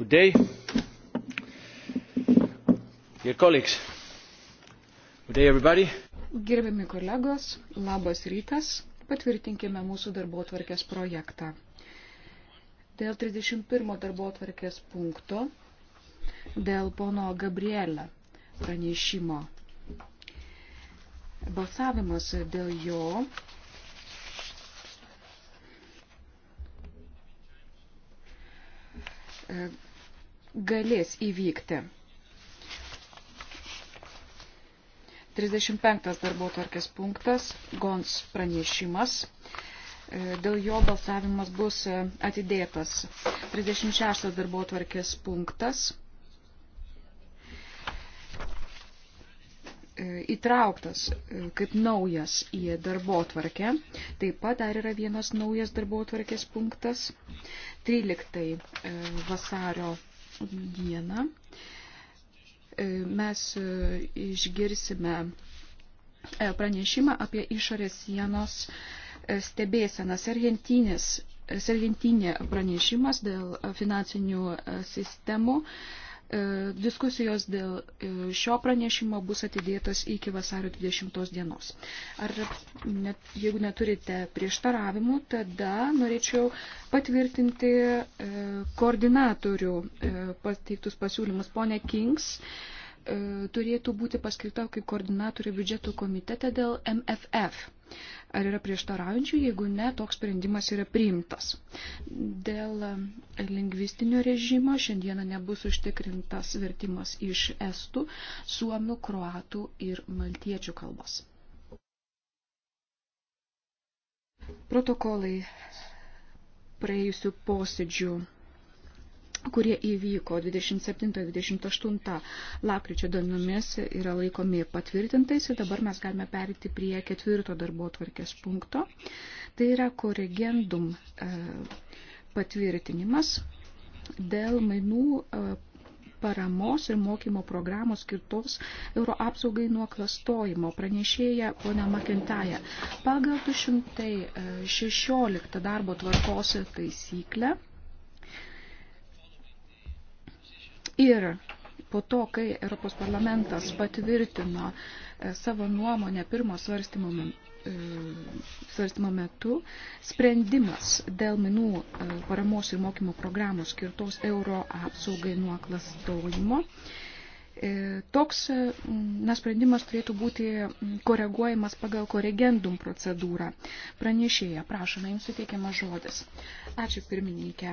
Good day. Dear colleagues. Good day everybody. Gerbiami kolegos, labas rytas. Patvirtinkime mūsų darbo tvarkės projektą. Dėl 31 darbo tvarkės punkto, dėl pono Gabrielę pranešimo. Balsavimas dėl jo galės įvykti. 35 darbo tvarkės punktas, GONS pranešimas. E, dėl jo balsavimas bus e, atidėtas. 36 darbo tvarkės punktas. E, įtrauktas kaip naujas į darbo tvarkę. Taip pat dar yra vienas naujas darbo tvarkės punktas. 13 vasario dieną e, mes e, išgirsime e, pranešimą apie išorės sienos stebėseną. Sergentinis Sergentinė pranešimas dėl finansinių sistemų E, diskusijos dėl e, šio pranešimo bus atidėtos iki vasario 20 dienos. Ar net, jeigu neturite prieštaravimų, tada norėčiau patvirtinti e, koordinatorių pateiktus pasiūlymus. Pone Kings turėtų būti paskirta kaip koordinatorių biudžetų komitete dėl MFF. Ar yra prieštaraujančių, jeigu ne, toks sprendimas yra priimtas. Dėl lingvistinio režimo šiandieną nebus užtikrintas vertimas iš estų, suomių, kroatų ir maltiečių kalbos. Protokolai praėjusių posėdžių kurie įvyko 27-28 lapkričio dienomis yra laikomi patvirtintais ir dabar mes galime perėti prie ketvirto darbo tvarkės punkto. Tai yra koregendum e, patvirtinimas dėl mainų e, paramos ir mokymo programos skirtos euro apsaugai nuo klastojimo pranešėja ponia Makintaja. Pagal 216 e, darbo tvarkos taisyklę Ir po to, kai Europos parlamentas patvirtino e, savo nuomonę pirmo svarstymo e, svarstymo metu sprendimas dėl minų e, paramos ir mokymo programos skirtos euro apsaugai nuo klastojimo E, toks e, na, sprendimas turėtų būti koreguojamas pagal koregendum procedūrą. Pranešėja, prašome, jums suteikiamas žodis. Ačiū pirmininkė.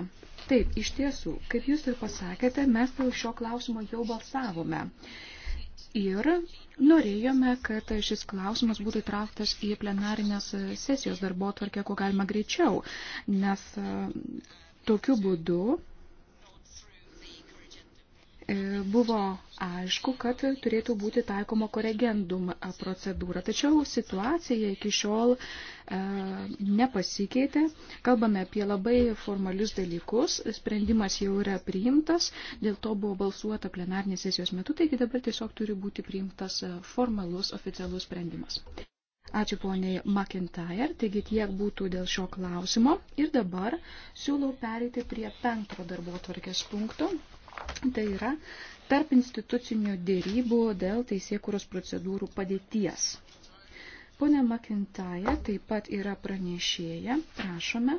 Taip, iš tiesų, kaip jūs ir pasakėte, mes dėl šio klausimo jau balsavome. Ir norėjome, kad šis klausimas būtų įtrauktas į plenarinės sesijos darbo tvarkę, kuo galima greičiau, nes e, tokiu būdu E, buvo aišku, kad turėtų būti taikoma koregendum e, procedūra. Tačiau situacija iki šiol e, nepasikeitė. Kalbame apie labai formalius dalykus. Sprendimas jau yra priimtas, dėl to buvo balsuota plenarnės sesijos metu, taigi dabar tiesiog turi būti priimtas e, formalus oficialus sprendimas. Ačiū poniai McIntyre, taigi tiek būtų dėl šio klausimo. Ir dabar siūlau pereiti prie penkto darbo tvarkės punkto, Tai yra tarp institucinių dėrybų dėl teisėkuros procedūrų padėties. Pone Makintaja taip pat yra pranešėja. Prašome.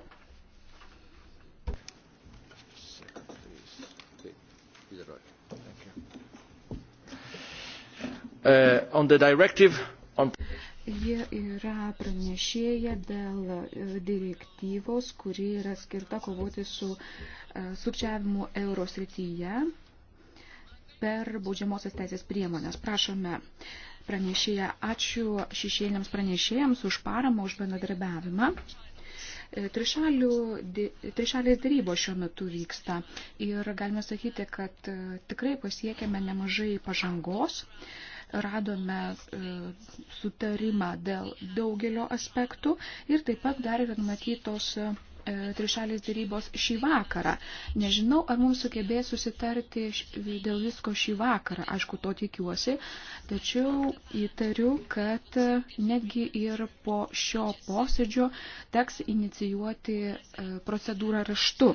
Uh, on the directive on Jie yra pranešėja dėl uh, direktyvos, kuri yra skirta kovoti su E, sukčiavimu euro srityje per baudžiamosios teisės priemonės. Prašome pranešėją, ačiū šešėliams pranešėjams už paramą, už bendradarbiavimą. E, trišalės darybos šiuo metu vyksta ir galime sakyti, kad e, tikrai pasiekėme nemažai pažangos, radome sutarimą dėl daugelio aspektų ir taip pat dar yra numatytos E, trišalės dėrybos šį vakarą. Nežinau, ar mums sugebės susitarti dėl visko šį vakarą. Aišku, to tikiuosi, tačiau įtariu, kad netgi ir po šio posėdžio teks inicijuoti e, procedūrą raštu.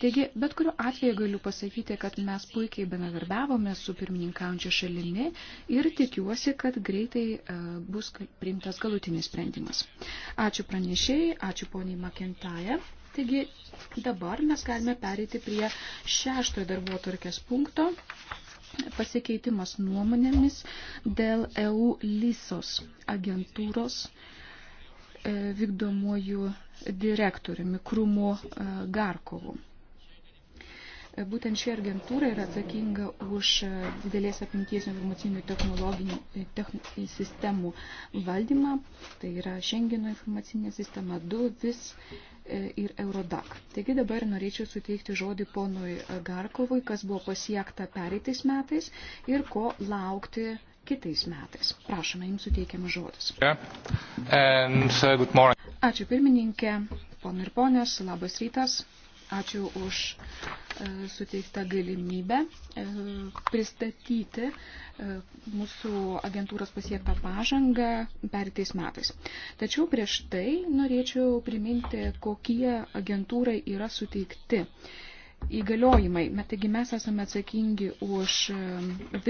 Taigi, bet kuriuo atveju galiu pasakyti, kad mes puikiai bendradarbiavome su pirmininkaujančia šalimi ir tikiuosi, kad greitai e, bus priimtas galutinis sprendimas. Ačiū pranešėjai, ačiū poniai Makentaja. Taigi dabar mes galime pereiti prie šeštojo darbo tvarkės punkto pasikeitimas nuomonėmis dėl EU lysos agentūros e, vykdomuoju direktoriumi Krumu e, Garkovu. Būtent ši agentūra yra atsakinga už e, didelės apimties informacinių technologinių e, techn, e, sistemų valdymą, tai yra Schengeno informacinė sistema 2, VIS ir Eurodac. Taigi dabar norėčiau suteikti žodį ponui Garkovui, kas buvo pasiekta pereitais metais ir ko laukti kitais metais. Prašome, jums suteikiamas žodis. Yeah. And, um, uh, Ačiū pirmininkė, ponai ir ponės, labas rytas. Ačiū už e, suteiktą galimybę e, pristatyti e, mūsų agentūros pasiektą pažangą pertais metais. Tačiau prieš tai norėčiau priminti, kokie agentūrai yra suteikti įgaliojimai. Bet taigi mes esame atsakingi už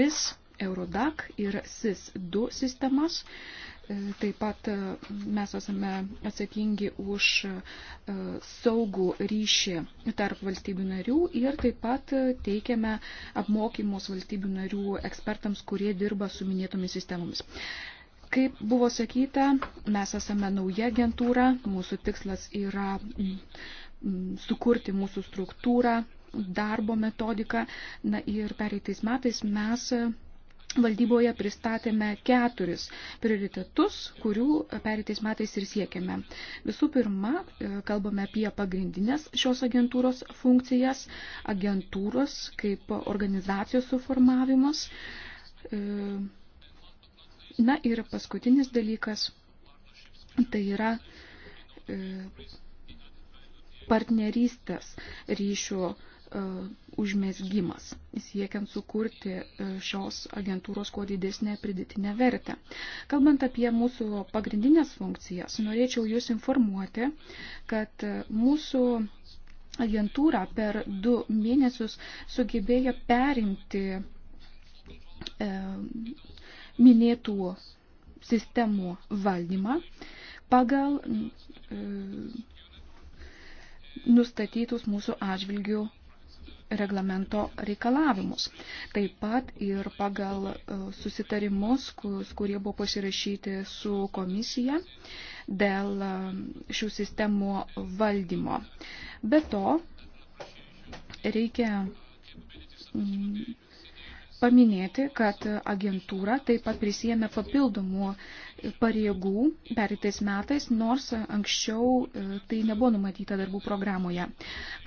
vis Eurodac ir SIS2 sistemas, Taip pat e, mes esame atsakingi už e, saugų ryšį tarp valstybių narių ir taip pat e, teikiame apmokymus valstybių narių ekspertams, kurie dirba su minėtomis sistemomis. Kaip buvo sakyta, mes esame nauja agentūra, mūsų tikslas yra mm, mm, sukurti mūsų struktūrą, darbo metodiką. Na ir pereitais metais mes Valdyboje pristatėme keturis prioritetus, kurių pereitais metais ir siekėme. Visų pirma, e, kalbame apie pagrindinės šios agentūros funkcijas, agentūros kaip organizacijos suformavimus. E, na ir paskutinis dalykas, tai yra e, partnerystės ryšių E, užmėsgymas, siekiant sukurti e, šios agentūros kuo didesnę pridėtinę vertę. Kalbant apie mūsų pagrindinės funkcijas, norėčiau Jūs informuoti, kad e, mūsų agentūra per du mėnesius sugebėjo perimti e, minėtų sistemų valdymą pagal e, nustatytus mūsų atžvilgių reglamento reikalavimus. Taip pat ir pagal e, susitarimus, kurie buvo pasirašyti su komisija dėl e, šių sistemų valdymo. Be to, reikia paminėti, kad agentūra taip pat prisėmė papildomų pareigų pereitais metais, nors anksčiau e, tai nebuvo numatyta darbų programoje.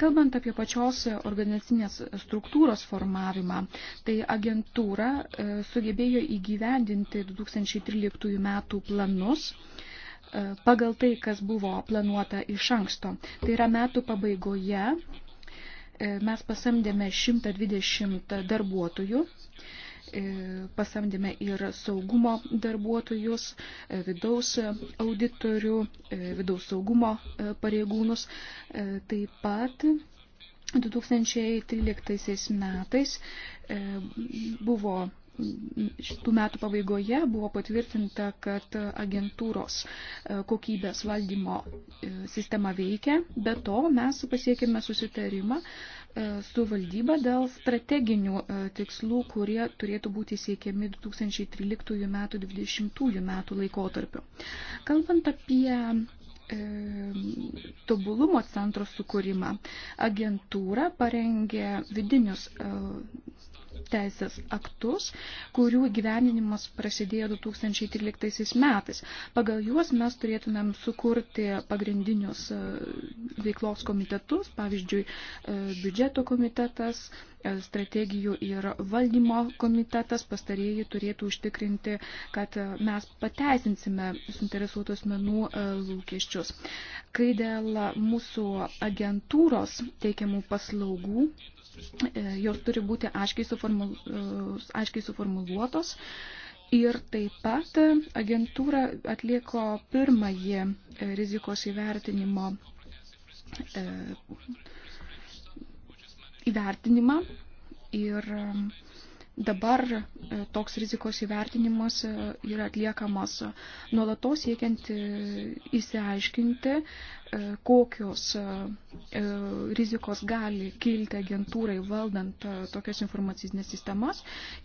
Kalbant apie pačios organizacinės struktūros formavimą, tai agentūra e, sugebėjo įgyvendinti 2013 metų planus e, pagal tai, kas buvo planuota iš anksto. Tai yra metų pabaigoje E, mes pasamdėme 120 darbuotojų, e, pasamdėme ir saugumo darbuotojus, e, vidaus auditorių, vidaus saugumo pareigūnus. Taip pat 2013 metais buvo šitų metų pabaigoje buvo patvirtinta, kad agentūros e, kokybės valdymo e, sistema veikia. Be to mes pasiekėme susitarimą e, su valdyba dėl strateginių tikslų, kurie turėtų būti siekiami 2013 metų 2020 metų laikotarpiu. Kalbant apie tobulumo centro sukūrimą. Agentūra parengė vidinius teisės aktus, kurių gyveninimas prasidėjo 2013 metais. Pagal juos mes turėtumėm sukurti pagrindinius e, veiklos komitetus, pavyzdžiui, e, biudžeto komitetas, e, strategijų ir valdymo komitetas pastarėjai turėtų užtikrinti, kad mes pateisinsime suinteresuotos menų lūkesčius. Kai dėl mūsų agentūros teikiamų paslaugų E, jos turi būti aiškiai, suformul, e, aiškiai suformuluotos. Ir taip pat agentūra atliko pirmąjį e, rizikos įvertinimo įvertinimą ir Dabar e, toks rizikos įvertinimas e, yra atliekamas e, nuolatos siekiant įsiaiškinti, kokios rizikos gali kilti agentūrai valdant tokias informacinės sistemas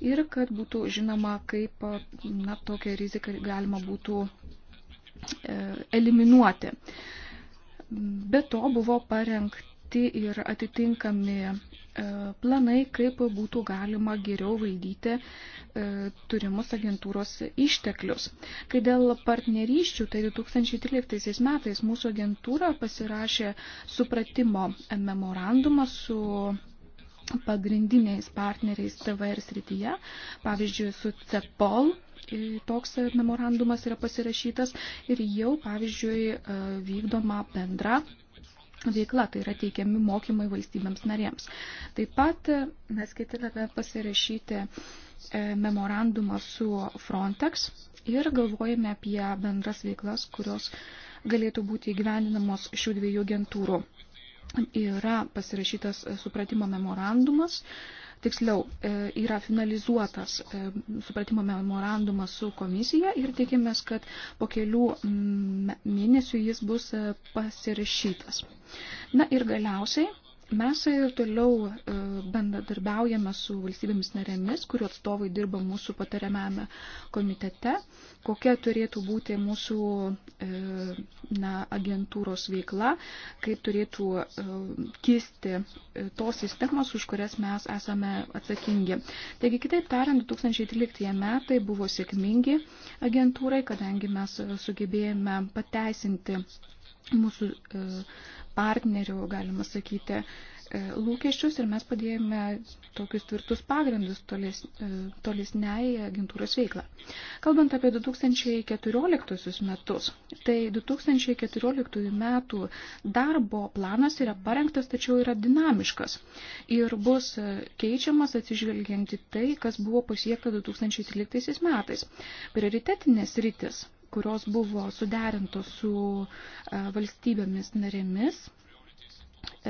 ir kad būtų žinoma, kaip na, tokią riziką galima būtų eliminuoti. Be to buvo parengti ir atitinkami E, planai, kaip būtų galima geriau valdyti e, turimus agentūros išteklius. Kai dėl partnerysčių, tai 2013 metais mūsų agentūra pasirašė supratimo memorandumą su pagrindiniais partneriais TVR srityje, pavyzdžiui, su CEPOL e, toks memorandumas yra pasirašytas ir jau, pavyzdžiui, vykdoma bendra veikla, tai yra teikiami mokymai valstybėms narėms. Taip pat e, mes ketiname pasirašyti e, memorandumą su Frontex ir galvojame apie bendras veiklas, kurios galėtų būti įgyvendinamos šių dviejų agentūrų. Yra pasirašytas supratimo memorandumas, tiksliau e, yra finalizuotas e, supratimo memorandumas su komisija ir tikimės, kad po kelių mėnesių jis bus e, pasirašytas. Na ir galiausiai Mes ir toliau e, bendradarbiaujame su valstybėmis narėmis, kurių atstovai dirba mūsų patariamame komitete, kokia turėtų būti mūsų e, na, agentūros veikla, kaip turėtų e, kisti tos sistemos, už kurias mes esame atsakingi. Taigi, kitaip tariant, 2013 metai buvo sėkmingi agentūrai, kadangi mes sugebėjome pateisinti mūsų e, partnerių, galima sakyti, e, lūkesčius ir mes padėjome tokius tvirtus pagrindus tolis, e, tolesniai agentūros veiklą. Kalbant apie 2014 metus, tai 2014 metų darbo planas yra parengtas, tačiau yra dinamiškas ir bus keičiamas atsižvelgianti tai, kas buvo pasiekta 2013 metais. Prioritetinės rytis kurios buvo suderintos su e, valstybėmis narėmis,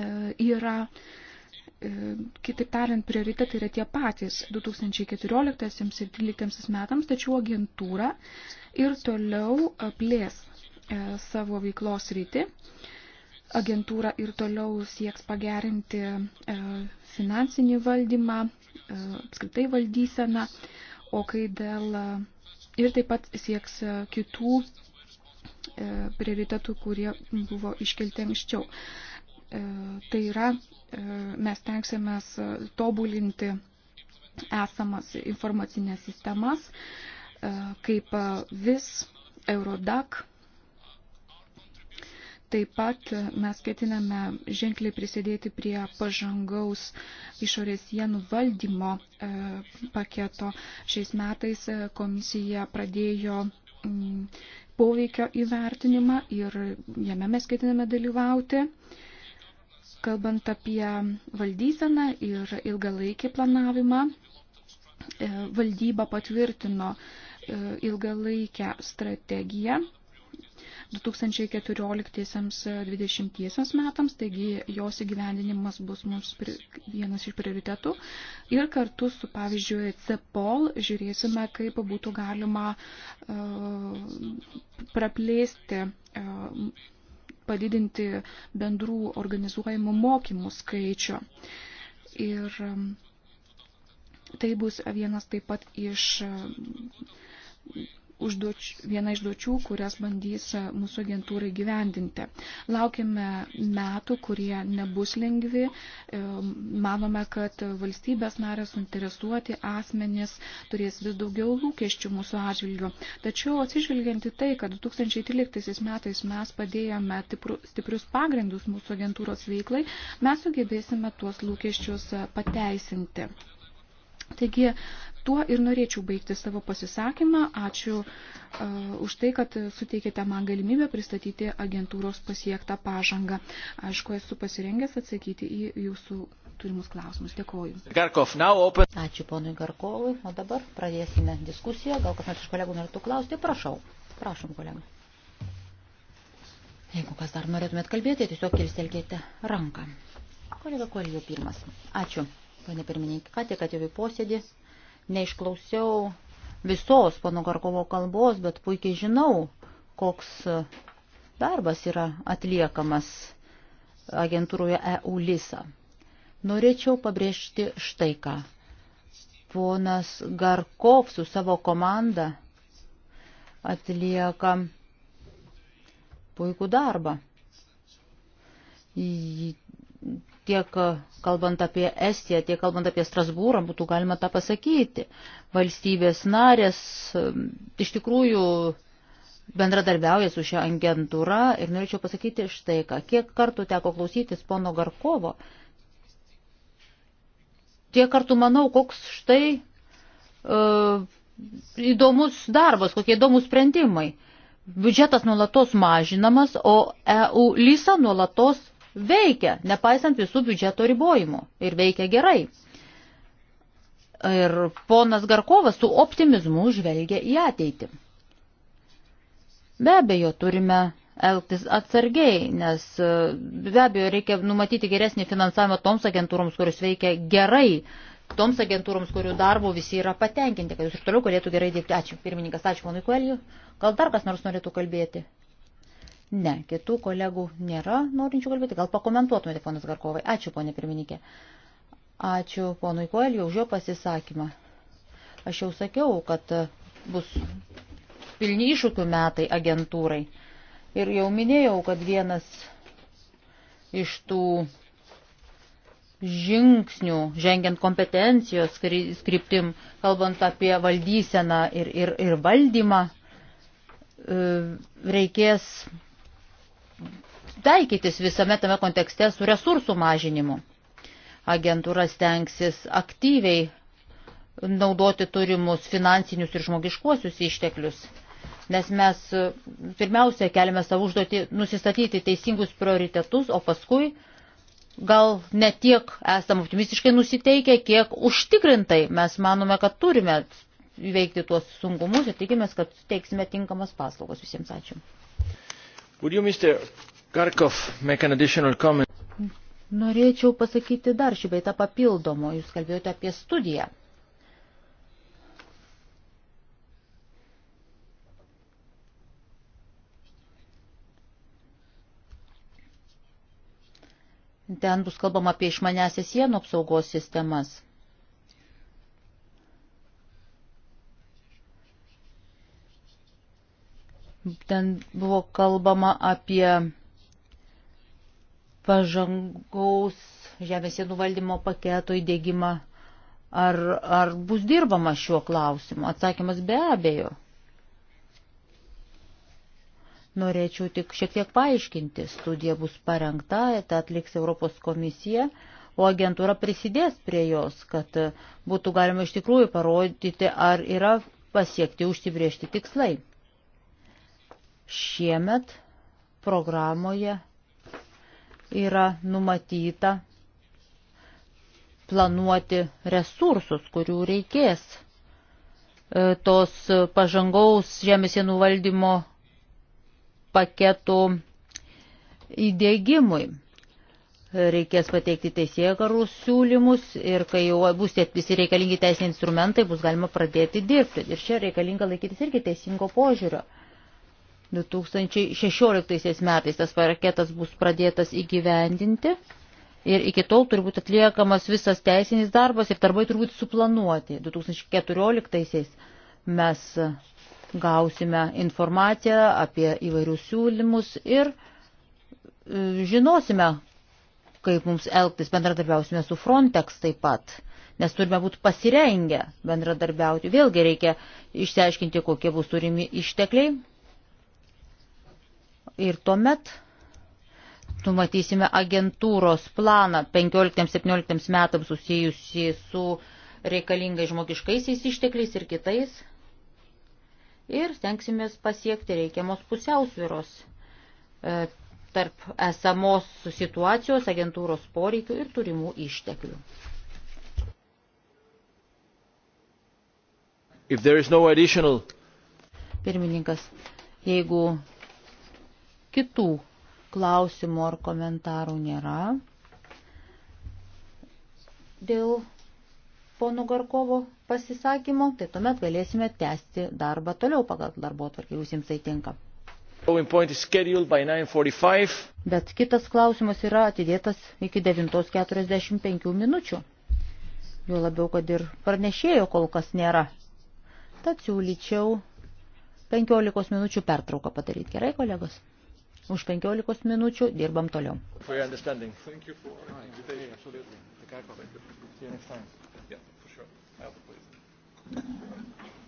e, yra e, kitaip tariant, prioritetai yra tie patys 2014 ir 2013 metams, tačiau agentūra ir toliau plės savo veiklos rytį. Agentūra ir toliau sieks pagerinti finansinį valdymą, apskritai valdyseną, o kai dėl ir taip pat sieks e, kitų e, prioritetų, kurie buvo iškelti anksčiau. E, tai yra, mes tenksimės tobulinti esamas informacinės sistemas, kaip vis, Eurodac, Taip pat mes ketiname ženkliai prisidėti prie pažangaus išorės sienų valdymo e, paketo. Šiais metais e, komisija pradėjo mm, poveikio įvertinimą ir jame mes ketiname dalyvauti. Kalbant apie valdyseną ir ilgalaikį planavimą, e, valdyba patvirtino ilgalaikę strategiją 2014-2020 metams, taigi jos įgyvendinimas bus mums vienas iš prioritetų. Ir kartu su, pavyzdžiui, CEPOL žiūrėsime, kaip būtų galima e, praplėsti e, padidinti bendrų organizuojamų mokymų skaičių. Ir e, tai bus vienas taip pat iš užduoč, viena iš duočių, kurias bandys e, mūsų agentūrai gyvendinti. Laukime metų, kurie nebus lengvi. E, manome, kad valstybės narės suinteresuoti asmenys turės vis daugiau lūkesčių mūsų atžvilgių. Tačiau atsižvelgianti tai, kad 2013 metais mes padėjome stiprius pagrindus mūsų agentūros veiklai, mes sugebėsime tuos lūkesčius e, pateisinti. Taigi Tuo ir norėčiau baigti savo pasisakymą. Ačiū uh, už tai, kad suteikėte man galimybę pristatyti agentūros pasiektą pažangą. Aišku, esu pasirengęs atsakyti į jūsų turimus klausimus. Dėkoju. Garkov, open... Ačiū ponui Garkovui. O dabar pradėsime diskusiją. Gal kas nors iš kolegų norėtų klausti? Prašau. Prašom, kolega. Jeigu kas dar norėtumėt kalbėti, tiesiog kilstelkite ranką. Kolega Kolijo pirmas. Ačiū, ponė pirmininkė. Ką tik atėjau į posėdį neišklausiau visos pono Garkovo kalbos, bet puikiai žinau, koks darbas yra atliekamas agentūroje EU LISA. Norėčiau pabrėžti štai ką. Ponas Garkov su savo komanda atlieka puikų darbą tiek e, kalbant apie Estiją, tiek kalbant apie Strasbūrą, būtų galima tą pasakyti. Valstybės narės e, iš tikrųjų bendradarbiauja su šia agentūra ir norėčiau pasakyti štai ką. Kiek kartų teko klausytis pono Garkovo, tiek kartų manau, koks štai uh, įdomus darbas, kokie įdomus sprendimai. Biudžetas nuolatos mažinamas, o EU lysa nuolatos veikia, nepaisant visų biudžeto ribojimų ir veikia gerai. Ir ponas Garkovas su optimizmu žvelgia į ateitį. Be abejo, turime elgtis atsargiai, nes e, be abejo reikia numatyti geresnį finansavimą toms agentūroms, kurios veikia gerai, toms agentūroms, kurių darbo visi yra patenkinti, kad jūs ir toliau galėtų gerai dirbti. Ačiū, pirmininkas, ačiū ponui Kueliu. Gal dar kas nors norėtų kalbėti? Ne, kitų kolegų nėra norinčių kalbėti. Gal pakomentuotumėte, ponas Garkovai. Ačiū, ponė pirmininkė. Ačiū ponui Koeliu už jo pasisakymą. Aš jau sakiau, kad bus pilni iššūkių metai agentūrai. Ir jau minėjau, kad vienas iš tų žingsnių, žengiant kompetencijos skriptim, kalbant apie valdyseną ir, ir, ir valdymą, e, reikės taikytis visame tame kontekste su resursų mažinimu. Agentūra stengsis aktyviai naudoti turimus finansinius ir žmogiškuosius išteklius, nes mes e, pirmiausia keliame savo užduoti nusistatyti teisingus prioritetus, o paskui gal ne tiek esam optimistiškai nusiteikę, kiek užtikrintai mes manome, kad turime įveikti tuos sunkumus ir tikimės, kad teiksime tinkamas paslaugas. Visiems ačiū. Would you, Mr. Karkov, make an additional comment? Norėčiau pasakyti dar šį beitą papildomo. Jūs kalbėjote apie studiją. Ten bus kalbama apie išmanęsią sienų apsaugos sistemas. Ten buvo kalbama apie pažangaus žemės sienų valdymo paketo įdėgymą. Ar, ar bus dirbama šiuo klausimu? Atsakymas be abejo. Norėčiau tik šiek tiek paaiškinti. Studija bus parengta, tą atliks Europos komisija, o agentūra prisidės prie jos, kad būtų galima iš tikrųjų parodyti, ar yra pasiekti užsibriežti tikslai. Šiemet programoje yra numatyta planuoti resursus, kurių reikės e, tos pažangaus žemės sienų valdymo paketų įdėgymui. E, reikės pateikti teisėkarus siūlymus ir kai jau bus tie visi reikalingi teisiniai instrumentai, bus galima pradėti dirbti. Ir čia reikalinga laikytis irgi teisingo požiūrio. 2016 metais tas paketas bus pradėtas įgyvendinti ir iki tol turbūt atliekamas visas teisinis darbas ir darbai turbūt suplanuoti. 2014 mes gausime informaciją apie įvairius siūlymus ir e, žinosime, kaip mums elgtis, bendradarbiausime su Frontex taip pat nes turime būti pasirengę bendradarbiauti. Vėlgi reikia išsiaiškinti, kokie bus turimi ištekliai, Ir tuomet numatysime agentūros planą 15-17 metams susijusi su reikalingai žmogiškaisiais ištekliais ir kitais. Ir stengsimės pasiekti reikiamos pusiausviros e, tarp esamos situacijos, agentūros poreikių ir turimų išteklių. No additional... Pirmininkas, jeigu Kitų klausimų ar komentarų nėra. Dėl pono Garkovo pasisakymo, tai tuomet galėsime tęsti darbą toliau pagal darbo tvarkį, jūs jums tai tinka. Bet kitas klausimas yra atidėtas iki 9.45 minučių. Jo labiau, kad ir pranešėjo kol kas nėra. Tad siūlyčiau 15 minučių pertrauką padaryti. Gerai, kolegos? už 15 minučių dirbam toliau. Thank you.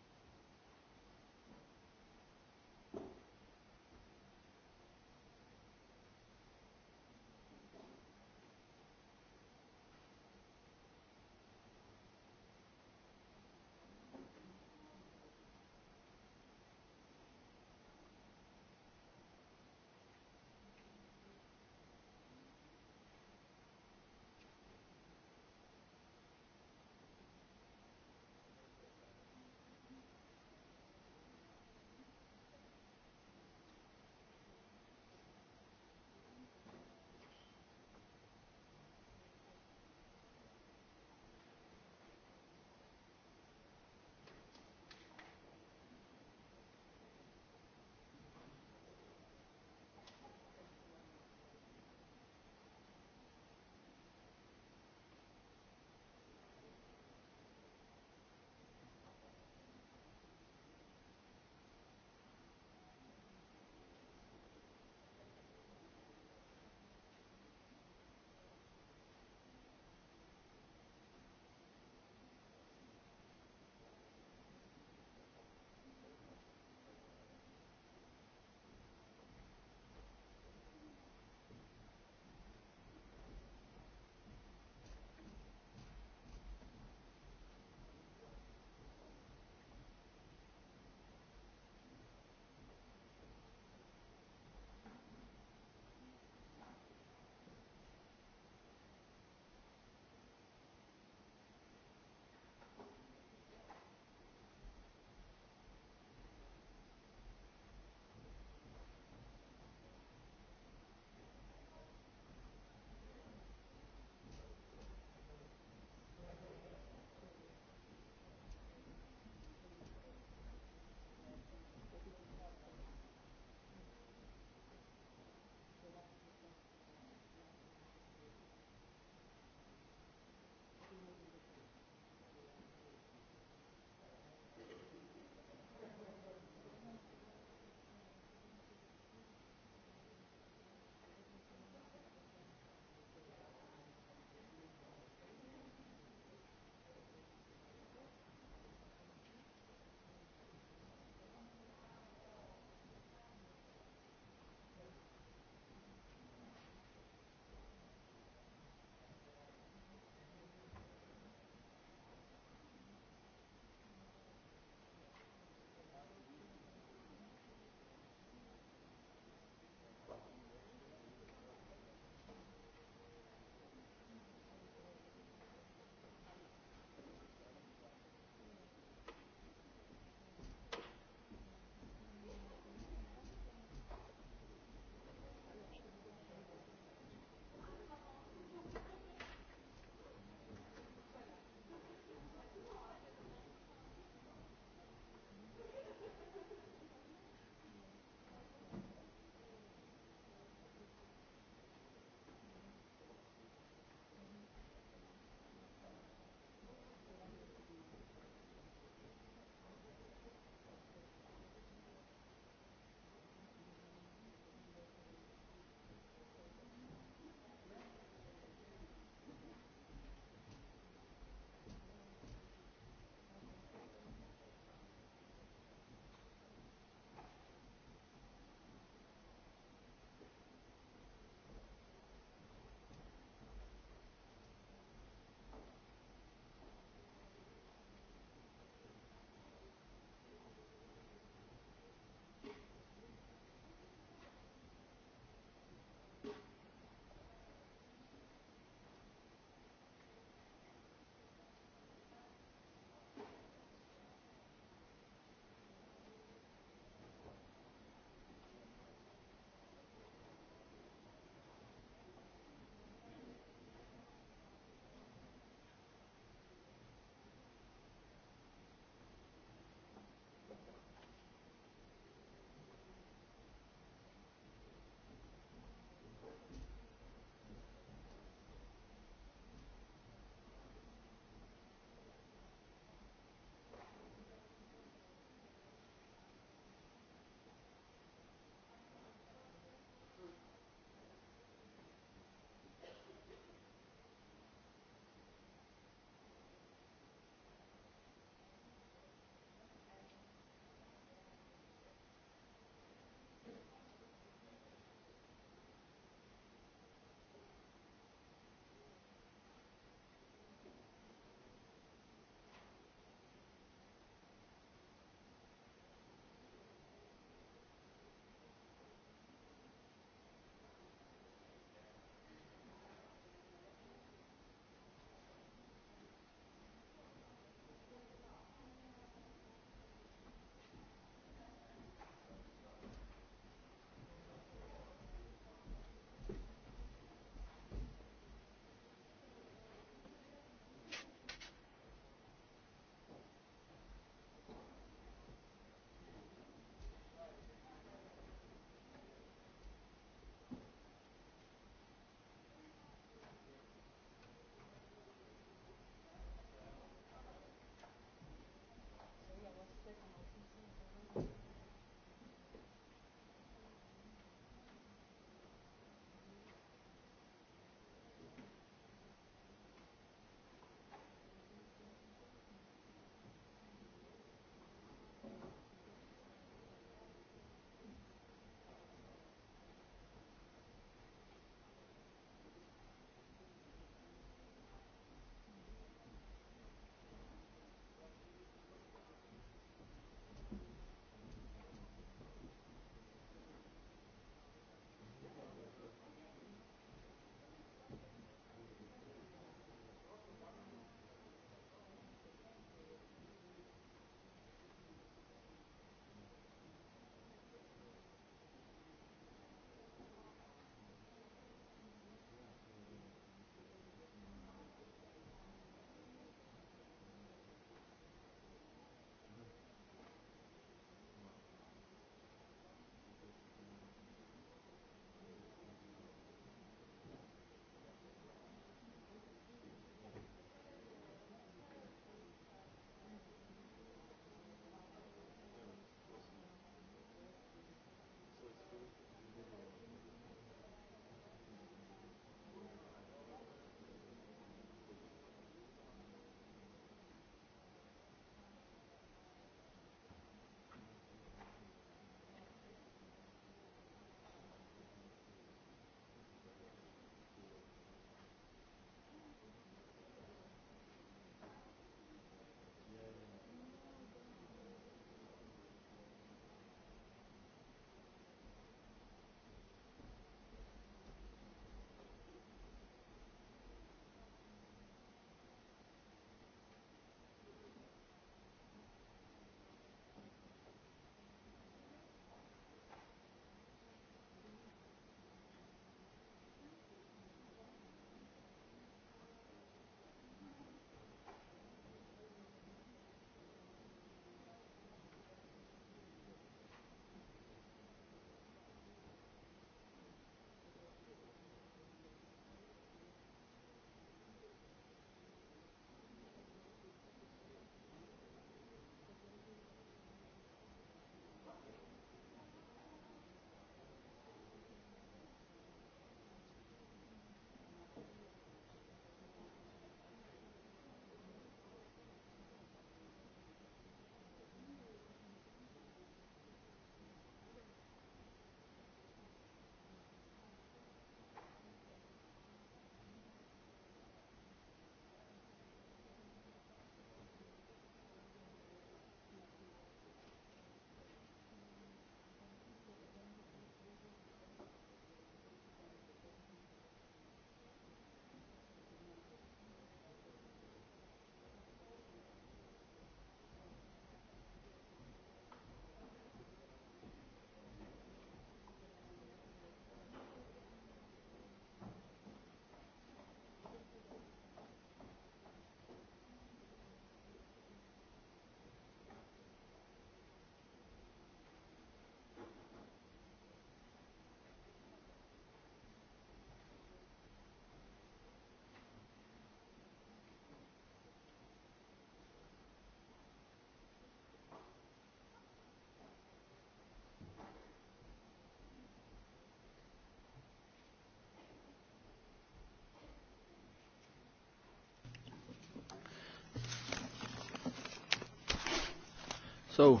So,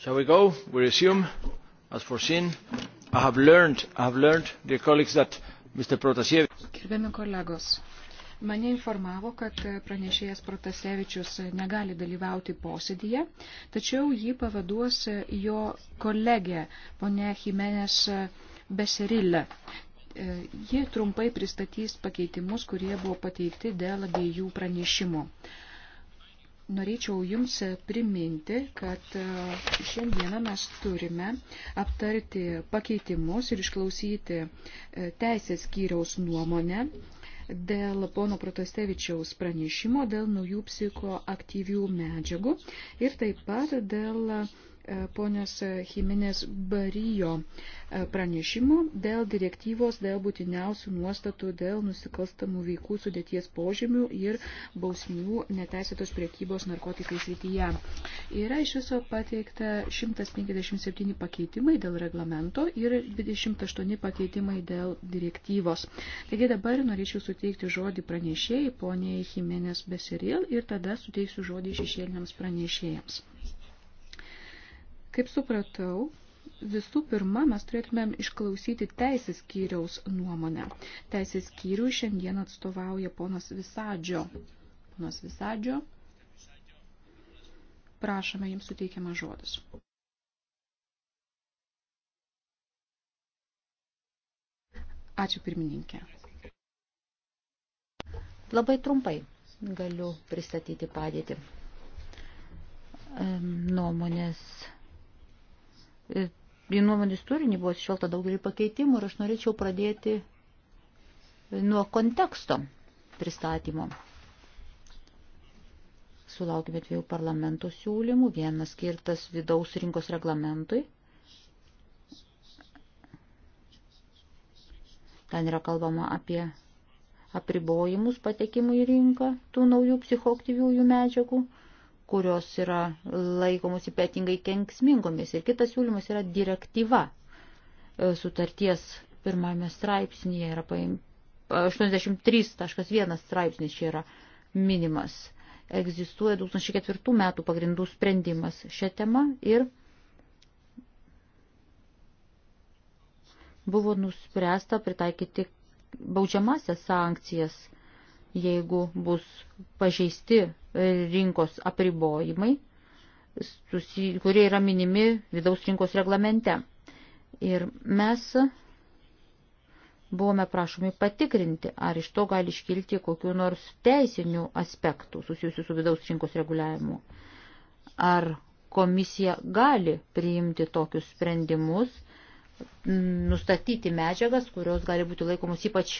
shall we go? We resume, as foreseen. I have learned, I have learned, dear colleagues, that Mr. Protasievičius. Gerbiami kolegos, mane informavo, kad pranešėjas Protasievičius negali dalyvauti posėdyje, tačiau jį pavaduos jo kolegė, ponė Jimenez Beserilė. Ji trumpai pristatys pakeitimus, kurie buvo pateikti dėl abiejų pranešimų norėčiau Jums priminti, kad e, šiandieną mes turime aptarti pakeitimus ir išklausyti e, teisės skyriaus nuomonę dėl pono Protastevičiaus pranešimo dėl naujų psichoaktyvių medžiagų ir taip pat dėl E, ponios Jimenės Barijo e, pranešimo dėl direktyvos, dėl būtiniausių nuostatų, dėl nusikalstamų veikų sudėties požymių ir bausmių neteisėtos priekybos narkotikais rytyje. Yra iš viso pateikta 157 pakeitimai dėl reglamento ir 28 pakeitimai dėl direktyvos. Taigi dabar norėčiau suteikti žodį pranešėjai poniai Jimenės Besiril ir tada suteiksiu žodį šešėliniams pranešėjams. Kaip supratau, visų pirma, mes turėtumėm išklausyti teisės skyriaus nuomonę. Teisės skyrių šiandien atstovauja ponas Visadžio. Ponas Visadžio, prašome jums suteikiamą žodis. Ačiū pirmininkė. Labai trumpai galiu pristatyti padėtį nuomonės į nuomonės turinį buvo šilta daugelį pakeitimų ir aš norėčiau pradėti nuo konteksto pristatymo. Sulaukime dviejų parlamento siūlymų, vienas skirtas vidaus rinkos reglamentui. Ten yra kalbama apie apribojimus patekimų į rinką tų naujų psichoktyviųjų medžiagų kurios yra laikomus ypatingai kenksmingomis. Ir kitas siūlymas yra direktyva. E, sutarties pirmame straipsnėje yra paim... 83.1 straipsnis čia yra minimas. Egzistuoja 2004 metų pagrindų sprendimas šią temą ir buvo nuspręsta pritaikyti baudžiamasias sankcijas – jeigu bus pažeisti rinkos apribojimai, kurie yra minimi vidaus rinkos reglamente. Ir mes buvome prašomi patikrinti, ar iš to gali iškilti kokiu nors teisinių aspektų susijusių su vidaus rinkos reguliavimu. Ar komisija gali priimti tokius sprendimus, nustatyti medžiagas, kurios gali būti laikomos ypač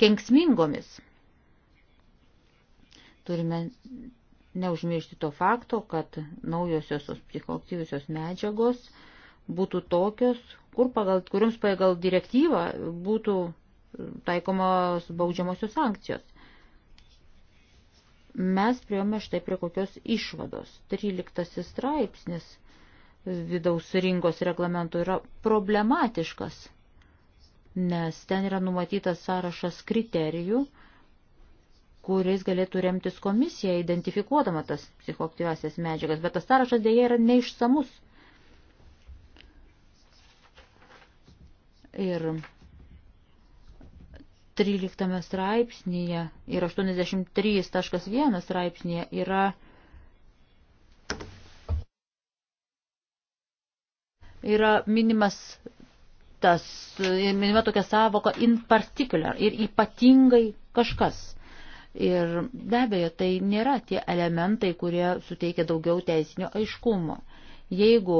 kenksmingomis Turime neužmiršti to fakto, kad naujosios psichoaktyviosios medžiagos būtų tokios, kur pagal, kuriams pagal direktyvą būtų taikomos baudžiamosios sankcijos. Mes priejome štai prie kokios išvados. 13 straipsnis vidaus rinkos reglamento yra problematiškas, nes ten yra numatytas sąrašas kriterijų, kuriais galėtų remtis komisija, identifikuodama tas psichoaktyvasias medžiagas, bet tas sąrašas dėja yra neišsamus. Ir 13 straipsnėje ir 83.1 straipsnėje yra yra minimas tas, minima tokia savoka in particular ir ypatingai kažkas. Ir be abejo, tai nėra tie elementai, kurie suteikia daugiau teisinio aiškumo. Jeigu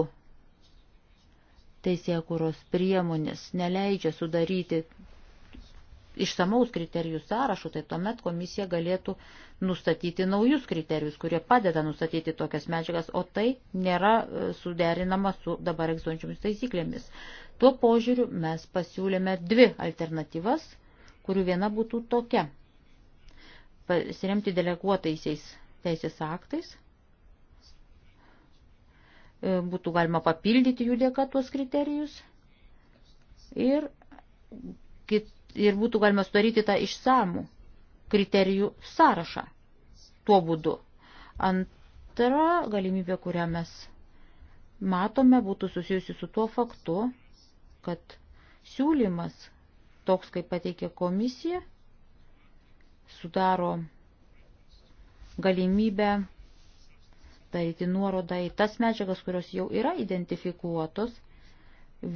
teisėkūros priemonės neleidžia sudaryti išsamaus kriterijų sąrašų, tai tuomet komisija galėtų nustatyti naujus kriterijus, kurie padeda nustatyti tokias medžiagas, o tai nėra e, suderinama su dabar egzuojančiomis taisyklėmis. Tuo požiūriu mes pasiūlėme dvi alternatyvas, kurių viena būtų tokia pasiremti deleguotaisiais teisės aktais. E, būtų galima papildyti jų dėka tuos kriterijus ir, ir būtų galima sudaryti tą išsamų kriterijų sąrašą tuo būdu. Antra galimybė, kurią mes matome, būtų susijusi su tuo faktu, kad siūlymas toks, kaip pateikė komisija, sudaro galimybę daryti nuorodą į tas medžiagas, kurios jau yra identifikuotos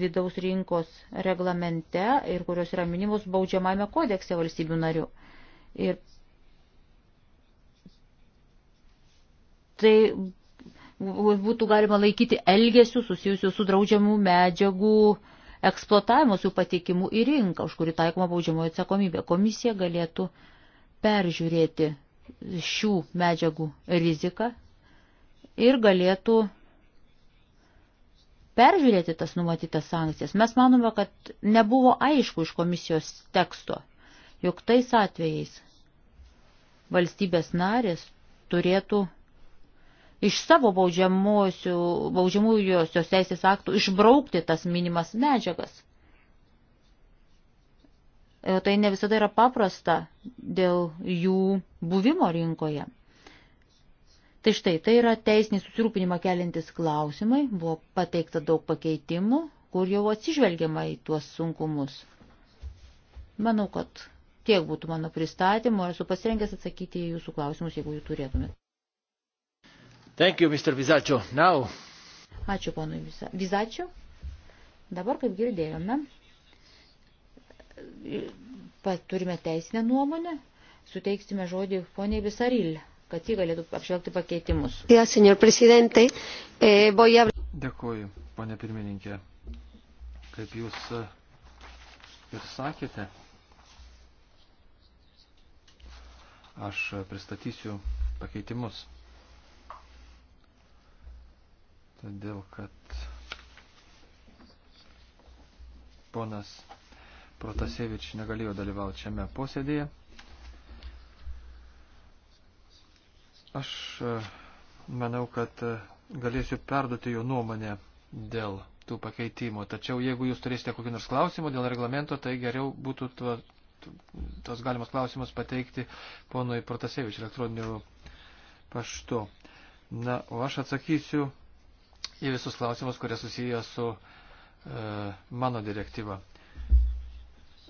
vidaus rinkos reglamente ir kurios yra minimos baudžiamame kodekse valstybių narių. Ir tai būtų galima laikyti elgesių susijusių su draudžiamų medžiagų eksploatavimu, su patikimu į rinką, už kurį taikoma baudžiamoji atsakomybė. Komisija galėtų uh, peržiūrėti šių medžiagų riziką ir galėtų peržiūrėti tas numatytas sankcijas. Mes manome, kad nebuvo aišku iš komisijos teksto, jog tais atvejais valstybės narės turėtų iš savo baudžiamųjosios teisės aktų išbraukti tas minimas medžiagas. E, tai ne visada yra paprasta dėl jų buvimo rinkoje. Tai štai, tai yra teisinį susirūpinimą keliantis klausimai, buvo pateikta daug pakeitimų, kur jau atsižvelgiama į tuos sunkumus. Manau, kad tiek būtų mano pristatymo ir esu pasirengęs atsakyti į jūsų klausimus, jeigu jų turėtumėte. Thank you, Mr. Vizačio. Now. Ačiū, ponui Vizačio. Dabar, kaip girdėjome, turime teisinę nuomonę, suteiksime žodį poniai Visaril, kad ji galėtų apžvelgti pakeitimus. Eh, Dėkuoju, ponė pirmininkė. Kaip jūs eh, ir sakėte, aš pristatysiu pakeitimus. Todėl, kad ponas Protasevič negalėjo dalyvauti šiame posėdėje. Aš e, manau, kad e, galėsiu perduoti jo nuomonę dėl tų pakeitimų. Tačiau jeigu jūs turėsite kokį nors klausimą dėl reglamento, tai geriau būtų tuo, tos galimas klausimus pateikti ponui Protasevič elektroniniu paštu. Na, o aš atsakysiu į visus klausimus, kurie susiję su e, mano direktyva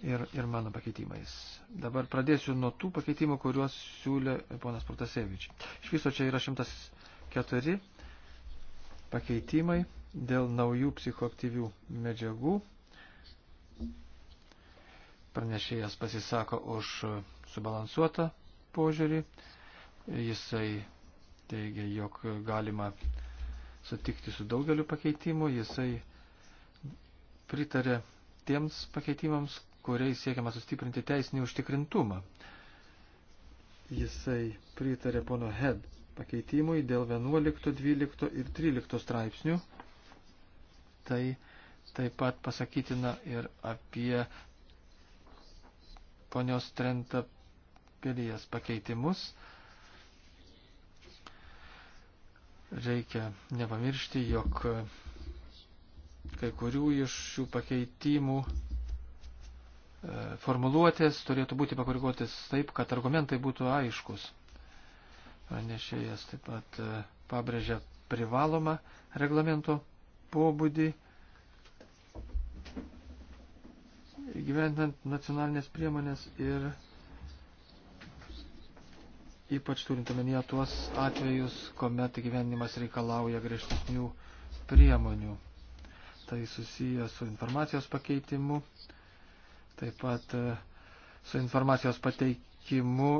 ir, ir mano pakeitimais. Dabar pradėsiu nuo tų pakeitimų, kuriuos siūlė ponas Protasevič. Iš viso čia yra 104 pakeitimai dėl naujų psichoaktyvių medžiagų. Pranešėjas pasisako už subalansuotą požiūrį. Jisai teigia, jog galima sutikti su daugeliu pakeitimu. Jisai pritarė tiems pakeitimams, kuriais siekiama sustiprinti teisinį užtikrintumą. Jisai pritarė pono Head pakeitimui dėl 11, 12 ir 13 straipsnių. Tai taip pat pasakytina ir apie ponios Trenta pilies pakeitimus. Reikia nepamiršti, jog kai kurių iš šių pakeitimų formuluotės turėtų būti pakoriguotis taip, kad argumentai būtų aiškus. Pranešėjas taip pat e, pabrėžia privalomą reglamento pobūdį įgyventant nacionalinės priemonės ir ypač turint omenyje tuos atvejus, kuomet gyvenimas reikalauja griežtesnių priemonių. Tai susiję su informacijos pakeitimu, Taip pat e, su informacijos pateikimu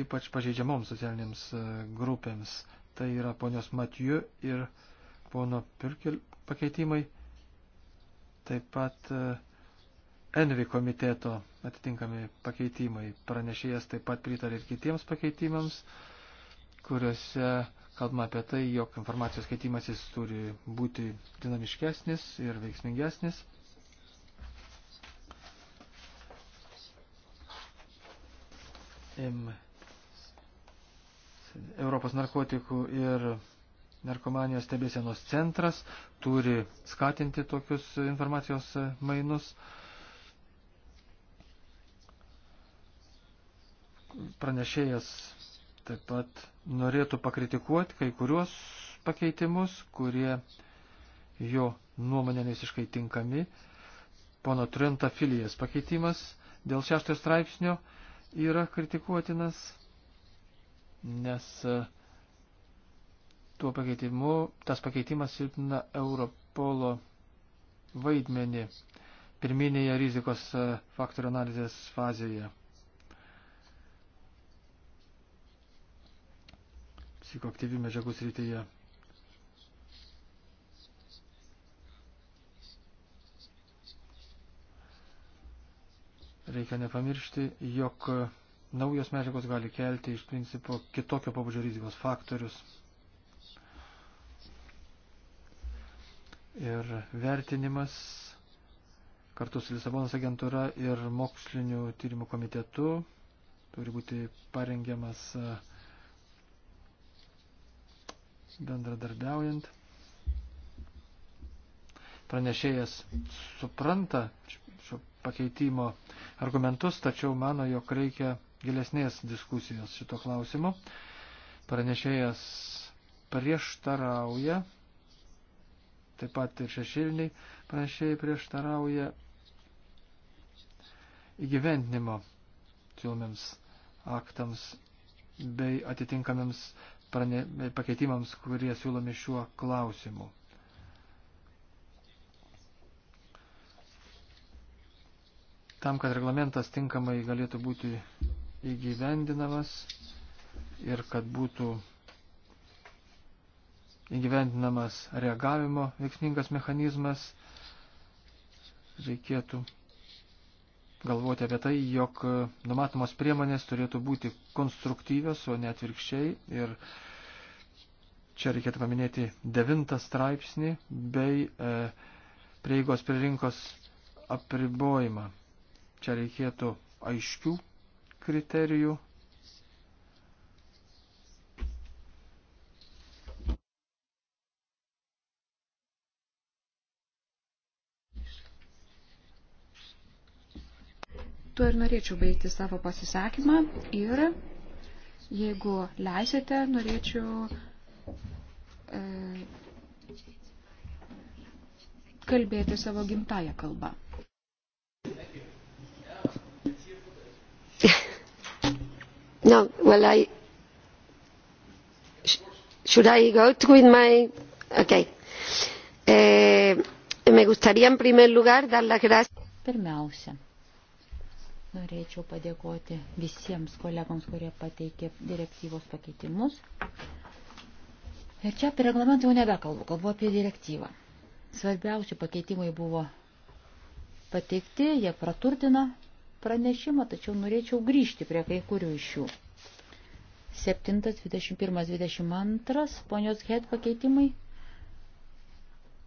ypač pažeidžiamoms socialinėms e, grupėms. Tai yra ponios Matijų ir pono Pirkel pakeitimai. Taip pat e, Envi komiteto atitinkami pakeitimai. Pranešėjas taip pat pritarė ir kitiems pakeitimams, kuriuose kalbama apie tai, jog informacijos keitimasis turi būti dinamiškesnis ir veiksmingesnis. EM, Europos narkotikų ir narkomanijos stebėsienos centras turi skatinti tokius informacijos mainus. Pranešėjas taip pat norėtų pakritikuoti kai kuriuos pakeitimus, kurie jo nuomonė visiškai tinkami. Pono Trenta Filijas pakeitimas dėl šeštojo straipsnio yra kritikuotinas, nes e, tuo pakeitimu, tas pakeitimas silpna Europolo vaidmenį pirminėje rizikos e, faktorių analizės fazėje. Psikoaktyvių medžiagų srityje. Reikia nepamiršti, jog naujos medžiagos gali kelti iš principo kitokio pabudžio rizikos faktorius. Ir vertinimas kartu su Lisabonos agentūra ir mokslinių tyrimų komitetu turi būti parengiamas e, bendradarbiaujant. Pranešėjas supranta šio pakeitimo argumentus, tačiau mano, jog reikia gilesnės diskusijos šito klausimu. Pranešėjas prieštarauja, taip pat ir šešilniai pranešėjai prieštarauja įgyvendinimo siūlomiems aktams bei atitinkamiems prane, pakeitimams, kurie siūlomi šiuo klausimu. Tam, kad reglamentas tinkamai galėtų būti įgyvendinamas ir kad būtų įgyvendinamas reagavimo veiksmingas mechanizmas, reikėtų galvoti apie tai, jog numatomos priemonės turėtų būti konstruktyvios, o ne atvirkščiai. Ir čia reikėtų paminėti devintą straipsnį bei e, prieigos prie rinkos apribojimą. Čia reikėtų aiškių kriterijų. Tuo ir norėčiau baigti savo pasisakymą ir, jeigu leisite, norėčiau e, kalbėti savo gimtają kalbą. No, well, I. Sh should I go with my. Okay. Eh, me gustaría en primer lugar dar las gracias. Pirmiausia, norėčiau padėkoti visiems kolegams, kurie pateikė direktyvos pakeitimus. Ir čia apie reglamentą jau nebekalbu, kalbu apie direktyvą. Svarbiausi pakeitimai buvo pateikti, jie praturtina pranešimą, tačiau norėčiau grįžti prie kai kurių iš jų. 7, 21, 22, ponios Het pakeitimai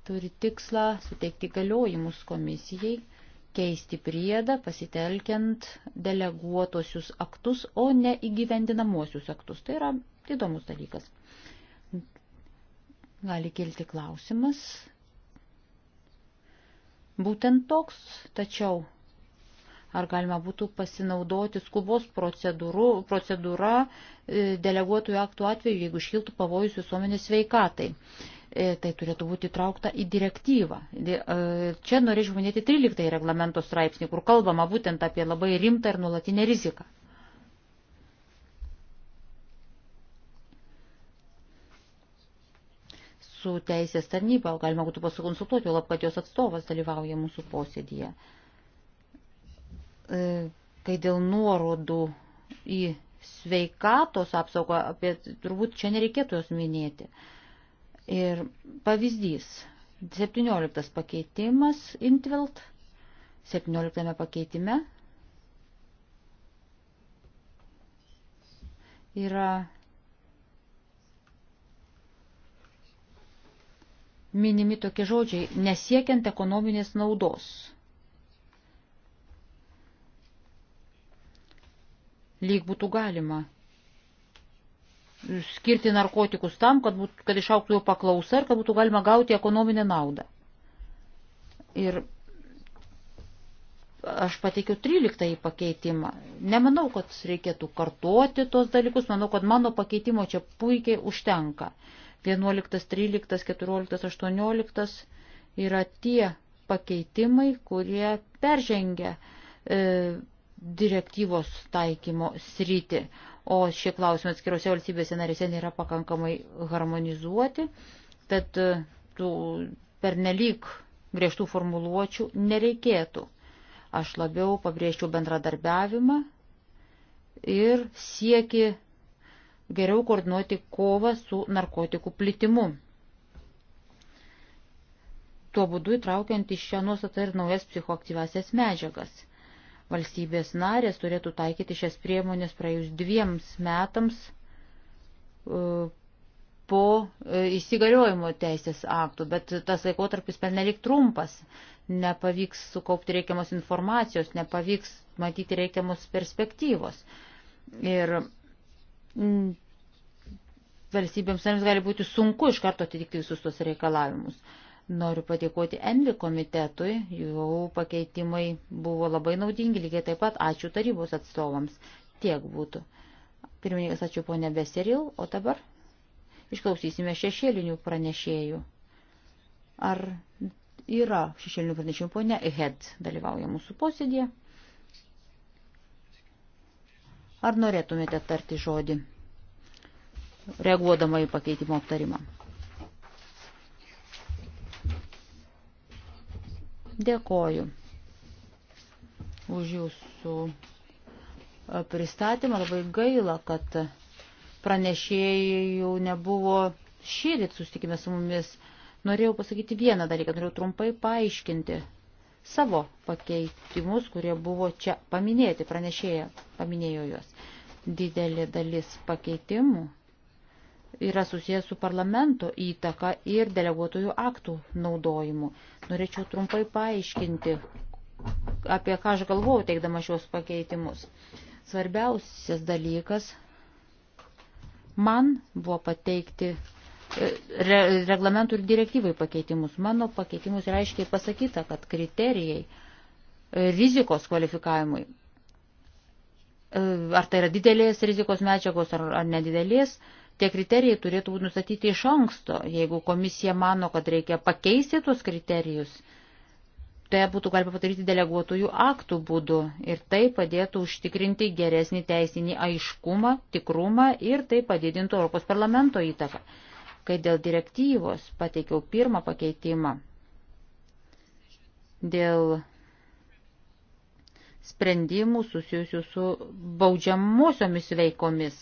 turi tikslą suteikti galiojimus komisijai, keisti priedą, pasitelkiant deleguotosius aktus, o ne įgyvendinamosius aktus. Tai yra įdomus dalykas. Gali kilti klausimas. Būtent toks, tačiau ar galima būtų pasinaudoti skubos procedūra e, deleguotojų aktų atveju, jeigu iškiltų pavojus visuomenės veikatai. E, tai turėtų būti traukta į direktyvą. E, čia norėčiau minėti 13 reglamento straipsnį, kur kalbama būtent apie labai rimtą ir nulatinę riziką. Su teisės tarnyba galima būtų pasikonsultuoti, lab kad jos atstovas dalyvauja mūsų posėdėje. E, kai dėl nuorodų į sveikatos apsaugą, apie turbūt čia nereikėtų jos minėti. Ir pavyzdys, 17 pakeitimas Intvelt, 17 pakeitime yra minimi tokie žodžiai, nesiekiant ekonominės naudos. lyg būtų galima skirti narkotikus tam, kad, būt, kad išauktų jo paklausa ir kad būtų galima gauti ekonominę naudą. Ir aš pateikiau 13 pakeitimą. Nemanau, kad reikėtų kartuoti tos dalykus, manau, kad mano pakeitimo čia puikiai užtenka. 11, 13, 14, 18 yra tie pakeitimai, kurie peržengia e, direktyvos taikymo sritį, o šie klausimai atskirose valstybėse narėse nėra pakankamai harmonizuoti, tad e, tų pernelyg griežtų formuluočių nereikėtų. Aš labiau pabrėžčiau bendradarbiavimą ir sieki geriau koordinuoti kovą su narkotikų plitimu. Tuo būdu įtraukiant iš šią nuostatą ir naujas psichoaktyvasias medžiagas Valstybės narės turėtų taikyti šias priemonės praėjus dviems metams e, po e, įsigaliojimo teisės aktų, bet tas laikotarpis pernelik trumpas, nepavyks sukaupti reikiamos informacijos, nepavyks matyti reikiamos perspektyvos. Ir mm, valstybėms narėms gali būti sunku iš karto atitikti visus tos reikalavimus. Noriu padėkoti Envi komitetui, jų pakeitimai buvo labai naudingi, lygiai taip pat ačiū tarybos atstovams. Tiek būtų. Pirmininkas, ačiū ponė Beseril, o dabar išklausysime šešėlinių pranešėjų. Ar yra šešėlinių pranešėjų ponė Head dalyvauja mūsų posėdėje? Ar norėtumėte tarti žodį, reaguodama į pakeitimo aptarimą? Dėkoju už jūsų e, pristatymą. Labai gaila, kad pranešėjų nebuvo šįryt sustikime su mumis. Norėjau pasakyti vieną dalyką, norėjau trumpai paaiškinti savo pakeitimus, kurie buvo čia paminėti, pranešėja paminėjo juos. Didelė dalis pakeitimų yra susijęs su parlamento įtaka ir deleguotojų aktų naudojimu. Norėčiau trumpai paaiškinti, apie ką aš galvojau teikdama šios pakeitimus. Svarbiausias dalykas man buvo pateikti e, re, reglamentų ir direktyvai pakeitimus. Mano pakeitimus reiškiai pasakyta, kad kriterijai e, rizikos kvalifikavimui, e, ar tai yra didelės rizikos medžiagos ar, ar nedidelės, Tie kriterijai turėtų būti nustatyti iš anksto. Jeigu komisija mano, kad reikia pakeisti tuos kriterijus, tai būtų galima padaryti deleguotojų aktų būdu ir tai padėtų užtikrinti geresnį teisinį aiškumą, tikrumą ir tai padidintų Europos parlamento įtaką. Kai dėl direktyvos pateikiau pirmą pakeitimą, dėl sprendimų susijusių su baudžiamosiomis veikomis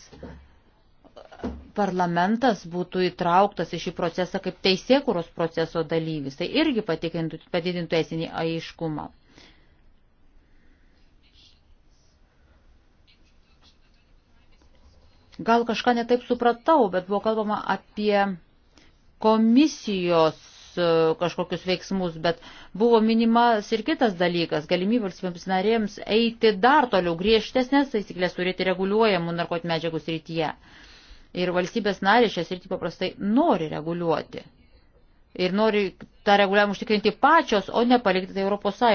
parlamentas būtų įtrauktas į šį procesą kaip teisėkuros proceso dalyvis. Tai irgi padidintų esinį aiškumą. Gal kažką netaip supratau, bet buvo kalbama apie komisijos e, kažkokius veiksmus, bet buvo minimas ir kitas dalykas - galimybė valstybėms narėms eiti dar toliau griežtesnės taisyklės turėti reguliuojamų narkotmedžiagų srityje. Uh, Ir valstybės narės šias rytį paprastai nori reguliuoti. Ir nori tą reguliavimą užtikrinti pačios, o ne palikti tai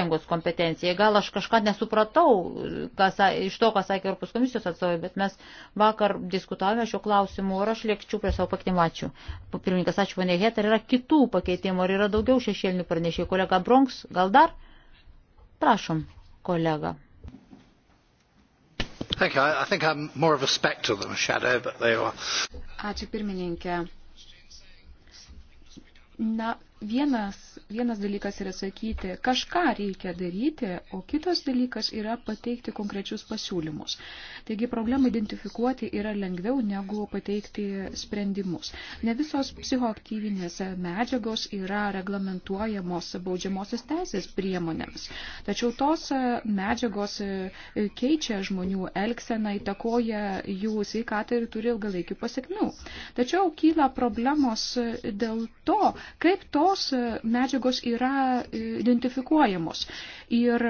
ES kompetencijai. Gal aš kažką nesupratau kas, iš to, ką sakė Europos komisijos atstovai, bet mes vakar diskutavome šiuo klausimu ir aš lėkčiau prie savo pakeitimų. Ačiū. Pirmininkas, ačiū ponė Het, ar yra kitų pakeitimų, ar yra daugiau šešėlinių pranešėjų. Kolega Bronks, gal dar? Prašom, kolega. Ačiū pirmininkė. Na, vienas vienas dalykas yra sakyti, kažką reikia daryti, o kitas dalykas yra pateikti konkrečius pasiūlymus. Taigi problemą identifikuoti yra lengviau negu pateikti sprendimus. Ne visos psichoaktyvinės medžiagos yra reglamentuojamos baudžiamosios teisės priemonėmis. Tačiau tos medžiagos keičia žmonių elgseną, įtakoja jų sveikatą ir turi ilgalaikių pasiekmių. Tačiau kyla problemos dėl to, kaip tos medžiagos medžiagos yra e, identifikuojamos. Ir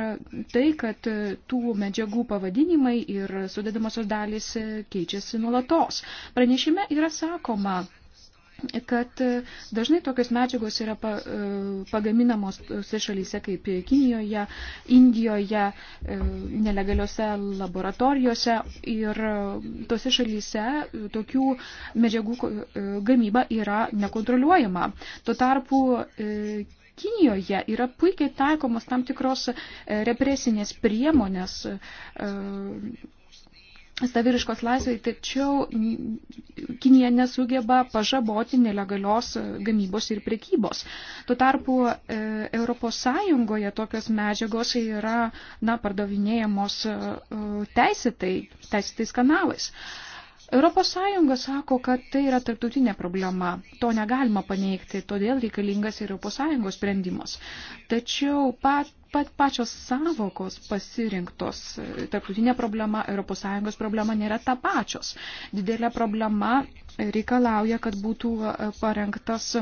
tai, kad e, tų medžiagų pavadinimai ir sudedamosios dalys e, keičiasi nuolatos. Pranešime yra sakoma, kad dažnai tokios medžiagos yra pagaminamos šalyse kaip Kinijoje, Indijoje, nelegaliuose laboratorijose ir tose šalyse tokių medžiagų gamyba yra nekontroliuojama. Tuo tarpu Kinijoje yra puikiai taikomos tam tikros e, represinės priemonės e, saviriškos laisvai, tačiau Kinija nesugeba pažaboti nelegalios e, gamybos ir prekybos. Tuo tarpu Europos Sąjungoje tokios medžiagos yra na, pardavinėjamos teisėtai, teisėtais kanalais. E, ES sako, kad tai yra tarptautinė problema. To negalima paneigti, todėl reikalingas ir ES sprendimas. Tačiau pat, pat pačios savokos pasirinktos e, tarptautinė problema, ES problema nėra ta pačios. Didelė problema reikalauja, kad būtų e, parengtas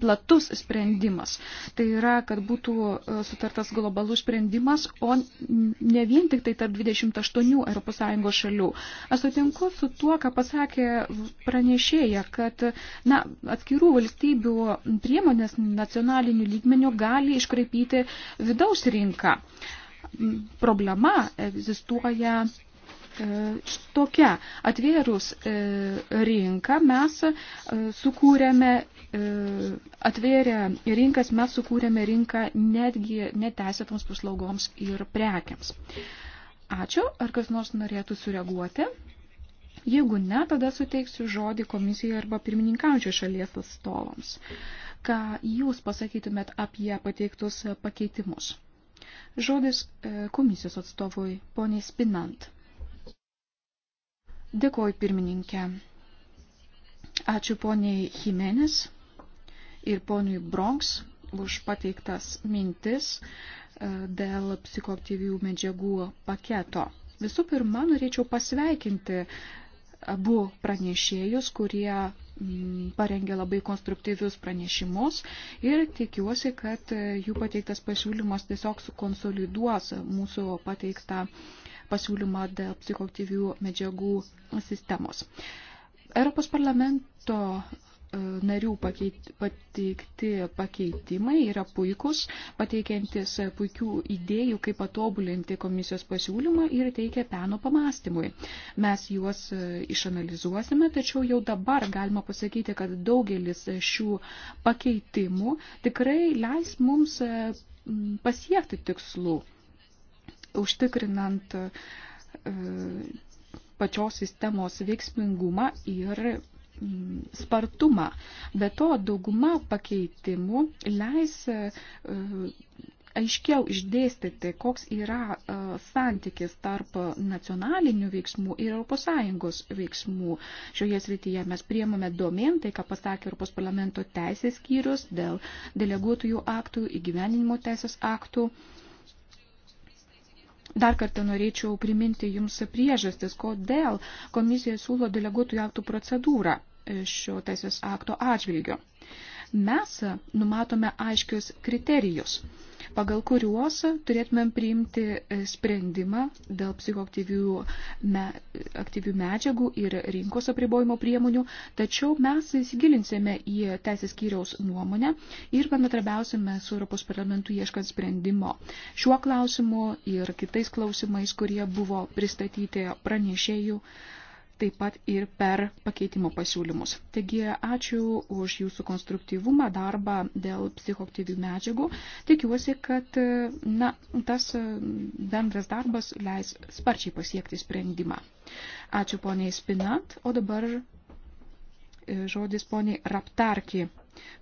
platus sprendimas. Tai yra, kad būtų e, sutartas globalus sprendimas, o ne vien tik tai tarp 28 ES šalių. Aš sutinku su tuo, ką pasakė pranešėja, kad na, atskirų valstybių priemonės nacionalinių lygmenių gali iškraipyti vidaus rinką. Problema egzistuoja E, tokia. Atvėrus e, rinką mes e, sukūrėme, atvėrę rinkas mes sukūrėme rinką netgi neteisėtoms paslaugoms ir prekiams. Ačiū, ar kas nors norėtų sureaguoti? Jeigu ne, tada suteiksiu žodį komisijai arba pirmininkaujančio šalies atstovams. Ką jūs pasakytumėt apie pateiktus pakeitimus? Žodis komisijos atstovui poniai Spinant. Dėkoju pirmininkė. Ačiū poniai Jimenez ir poniui Bronks už pateiktas mintis e, dėl psichoktyvių medžiagų paketo. Visų pirma, norėčiau pasveikinti abu pranešėjus, kurie mm, parengė labai konstruktyvius pranešimus ir tikiuosi, kad e, jų pateiktas pasiūlymas tiesiog sukonsoliduos mūsų pateiktą uh, pasiūlymą dėl psichoktyvių medžiagų sistemos. Europos parlamento e, narių pakeit, pateikti pakeitimai yra puikus, pateikiantis puikių idėjų, kaip patobulinti komisijos pasiūlymą ir teikia peno pamastymui. Mes juos e, išanalizuosime, tačiau jau dabar galima pasakyti, kad daugelis šių pakeitimų tikrai leis mums e, pasiekti tikslų užtikrinant e, pačios sistemos veiksmingumą ir mm, spartumą. Be to, dauguma pakeitimų leis e, aiškiau išdėstyti, koks yra e, santykis tarp nacionalinių veiksmų ir ES veiksmų. Šioje srityje mes priemame domen, tai ką pasakė Europos parlamento teisės skyrius dėl deleguotųjų aktų, įgyveninimo teisės aktų. Dar kartą norėčiau priminti Jums priežastis, kodėl komisija siūlo deleguotų aktų procedūrą e, šio teisės akto atžvilgio. Mes numatome aiškius kriterijus pagal kuriuos turėtumėm priimti e, sprendimą dėl psichoaktyvių me, medžiagų ir rinkos apribojimo priemonių, tačiau mes įsigilinsime į teisės skyriaus nuomonę ir bendradarbiausime su Europos parlamentu ieškant sprendimo. Šiuo klausimu ir kitais klausimais, kurie buvo pristatyti pranešėjų, uh, taip pat ir per pakeitimo pasiūlymus. Taigi ačiū už jūsų konstruktyvumą, darbą dėl psichoktyvių medžiagų. Tikiuosi, kad na, tas bendras darbas leis sparčiai pasiekti sprendimą. Ačiū poniai Spinant, o dabar e, žodis poniai Raptarki,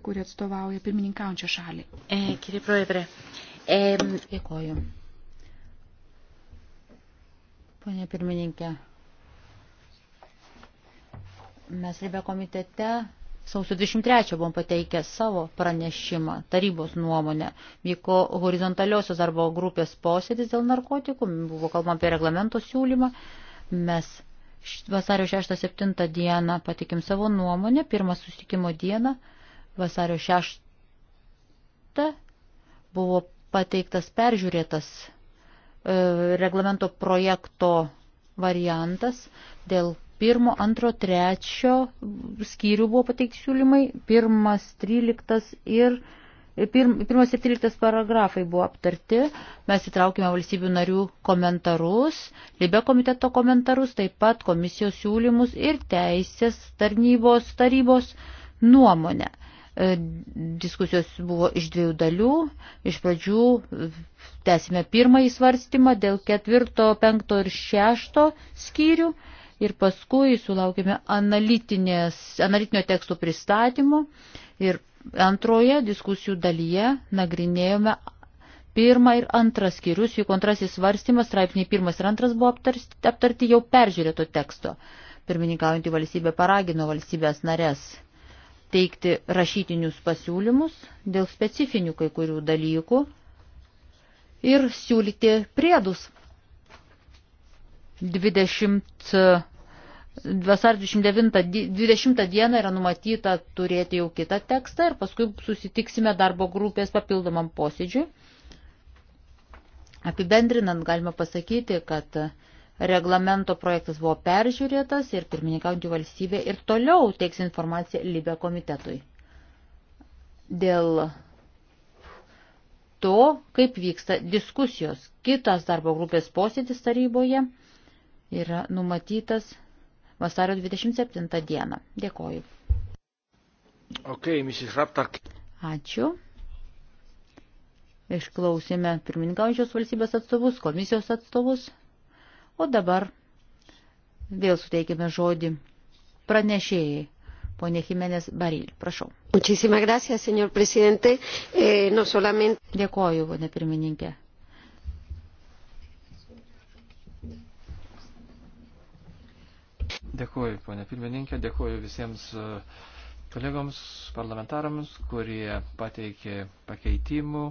kuri atstovauja pirmininkaujančią šalį. E, kiri proedre, e, dėkoju. Pone pirmininkė, Mes Libe komitete sausio 23 buvom pateikę savo pranešimą, tarybos nuomonę. Vyko horizontaliosios darbo grupės posėdis dėl narkotikų, buvo kalbama apie reglamento siūlymą. Mes vasario 6-7 dieną patikim savo nuomonę, pirmą susitikimo dieną, vasario 6 buvo pateiktas peržiūrėtas e, reglamento projekto variantas, dėl pirmo, antro, trečio skyrių buvo pateikti siūlymai, pirmas, tryliktas ir pirm, pirmas ir tryliktas paragrafai buvo aptarti, mes įtraukime valstybių narių komentarus, libe komiteto komentarus, taip pat komisijos siūlymus ir teisės tarnybos tarybos nuomonę. E, diskusijos buvo iš dviejų dalių. Iš pradžių e, tęsime pirmąjį svarstymą dėl ketvirto, penkto ir šešto skyrių ir paskui sulaukėme analitinio teksto pristatymo ir antroje diskusijų dalyje nagrinėjome pirmą ir antrą skyrius, juk antrasis svarstymas, straipsniai pirmas ir antras buvo aptarti, aptarti jau peržiūrėto teksto. Pirmininkaujantį valstybę paragino valstybės narės teikti rašytinius pasiūlymus dėl specifinių kai kurių dalykų ir siūlyti priedus 20, vasar 29, 20 dieną yra numatyta turėti jau kitą tekstą ir paskui susitiksime darbo grupės papildomam posėdžiui. Apibendrinant galima pasakyti, kad reglamento projektas buvo peržiūrėtas ir pirmininkaujantį valstybę ir toliau teiks informaciją Libė komitetui. Dėl to, kaip vyksta diskusijos, kitas darbo grupės posėdis taryboje yra numatytas vasario 27 dieną. Dėkoju. Okay, Ačiū. Išklausėme pirmininkaujančios valstybės atstovus, komisijos atstovus, o dabar vėl suteikime žodį pranešėjai. Pone Jimenez Baril, prašau. Gracias, señor presidente. Eh, no solamente... Dėkoju, pone pirmininkė. Dėkuoju, ponė pirmininkė, dėkuoju visiems e, kolegoms parlamentarams, kurie pateikė pakeitimų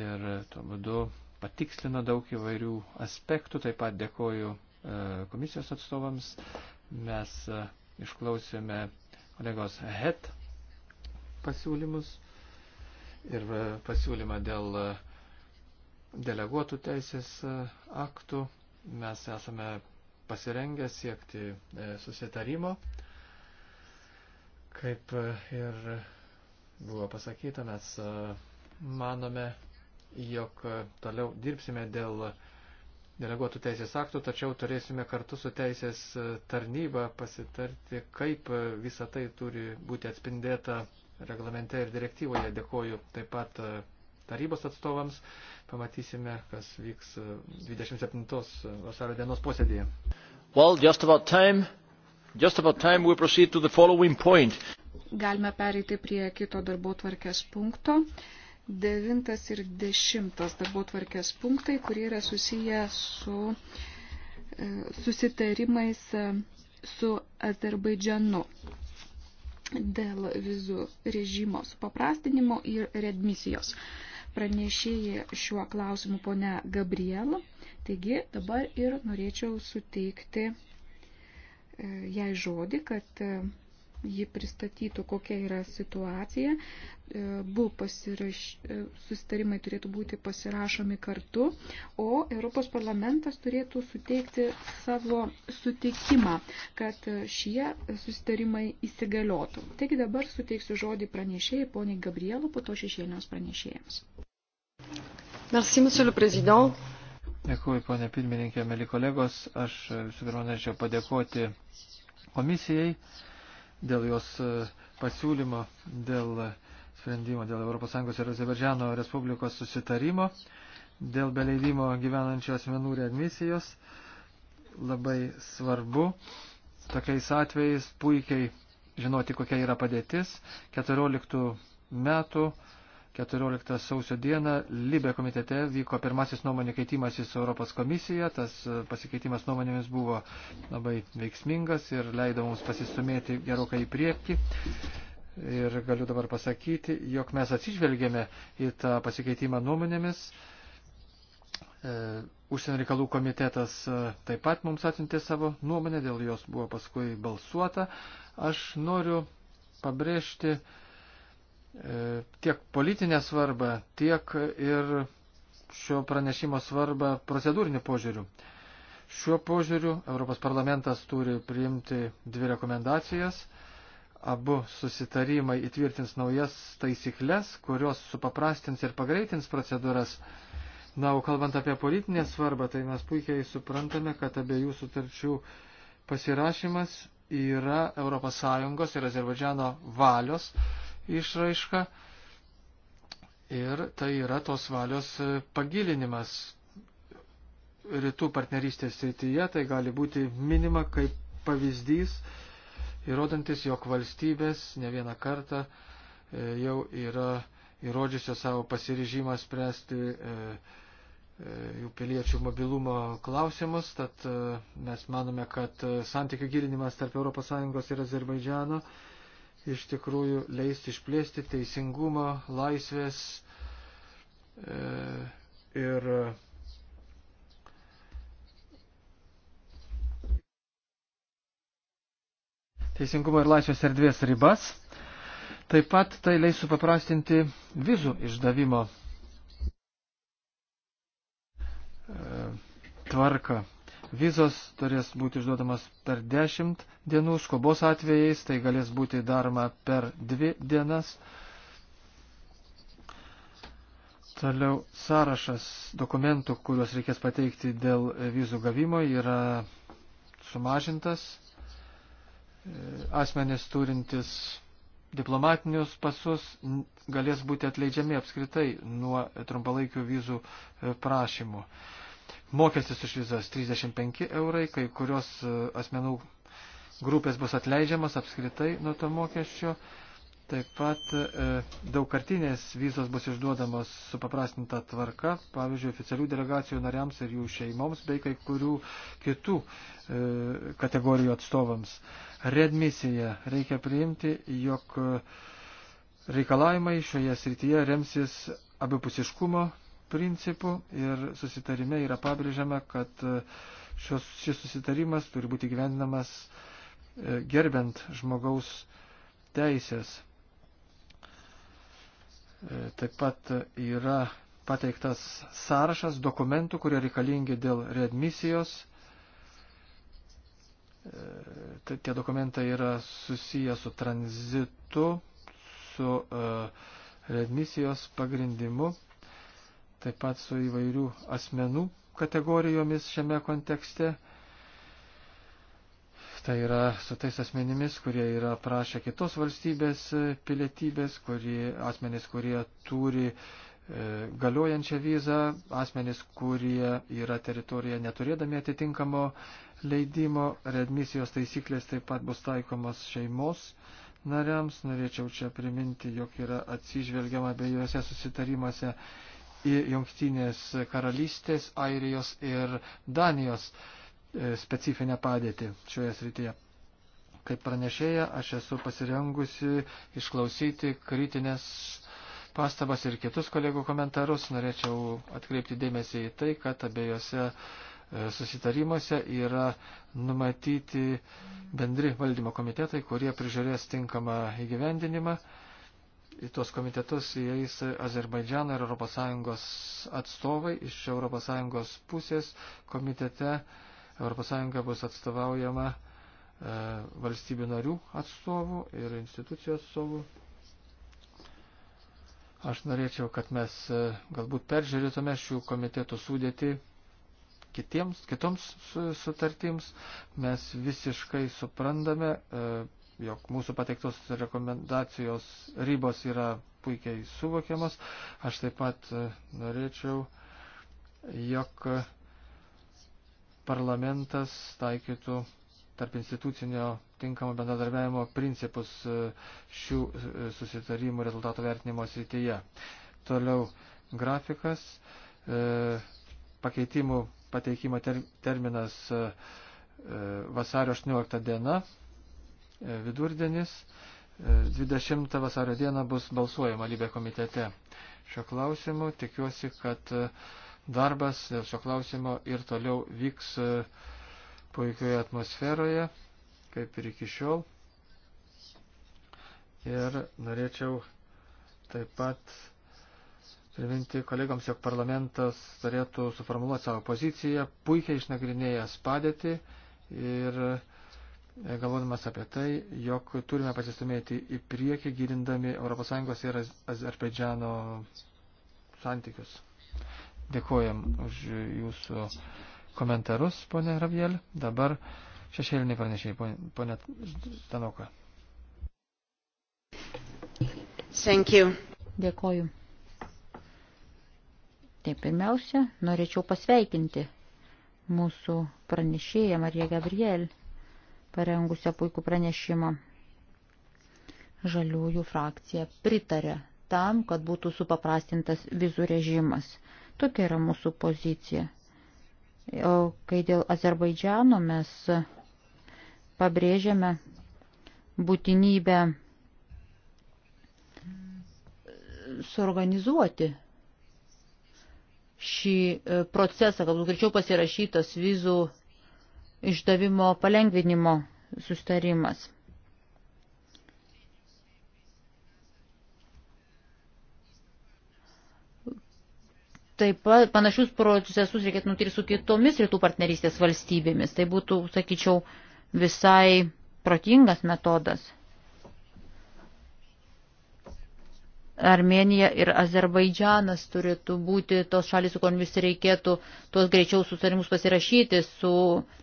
ir tuo būdu patikslino daug įvairių aspektų. Taip pat dėkoju e, komisijos atstovams. Mes e, išklausėme kolegos Het pasiūlymus ir pasiūlymą dėl deleguotų teisės aktų. Mes esame pasirengę siekti e, susitarimo, kaip e, ir buvo pasakyta, mes e, manome, jog toliau dirbsime dėl deleguotų teisės aktų, tačiau turėsime kartu su teisės tarnyba pasitarti, kaip visa tai turi būti atspindėta reglamente ir direktyvoje. Dėkoju taip pat tarybos atstovams. Pamatysime, kas vyks 27 e, e, vasario dienos posėdėje. Well, just about time. Just about time we proceed to the following point. Galime pereiti prie kito darbo tvarkės punkto. Devintas ir dešimtas darbo tvarkės punktai, kurie yra susiję su e, susitarimais su Azerbaidžianu dėl vizų režimo supaprastinimo ir redmisijos pranešėja šiuo klausimu ponia Gabriela. Taigi dabar ir norėčiau suteikti e, jai žodį, kad e, ji pristatytų, kokia yra situacija. E, bu pasiraš... E, susitarimai turėtų būti pasirašomi kartu, o Europos parlamentas turėtų suteikti savo sutikimą, kad šie susitarimai įsigaliotų. Taigi dabar suteiksiu žodį pranešėjai poniai Gabrielu, po to šešėliniams pranešėjams. Merci, monsieur le président. Dėkuoju, ponė pirmininkė, mėly kolegos. Aš visų pirma norėčiau padėkoti komisijai dėl jos e, pasiūlymo, dėl sprendimo, dėl ES ir Azerbaidžiano Respublikos susitarimo, dėl beleidimo gyvenančių asmenų readmisijos. Labai svarbu tokiais atvejais puikiai žinoti, kokia yra padėtis. 14 metų 14 sausio dieną Libė komitete vyko pirmasis nuomonių keitimasis su Europos komisija. Tas e, pasikeitimas nuomonėmis buvo labai veiksmingas ir leido mums pasistumėti gerokai į priekį. Ir galiu dabar pasakyti, jog mes atsižvelgėme į tą pasikeitimą nuomonėmis. E, Užsienio reikalų komitetas e, taip pat mums atsintė savo nuomonę, dėl jos buvo paskui balsuota. Aš noriu pabrėžti, e, E, tiek politinę svarbą, tiek ir šio pranešimo svarbą procedūriniu požiūriu. Šiuo požiūriu Europos parlamentas turi priimti dvi rekomendacijas. Abu susitarimai įtvirtins naujas taisyklės, kurios supaprastins ir pagreitins procedūras. Na, o kalbant apie politinę svarbą, tai mes puikiai suprantame, kad abiejų sutarčių pasirašymas yra ES ir Azerbaidžiano valios išraiška. Ir tai yra tos valios e, pagilinimas rytų partnerystės srityje. Tai gali būti minima kaip pavyzdys, įrodantis, jog valstybės ne vieną kartą e, jau yra įrodžiusios savo pasiryžimą spręsti e, jų piliečių mobilumo klausimus, tad mes manome, kad santykių gilinimas tarp ES ir Azerbaidžiano iš tikrųjų leis išplėsti teisingumo, laisvės e, ir teisingumo ir laisvės erdvės ribas. Taip pat tai leis supaprastinti vizų išdavimo e, tvarką Vizos turės būti išduodamas per 10 dienų, skubos atvejais tai galės būti daroma per 2 dienas. Toliau sąrašas dokumentų, kuriuos reikės pateikti dėl vizų gavimo, yra sumažintas. Asmenys turintis diplomatinius pasus galės būti atleidžiami apskritai nuo trumpalaikių vizų prašymų. Mokestis už vizas 35 eurai, kai kurios e, asmenų grupės bus atleidžiamas apskritai nuo to mokesčio. Taip pat e, daugkartinės vizos bus išduodamos su paprastinta tvarka, pavyzdžiui, oficialių delegacijų nariams ir jų šeimoms, bei kai kurių kitų e, kategorijų atstovams. Redmisija reikia priimti, jog e, reikalavimai šioje srityje remsis abipusiškumo principų ir susitarime yra pabrėžiama, kad e, šios, šis susitarimas turi būti gyvendinamas e, gerbent žmogaus teisės. E, taip pat yra pateiktas sąrašas dokumentų, kurie reikalingi dėl readmisijos. Tie dokumentai yra susiję su tranzitu, su readmisijos pagrindimu taip pat su įvairių asmenų kategorijomis šiame kontekste. Tai yra su tais asmenimis, kurie yra prašę kitos valstybės e, pilietybės, kurie, asmenys, kurie turi e, galiojančią vizą, asmenys, kurie yra teritorija neturėdami atitinkamo leidimo, readmisijos taisyklės taip pat bus taikomas šeimos nariams. Norėčiau čia priminti, jog yra atsižvelgiama abiejose susitarimuose į Junktinės karalystės, Airijos ir Danijos e, specifinę padėtį šioje srityje. Kaip pranešėja, aš esu pasirengusi išklausyti kritinės pastabas ir kitus kolegų komentarus. Norėčiau atkreipti dėmesį į tai, kad abiejose e, susitarimuose yra numatyti bendri valdymo komitetai, kurie prižiūrės tinkamą įgyvendinimą į tuos komitetus įeis Azerbaidžiano ir ES atstovai iš ES pusės komitete. ES bus atstovaujama e, valstybių narių atstovų ir institucijų atstovų. Aš norėčiau, kad mes e, galbūt peržiūrėtume šių komitetų sudėti kitiems, kitoms sutartims. Mes visiškai suprantame e, jog mūsų pateiktos rekomendacijos ribos yra puikiai suvokiamas. Aš taip pat e, norėčiau, jog parlamentas taikytų tarp institucinio tinkamo bendradarbiavimo principus e, šių e, susitarimų rezultato vertinimo srityje. Toliau grafikas, pakeitimų pateikimo terminas vasario 18 diena, E, vidurdienis. 20 e, vasario dieną bus balsuojama lybė komitete. Šio klausimu tikiuosi, kad e, darbas dėl šio klausimo ir toliau vyks puikioje atmosferoje, kaip ir iki šiol. Ir norėčiau taip pat priminti kolegams, jog parlamentas turėtų suformuoluoti savo poziciją, puikiai išnagrinėjęs padėtį ir E, galvodamas apie tai, jog turime pasistumėti į priekį gilindami ES ir Azerbaidžiano santykius. Dėkojam už jūsų komentarus, ponė Raviel. Dabar šešėliniai pranešėjai, ponė Stanoka. Thank you. Dėkoju. Tai pirmiausia, norėčiau pasveikinti mūsų pranešėją Mariją Gabriel parengusią puikų pranešimą. Žaliųjų frakcija pritarė tam, kad būtų supaprastintas vizų režimas. Tokia yra mūsų pozicija. O kai dėl Azerbaidžiano mes pabrėžiame būtinybę suorganizuoti šį procesą, kad būtų greičiau pasirašytas vizų išdavimo palengvinimo sustarimas. Taip pat panašius procesus reikėtų nutirti su kitomis rytų partnerystės valstybėmis. Tai būtų, sakyčiau, visai protingas metodas. Armenija ir Azerbaidžianas turėtų būti tos šalis, su kuriomis reikėtų tuos greičiau susitarimus pasirašyti su uh,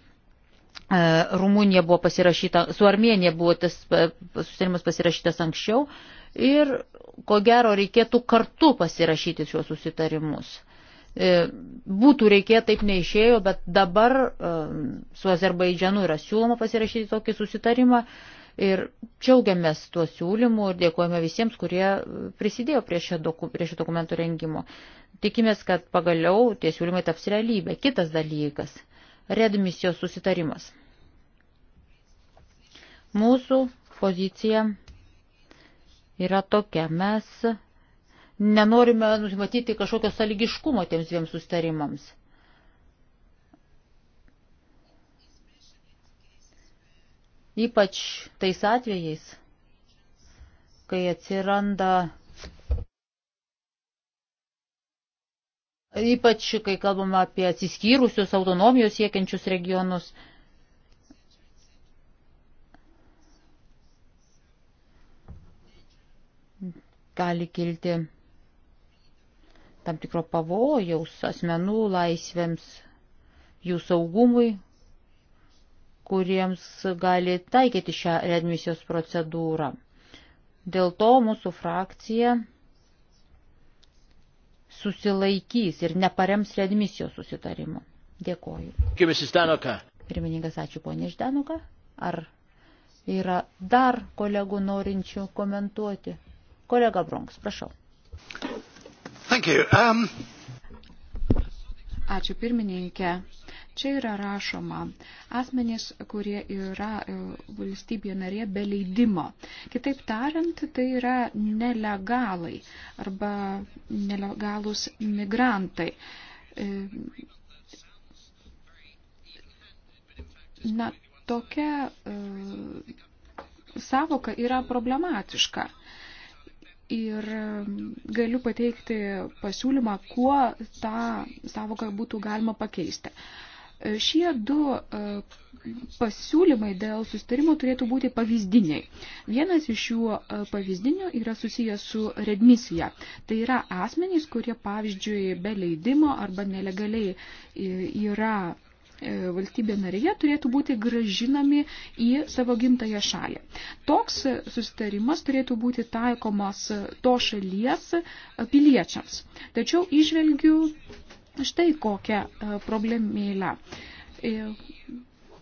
E, Rumunija buvo pasirašyta, su Armenija buvo tas e, susitarimas pasirašytas anksčiau ir ko gero reikėtų kartu pasirašyti šiuos susitarimus. E, būtų reikėję, taip neišėjo, bet dabar su Azerbaidžianu yra siūloma pasirašyti tokį susitarimą ir džiaugiamės tuo siūlymu ir dėkojame visiems, kurie prisidėjo prie šio, doku, prie šio dokumento rengimo. Tikimės, kad pagaliau tie siūlymai taps realybė. Kitas dalykas – redmisijos susitarimas. Mūsų pozicija yra tokia. Mes nenorime nusimatyti kažkokio saligiškumo tiems dviem susitarimams. Ypač tais atvejais, kai atsiranda ypač kai kalbama apie atsiskyrusius autonomijos siekiančius regionus. Gali kilti tam tikro pavojaus asmenų laisvėms, jų saugumui, kuriems gali taikyti šią redmisijos procedūrą. Dėl to mūsų frakcija susilaikys ir neparems readmisijos susitarimu. Dėkoju. Pirmininkas, ačiū ponė Ždanuka. Ar yra dar kolegų norinčių komentuoti? Kolega Bronks, prašau. Um... Ačiū pirmininkė. Čia yra rašoma asmenys, kurie yra e, valstybė narė be leidimo. Kitaip tariant, tai yra nelegalai arba nelegalus migrantai. E, na, tokia e, savoka yra problematiška. Ir galiu pateikti pasiūlymą, kuo tą savoką būtų galima pakeisti. Šie du e, pasiūlymai dėl sustarimo turėtų būti pavyzdiniai. Vienas iš jų e, pavyzdinių yra susijęs su redmisija. Tai yra asmenys, kurie pavyzdžiui be leidimo arba nelegaliai e, yra valstybė narėje turėtų būti gražinami į savo gimtąją šalį. Toks susitarimas turėtų būti taikomas to šalies piliečiams. Tačiau išvelgiu štai kokią e, problemėlę. E,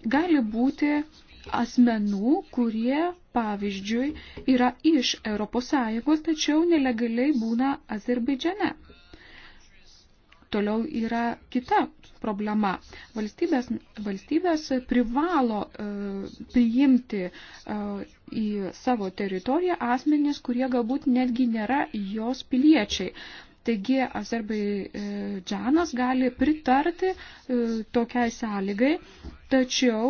gali būti asmenų, kurie, pavyzdžiui, yra iš ES, tačiau nelegaliai būna Azerbaidžiane. Toliau yra kita problema. Valstybės, valstybės privalo e, priimti e, į savo teritoriją asmenys, kurie galbūt netgi nėra jos piliečiai. Taigi Azerbaidžianas gali pritarti e, tokiai sąlygai, tačiau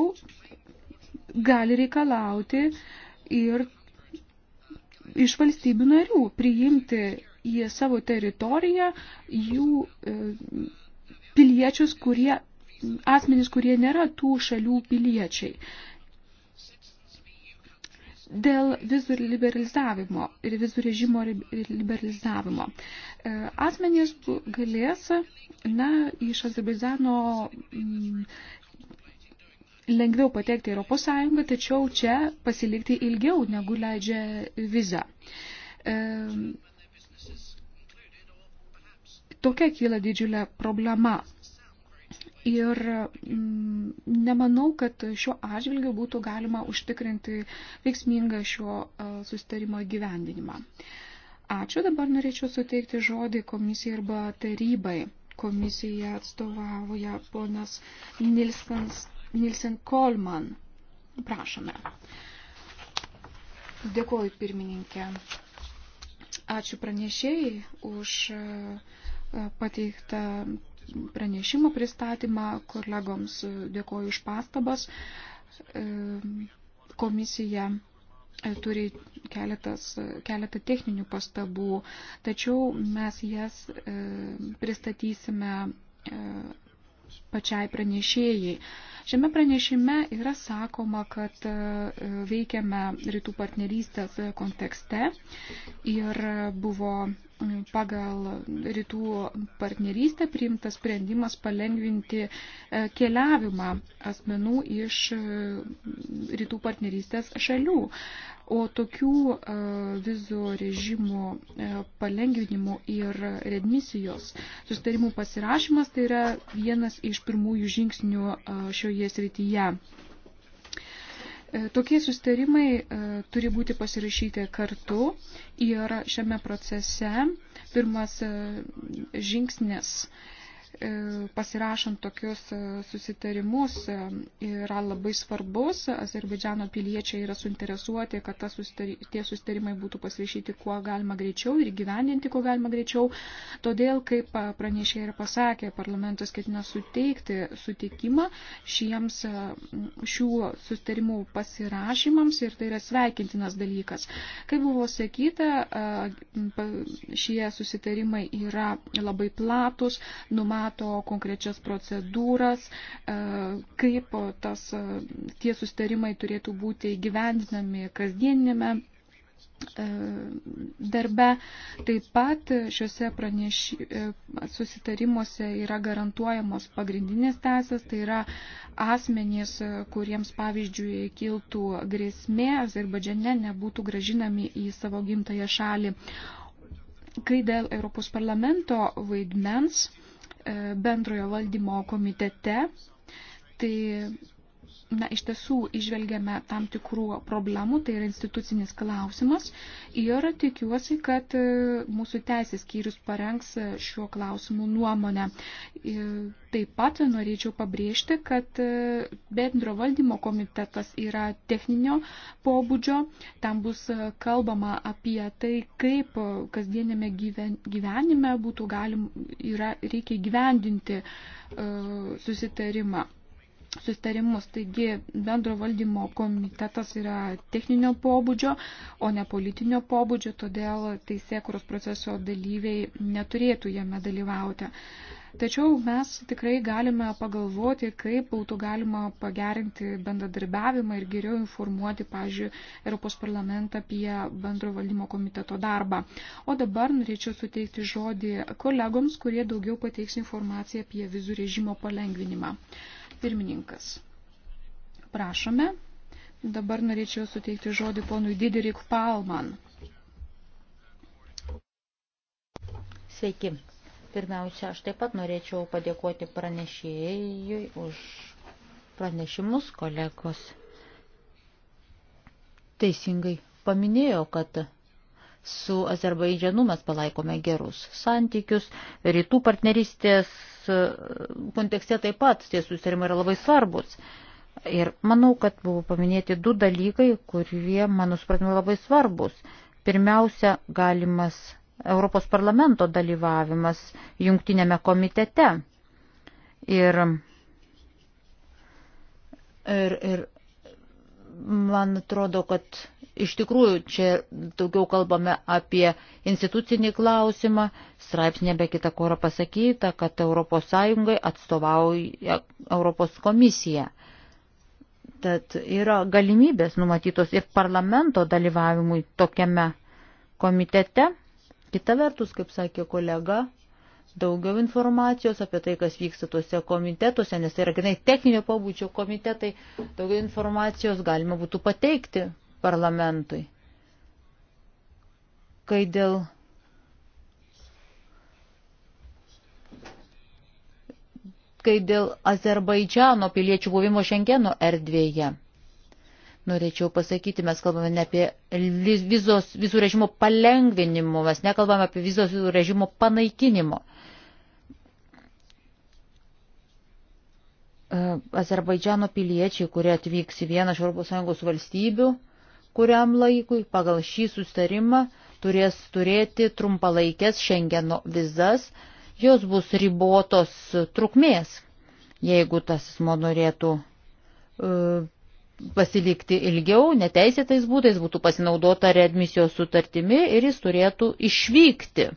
gali reikalauti ir iš valstybių narių priimti į savo teritoriją jų e, piliečius, kurie, asmenys, kurie nėra tų šalių piliečiai dėl vizų liberalizavimo ir vizų režimo liberalizavimo. E, asmenys galės, na, iš Azerbaidžano mm, lengviau patekti į Europos Sąjungą, tačiau čia pasilikti ilgiau negu leidžia viza. E, tokia kyla didžiulė problema Ir mm, nemanau, kad šiuo atžvilgiu būtų galima užtikrinti veiksmingą šio sustarimo įgyvendinimą. Ačiū, dabar norėčiau suteikti žodį komisijai arba tarybai. Komisija atstovavoja ponas Nilsens, Nilsen Kolman. Prašome. Dėkuoju pirmininkė. Ačiū pranešėjai už pateiktą pranešimo pristatymą kolegoms. Dėkoju už pastabas. E, komisija e, turi keletas, keletą techninių pastabų, tačiau mes jas e, pristatysime pačiai pranešėjai. Šiame pranešime yra sakoma, kad veikiame rytų partnerystės kontekste ir buvo pagal rytų partnerystę priimtas sprendimas palengvinti e, keliavimą asmenų iš e, rytų partnerystės šalių. O tokių e, vizų režimo palengvinimų ir redmisijos sustarimų pasirašymas tai yra vienas iš pirmųjų žingsnių šioje srityje. E, tokie sustarimai e, turi būti pasirašyti kartu ir šiame procese pirmas e, žingsnis E, pasirašant tokius e, susitarimus e, yra labai svarbus. Azerbaidžiano piliečiai yra suinteresuoti, kad tas susitari, tie susitarimai būtų pasirašyti kuo galima greičiau ir gyvendinti kuo galima greičiau. Todėl, kaip pranešė ir pasakė, parlamentas ketina suteikti sutikimą šiems šių susitarimų pasirašymams ir tai yra sveikintinas dalykas. Kaip buvo sakyta, šie susitarimai yra labai platus, numatyti nustato konkrečias procedūras, e, kaip tas, e, tie sustarimai turėtų būti gyvendinami kasdieninėme e, darbe. Taip pat šiuose praneš... susitarimuose yra garantuojamos pagrindinės teisės, tai yra asmenys, kuriems pavyzdžiui kiltų grėsmė, Azerbaidžiane nebūtų gražinami į savo gimtąją šalį. Kai dėl Europos parlamento vaidmens, E, bendrojo valdymo komitete. Tai na, iš tiesų išvelgiame tam tikrų problemų, tai yra institucinis klausimas ir tikiuosi, kad e, mūsų teisės skyrius parengs e, šiuo klausimu nuomonę. E, taip pat norėčiau pabrėžti, kad bendro valdymo komitetas yra techninio pobūdžio, tam bus kalbama apie tai, kaip kasdienėme gyvenime būtų galim, yra, reikia gyvendinti susitarimą sustarimus. Taigi bendro valdymo komitetas yra techninio pobūdžio, o ne politinio pobūdžio, todėl teisėkuros proceso dalyviai neturėtų jame dalyvauti. Tačiau mes tikrai galime pagalvoti, kaip būtų galima pagerinti bendradarbiavimą ir geriau informuoti, pavyzdžiui, Europos parlamentą apie bendro valdymo komiteto darbą. O dabar norėčiau suteikti žodį kolegoms, kurie daugiau pateiks informaciją apie vizų režimo palengvinimą. Uh, Pirmininkas. Prašome. Dabar norėčiau suteikti žodį ponui Diderik Palman. Sveiki. Pirmiausia, aš taip pat norėčiau padėkoti pranešėjui už pranešimus kolegos. Teisingai paminėjo, kad Su Azerbaidžianu mes palaikome gerus santykius, rytų partnerystės e, kontekste taip pat tie susitarimai yra labai svarbus. Ir manau, kad buvo paminėti du dalykai, kurie, mano supratimu, labai svarbus. Pirmiausia, galimas Europos parlamento dalyvavimas jungtinėme komitete. Ir, ir, ir Man atrodo, kad iš tikrųjų čia daugiau kalbame apie institucinį klausimą. Straipsnė be kita kora pasakyta, kad ES atstovauja Europos komisija. Tad yra galimybės numatytos ir parlamento dalyvavimui tokiame komitete. Kita vertus, kaip sakė kolega, daugiau informacijos apie tai, kas vyksta tuose komitetuose, nes tai yra grinai techninio pobūdžio komitetai, daugiau informacijos galima būtų pateikti parlamentui. Kai dėl kai dėl Azerbaidžiano piliečių buvimo Šengeno erdvėje. Norėčiau pasakyti, mes kalbame ne apie vizos, vizų režimo palengvinimo, mes nekalbame apie vizos vizų režimo panaikinimo. E, Azerbaidžiano piliečiai, kurie atvyks į vieną iš ES valstybių, kuriam laikui pagal šį sustarimą turės turėti trumpalaikės Schengeno vizas, jos bus ribotos trukmės, jeigu tas asmo norėtų e, pasilikti ilgiau, neteisėtais būdais būtų pasinaudota readmisijos sutartimi ir jis turėtų išvykti.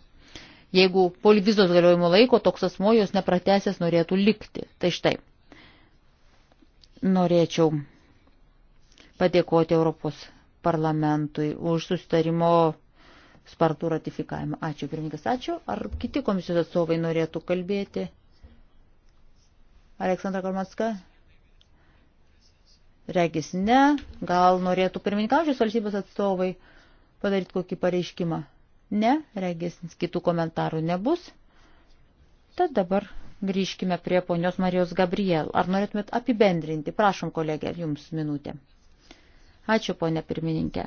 Jeigu polivizos galiojimo laiko toks asmo jos nepratęsęs norėtų likti. Tai štai. Norėčiau padėkoti Europos parlamentui už sustarimo spartų ratifikavimą. Ačiū, pirmininkas, ačiū. Ar kiti komisijos atstovai norėtų kalbėti? Aleksandra Kalmatska? Regis ne. Gal norėtų pirmininkaujančios valstybės atstovai padaryti kokį pareiškimą? Ne, regis kitų komentarų nebus. Tad dabar grįžkime prie ponios Marijos Gabriel. Ar norėtumėt apibendrinti? Prašom, kolegė, jums minutė. Ačiū, ponė pirmininkė.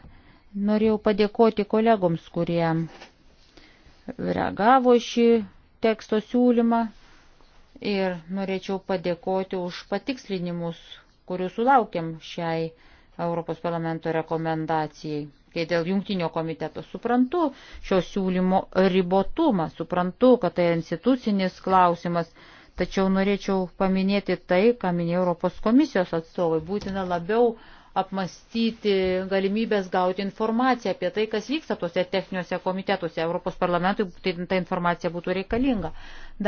Norėjau padėkoti kolegoms, kurie reagavo šį teksto siūlymą ir norėčiau padėkoti už patikslinimus, kurių sulaukėm šiai Europos parlamento rekomendacijai. Kai dėl jungtinio komiteto suprantu šio siūlymo ribotumą, suprantu, kad tai institucinis klausimas, tačiau norėčiau paminėti tai, ką minėjo Europos komisijos atstovai. Būtina labiau apmastyti galimybės gauti informaciją apie tai, kas vyksta tuose techniniuose komitetuose. Europos parlamentui tai, ta informacija būtų reikalinga.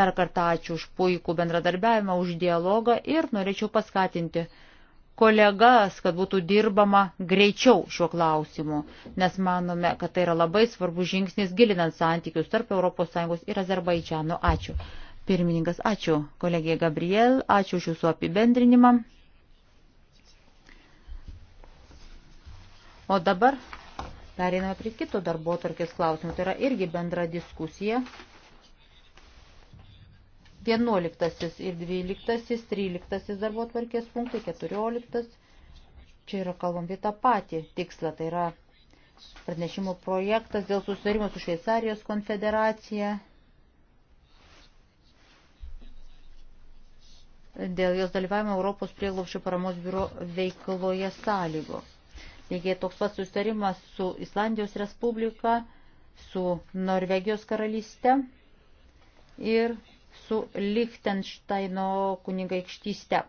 Dar kartą ačiū už puikų bendradarbiavimą, už dialogą ir norėčiau paskatinti kolegas, kad būtų dirbama greičiau šiuo klausimu, nes manome, kad tai yra labai svarbus žingsnis gilinant santykius tarp ES ir Azerbaidžiano. Ačiū. Pirmininkas, ačiū kolegija Gabriel, ačiū už jūsų apibendrinimą. O dabar pereiname prie kito darbo tarkės klausimų. Tai yra irgi bendra diskusija 11 ir 12, 13 darbo tvarkės punktai, 14. Čia yra kalbam apie tą patį tikslą, tai yra pranešimo projektas dėl susitarimo su Šveicarijos konfederacija. dėl jos dalyvavimo Europos prieglobščio paramos biuro veikloje sąlygo. Lygiai toks pats sustarimas su Islandijos Respublika, su Norvegijos karalyste ir su Lichtensteino kunigaikštyste.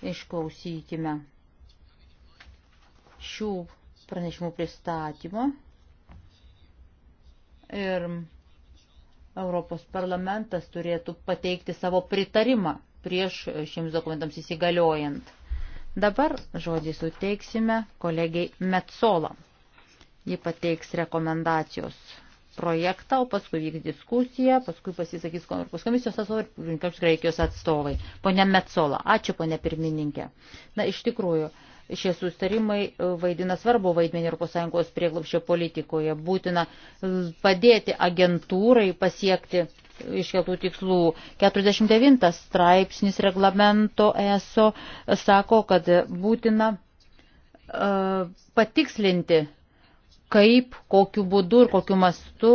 Išklausykime šių pranešimų pristatymo. Ir Europos parlamentas turėtų pateikti savo pritarimą prieš šiems dokumentams įsigaliojant. Dabar žodį suteiksime kolegiai Metsolam. Ji pateiks rekomendacijos projektą, o paskui vyks diskusija, paskui pasisakys Europos komisijos atstovai ir rinkams Graikijos atstovai. Pone Metsola, ačiū pone pirmininkė. Na, iš tikrųjų, šie sustarimai vaidina svarbu vaidmenį ES prieglapščio politikoje. Būtina padėti agentūrai pasiekti iškeltų tikslų. 49 straipsnis reglamento ESO sako, kad būtina e, patikslinti kaip, kokiu būdu ir kokiu mastu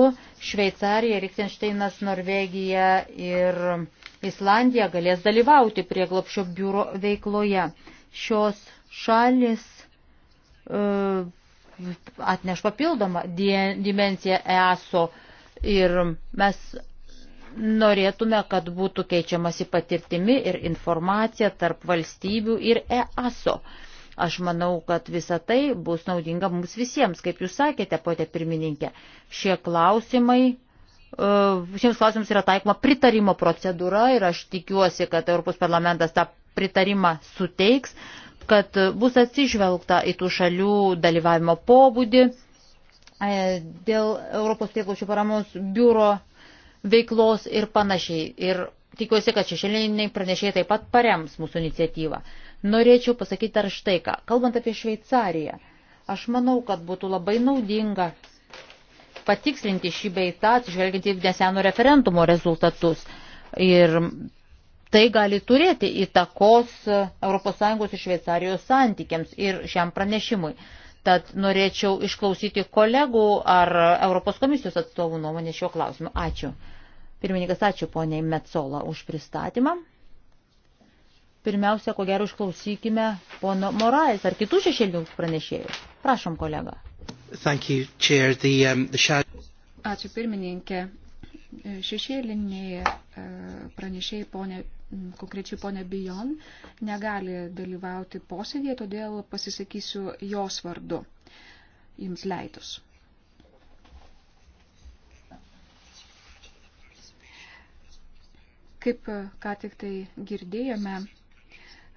Šveicarija, Lichtensteinas, Norvegija ir Islandija galės dalyvauti prieglopšio biuro veikloje. Šios šalis uh, atneš papildomą dimenciją EASO ir mes norėtume, kad būtų keičiamasi patirtimi ir informacija tarp valstybių ir EASO. Uh, Aš manau, kad visa tai bus naudinga mums visiems, kaip jūs sakėte, potė pirmininkė. Šie klausimai, e, šiems klausimams yra taikoma pritarimo procedūra ir aš tikiuosi, kad Europos parlamentas tą pritarimą suteiks, kad bus atsižvelgta į tų šalių dalyvavimo pobūdį e, dėl Europos prieglaučių paramos biuro veiklos ir panašiai. Ir tikiuosi, kad šešėliniai pranešėjai taip pat parems mūsų iniciatyvą. Norėčiau pasakyti dar štai ką. Kalbant apie Šveicariją, aš manau, kad būtų labai naudinga patikslinti šį beitą, atsižvelgiant į neseno referendumo rezultatus. Ir tai gali turėti įtakos ES ir Šveicarijos santykiams ir šiam pranešimui. Tad norėčiau išklausyti kolegų ar Europos komisijos atstovų nuomonę šio klausimu. Ačiū. Pirmininkas, ačiū poniai Metsola už pristatymą. Pirmiausia, ko gero, išklausykime pono Morais ar kitų šešėlių pranešėjų. Prašom, kolega. Thank you, chair. The, um, the shadow... Ačiū pirmininkė. Šešėliniai e, pranešėjai ponė konkrečiai ponė Bijon, negali dalyvauti posėdėje, todėl pasisakysiu jos vardu, jums leidus. Kaip e, ką tik tai girdėjome,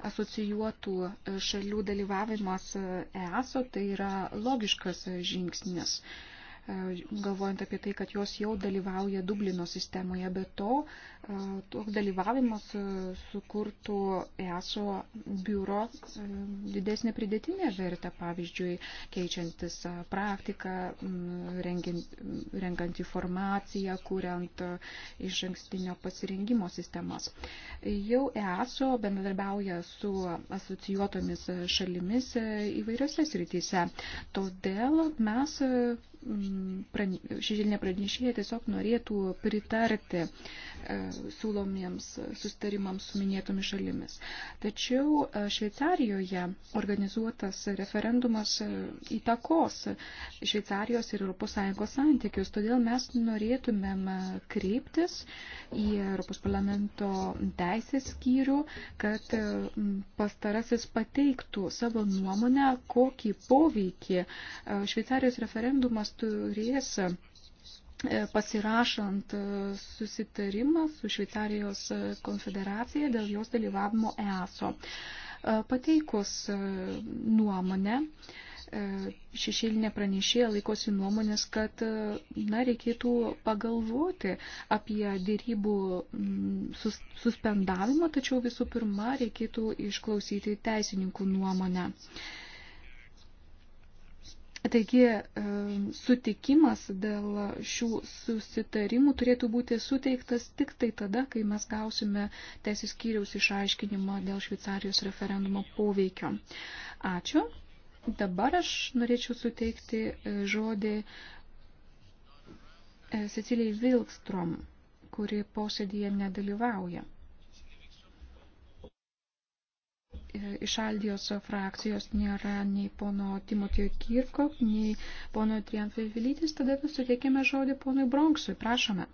asocijuotų e, šalių dalyvavimas e, EASO tai yra logiškas e, žingsnis. E, galvojant apie tai, kad jos jau dalyvauja Dublino sistemoje. Be to, toks dalyvavimas sukurtų ESO biuro didesnį pridėtinę vertę, pavyzdžiui, keičiantis praktiką, rengiant, renkant informaciją, kuriant iš ankstinio pasirinkimo sistemas. Jau ESO bendradarbiauja su asocijuotomis šalimis įvairiose srityse. Todėl mes Mm, šešėlinė pranešėja tiesiog norėtų pritarti E, siūlomiems sustarimams su minėtomis šalimis. Tačiau e, Šveicarijoje organizuotas referendumas e, įtakos Šveicarijos ir ES santykius, todėl mes norėtumėm kreiptis į ES teisės skyrių, kad pastarasis pateiktų savo nuomonę, kokį poveikį Šveicarijos referendumas turės E, pasirašant e, susitarimą su Šveicarijos e, konfederacija dėl jos dalyvavimo EASO. Pateikus nuomonę, šešėlinė pranešėja laikosi nuomonės, kad na, reikėtų pagalvoti apie dėrybų sus, suspendavimą, tačiau visų pirma reikėtų išklausyti teisininkų nuomonę. E, Taigi e, sutikimas dėl šių susitarimų turėtų būti suteiktas tik tai tada, kai mes gausime teisės skyriaus išaiškinimą dėl Šveicarijos referendumo poveikio. Ačiū. Dabar aš norėčiau suteikti e, žodį e, Cecilijai Vilkstrom, kuri posėdėje nedalyvauja. E, iš Aldijos frakcijos nėra nei pono Timotijo Kirko, nei pono Trianfai Vilytis, tada suteikėme žodį ponui Bronksui. Prašome.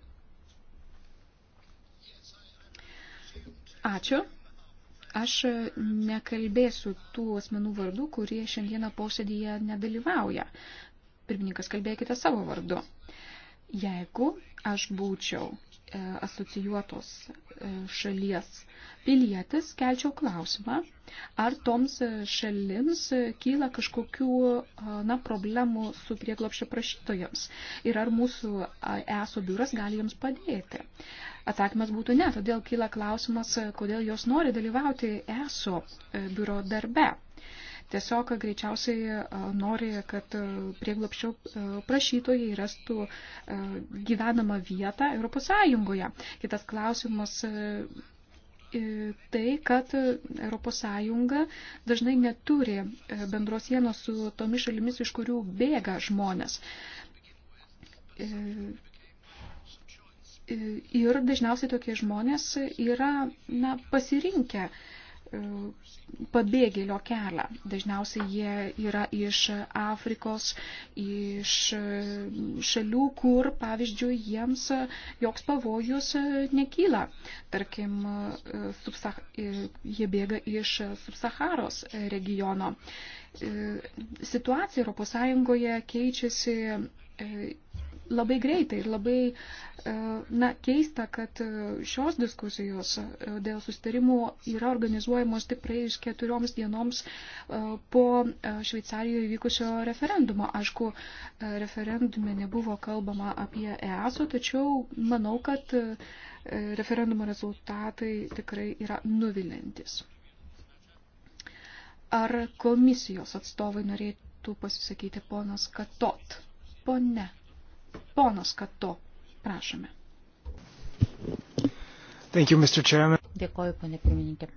Ačiū. Aš nekalbėsiu tų asmenų vardų, kurie šiandieną posėdėje nedalyvauja. Pirmininkas, kalbėkite savo vardu. Jeigu aš būčiau E, asocijuotos e, šalies pilietis, kelčiau klausimą, ar toms e, šalims kyla kažkokių na, problemų su prieglopščio prašytojams ir ar mūsų ESO biuras gali jiems padėti. Atsakymas būtų ne, todėl kyla klausimas, kodėl jos nori dalyvauti ESO biuro darbe. Tiesiog greičiausiai nori, kad prieglapščio prašytojai rastų gyvenamą vietą Europos Sąjungoje. Kitas klausimas tai, kad ES dažnai neturi bendros sienos su tomis šalimis, iš kurių bėga žmonės. E, e, ir dažniausiai tokie žmonės yra na, pasirinkę uh, pabėgėlio kelią. Dažniausiai jie yra iš Afrikos, iš šalių, kur, pavyzdžiui, jiems joks pavojus nekyla. Tarkim, subsah... jie bėga iš subsaharos regiono. Situacija ES keičiasi labai greitai ir labai e, na, keista, kad e, šios diskusijos e, dėl sustarimų yra organizuojamos tik praėjus keturioms dienoms po Šveicarijoje vykusio referendumo. Aišku, referendume nebuvo kalbama apie EASO, tačiau manau, kad referendumo rezultatai tikrai yra nuvilintis. Ar komisijos atstovai norėtų pasisakyti ponas Katot? Pone Ponas Kato, prašome. Thank you, Mr. Chairman. Dėkoju, ponė pirmininkė.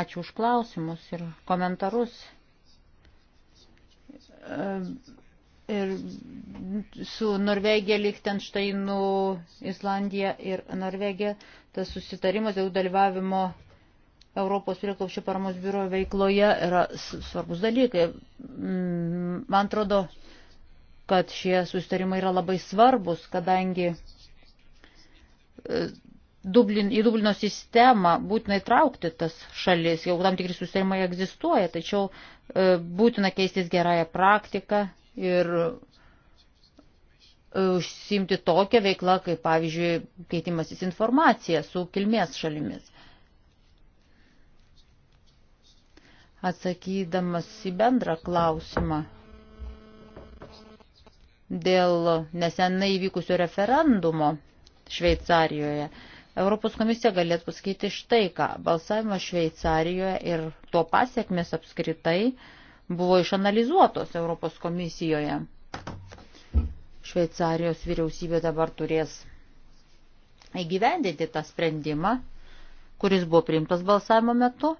Ačiū už klausimus ir komentarus. Ehm, ir su Norvegija, Lichtensteinu, Islandija ir Norvegija tas susitarimas dėl dalyvavimo Europos prieklaušio paramos biuro veikloje yra svarbus dalykai. Mm, man atrodo, kad šie sustarimai yra labai svarbus, kadangi e, Dublin, į Dublino sistemą būtina įtraukti tas šalis, jau tam tikri sustarimai egzistuoja, tačiau e, būtina keistis gerąją praktiką ir e, užsimti tokią veiklą, kaip pavyzdžiui, keitimasis informacija su kilmės šalimis. atsakydamas į bendrą klausimą dėl nesenai įvykusio referendumo Šveicarijoje. Europos komisija galėtų pasakyti štai ką. Balsavimas Šveicarijoje ir to pasiekmes apskritai buvo išanalizuotos Europos komisijoje. Šveicarijos vyriausybė dabar turės įgyvendinti tą sprendimą, kuris buvo priimtas balsavimo metu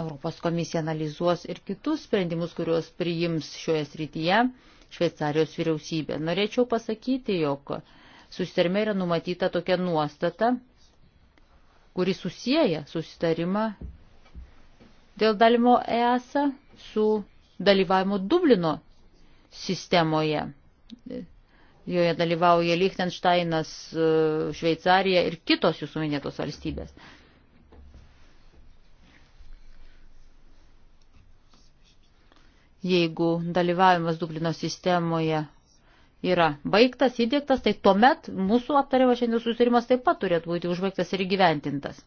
Europos komisija analizuos ir kitus sprendimus, kuriuos priims šioje srityje Šveicarijos vyriausybė. Norėčiau pasakyti, jog susitarime yra numatyta tokia nuostata, kuri susiję susitarimą dėl dalimo EASA su dalyvavimu Dublino sistemoje. Joje dalyvauja Liechtensteinas, Šveicarija ir kitos jūsų minėtos valstybės. Jeigu dalyvavimas Dublino sistemoje yra baigtas, įdėktas, tai tuomet mūsų aptariamas šiandien susirimas taip pat turėtų būti užbaigtas ir gyventintas.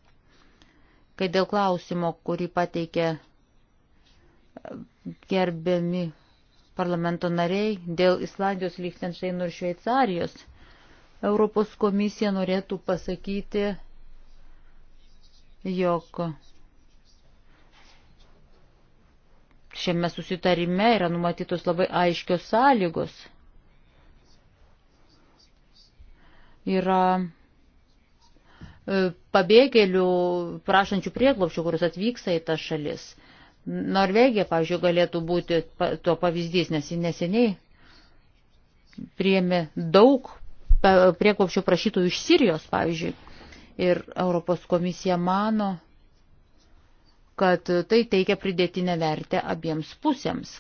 Kai dėl klausimo, kurį pateikė e, gerbiami parlamento nariai dėl Islandijos, Liechtensteino ir Šveicarijos, Europos komisija norėtų pasakyti, jog Šiame susitarime yra numatytos labai aiškios sąlygos. Yra e, pabėgėlių prašančių prieglopščių, kuris atvyksta į tą šalis. Norvegija, pavyzdžiui, galėtų būti to pavyzdys, nes ji neseniai priėmė daug prieglopščių prašytojų iš Sirijos, pavyzdžiui. Ir Europos komisija mano, kad tai teikia pridėtinę vertę abiems pusėms.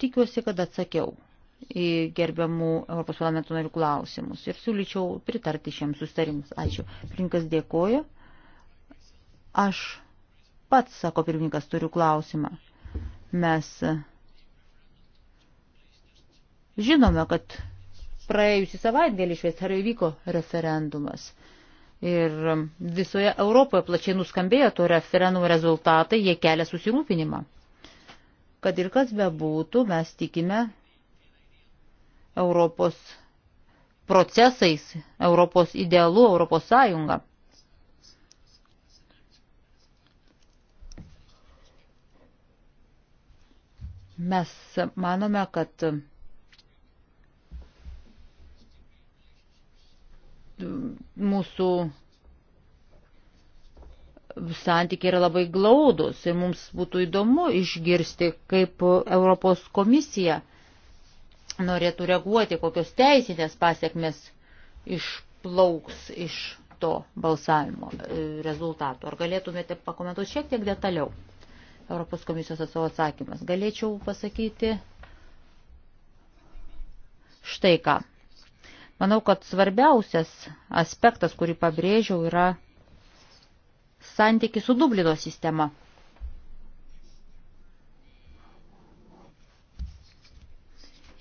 Tikiuosi, kad atsakiau į gerbiamų Europos parlamento narių klausimus ir siūlyčiau pritarti šiems sustarimus. Ačiū. Pirmininkas dėkoju. Aš pats, sako pirmininkas, turiu klausimą. Mes žinome, kad praėjusį savaitgalį Šveicarijoje vyko referendumas. Ir visoje Europoje plačiai nuskambėjo to referendumo rezultatai, jie kelia susirūpinimą. Kad ir kas bebūtų, mes tikime Europos procesais, Europos idealu, Europos sąjunga. Mes manome, kad mūsų santykiai yra labai glaudus ir mums būtų įdomu išgirsti, kaip Europos komisija norėtų reaguoti, kokios teisinės pasiekmes išplauks iš to balsavimo e, rezultatų. Ar galėtumėte pakomentuoti šiek tiek detaliau Europos komisijos atsovo atsakymas? Galėčiau pasakyti štai ką. Manau, kad svarbiausias aspektas, kurį pabrėžiau, yra santyki su Dublino sistema.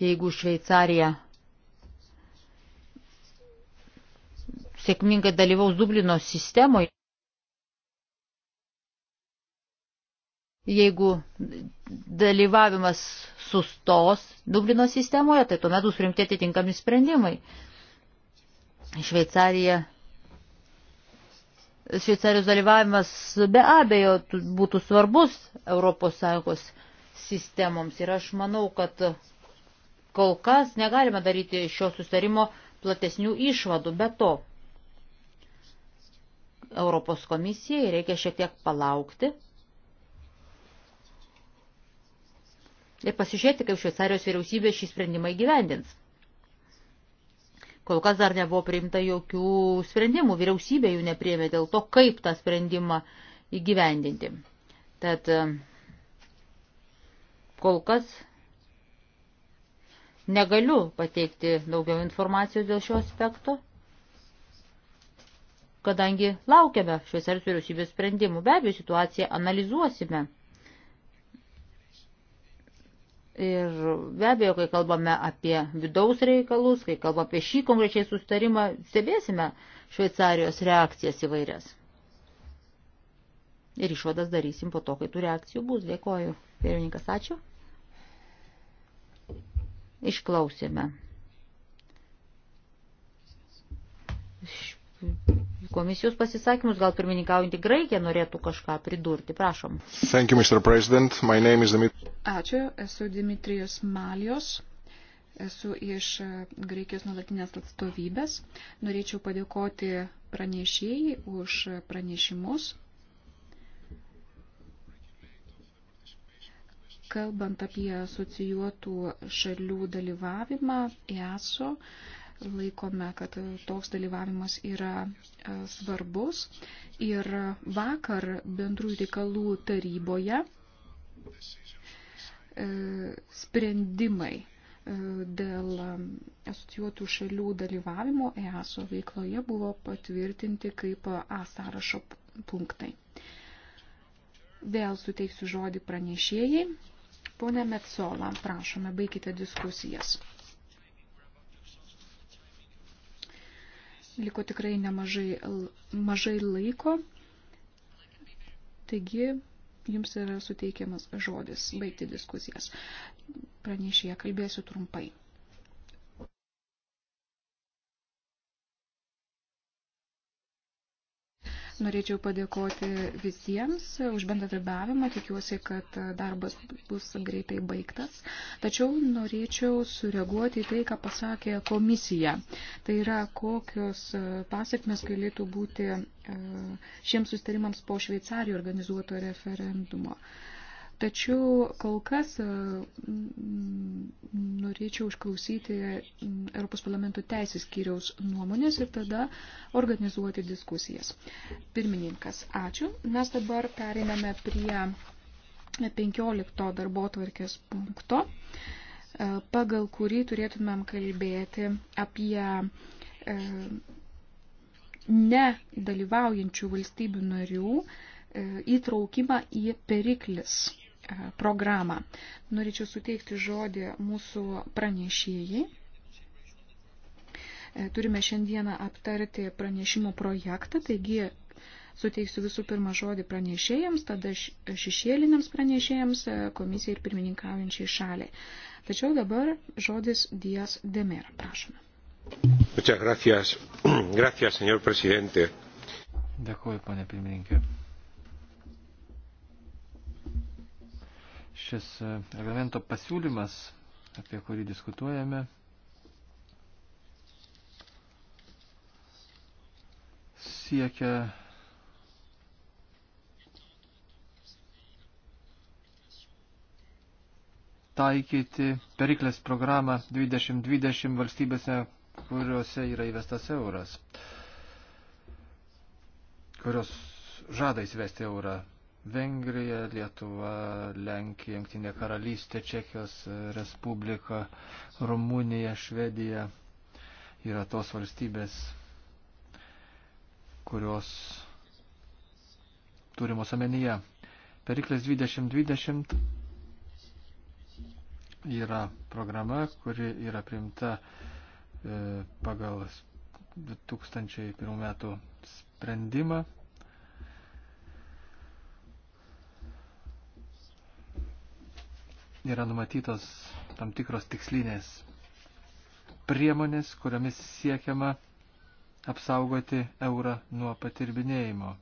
Jeigu Šveicarija sėkmingai dalyvaus Dublino sistemoje, jeigu dalyvavimas sustos Dublino sistemoje, tai tuomet bus rimti atitinkami sprendimai. Šveicarija. Šveicarijos dalyvavimas be abejo būtų svarbus ES sistemoms ir aš manau, kad kol kas negalime daryti šio sustarimo platesnių išvadų, be to Europos komisijai reikia šiek tiek palaukti ir pasižiūrėti, kaip Šveicarijos vyriausybė šį sprendimą įgyvendins. Kol kas dar nebuvo priimta jokių sprendimų, vyriausybė jų nepriėmė dėl to, kaip tą sprendimą įgyvendinti. Tad e, kol kas negaliu pateikti daugiau informacijos dėl šio aspekto, kadangi laukiame šveicarijos vyriausybės sprendimų. Be abejo, situaciją analizuosime Ir be abejo, kai kalbame apie vidaus reikalus, kai kalbame apie šį konkrečiai sustarimą, stebėsime Šveicarijos reakcijas įvairias. Ir išvadas darysim po to, kai tų reakcijų bus. Dėkoju. Pirmininkas, ačiū. Išklausėme. Iš komisijos pasisakymus. Gal pirmininkaujantį Graikiją norėtų kažką pridurti. Prašom. Thank you, Mr. President. My name is Dimitri... Ačiū. Esu Dimitrijus Malios. Esu iš e, Graikijos nuolatinės atstovybės. Norėčiau padėkoti pranešėjai už pranešimus. Kalbant apie asocijuotų šalių dalyvavimą, ESO laikome, kad toks dalyvavimas yra e, svarbus. Ir vakar bendrųjų reikalų taryboje e, sprendimai e, dėl asociuotų šalių dalyvavimo EASO veikloje buvo patvirtinti kaip A sąrašo punktai. Vėl suteiksiu žodį pranešėjai. Pone Metsola, prašome, baikite diskusijas. Liko tikrai nemažai mažai laiko. Taigi, jums yra suteikiamas žodis baigti diskusijas. Pranešėje kalbėsiu trumpai. Norėčiau padėkoti visiems už bendradarbiavimą, tikiuosi, kad darbas bus greitai baigtas. Tačiau norėčiau sureaguoti į tai, ką pasakė komisija. Tai yra, kokios pasiekmes galėtų būti e, šiems sustarimams po Šveicarijoje organizuoto referendumo. Tačiau kol kas e, norėčiau išklausyti e, Europos parlamento teisės skyriaus nuomonės ir tada organizuoti diskusijas. Pirmininkas, ačiū. Mes dabar pereiname prie 15 darbo tvarkės punkto, e, pagal kurį turėtumėm kalbėti apie nedalyvaujančių valstybių narių įtraukimą į periklis E, programą. Norėčiau suteikti žodį mūsų pranešėjai. E, turime šiandieną aptarti pranešimo projektą, taigi suteiksiu visų pirma žodį pranešėjams, tada šešėliniams pranešėjams, e, komisijai ir pirmininkaujančiai šaliai. Tačiau dabar žodis Dijas Demera, prašome. Muchas gracias. Gracias, señor presidente. Dėkuoju, ponė pirmininkė. šis e, reglamento pasiūlymas, apie kurį diskutuojame, siekia taikyti periklės programą 2020 valstybėse, kuriuose yra įvestas euras, kurios žada įsivesti eurą Vengrija, Lietuva, Lenkija, Jungtinė karalystė, Čekijos Respublika, Rumunija, Švedija yra tos valstybės, kurios turimos omenyje. Periklės 2020 yra programa, kuri yra primta e, pagal 2001 metų sprendimą yra numatytos tam tikros tikslinės priemonės, kuriamis siekiama apsaugoti eurą nuo patirbinėjimo.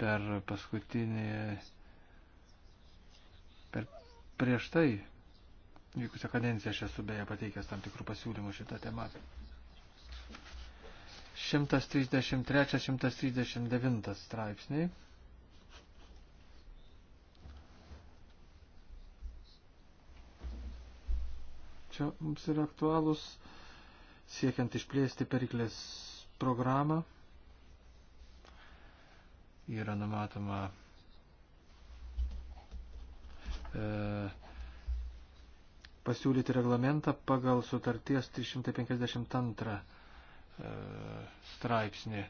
Per paskutinį, per prieš tai vykusią kadenciją aš esu beje pateikęs tam tikrų pasiūlymų šitą temą. 133-139 straipsniai. čia mums yra aktualūs, siekiant išplėsti periklės programą. Yra numatoma e, pasiūlyti reglamentą pagal sutarties 352 e, straipsnį.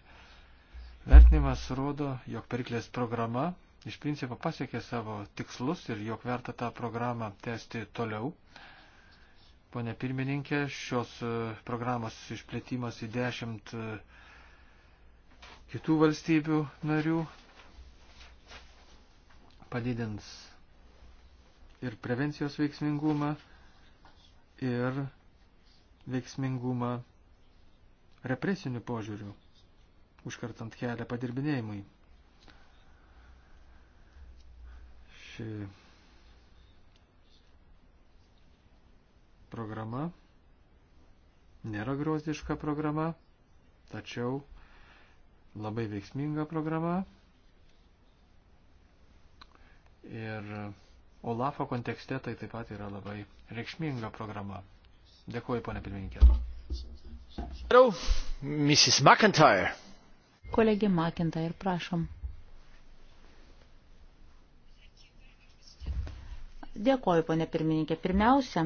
Vertinimas rodo, jog periklės programa iš principo pasiekė savo tikslus ir jog verta tą programą tęsti toliau. E, Pone pirmininkė, šios e, programos išplėtimas į dešimt e, kitų valstybių narių padidins ir prevencijos veiksmingumą, ir veiksmingumą represinių požiūrių, užkartant kelią padirbinėjimui. Ši programa nėra groziška programa, tačiau labai veiksminga programa. Ir OLAFO kontekste tai taip pat yra labai reikšminga programa. Dėkuoju, ponė pirmininkė. Hello, Mrs. McIntyre. Kolegė McIntyre, prašom. Dėkuoju, ponė pirmininkė. Pirmiausia,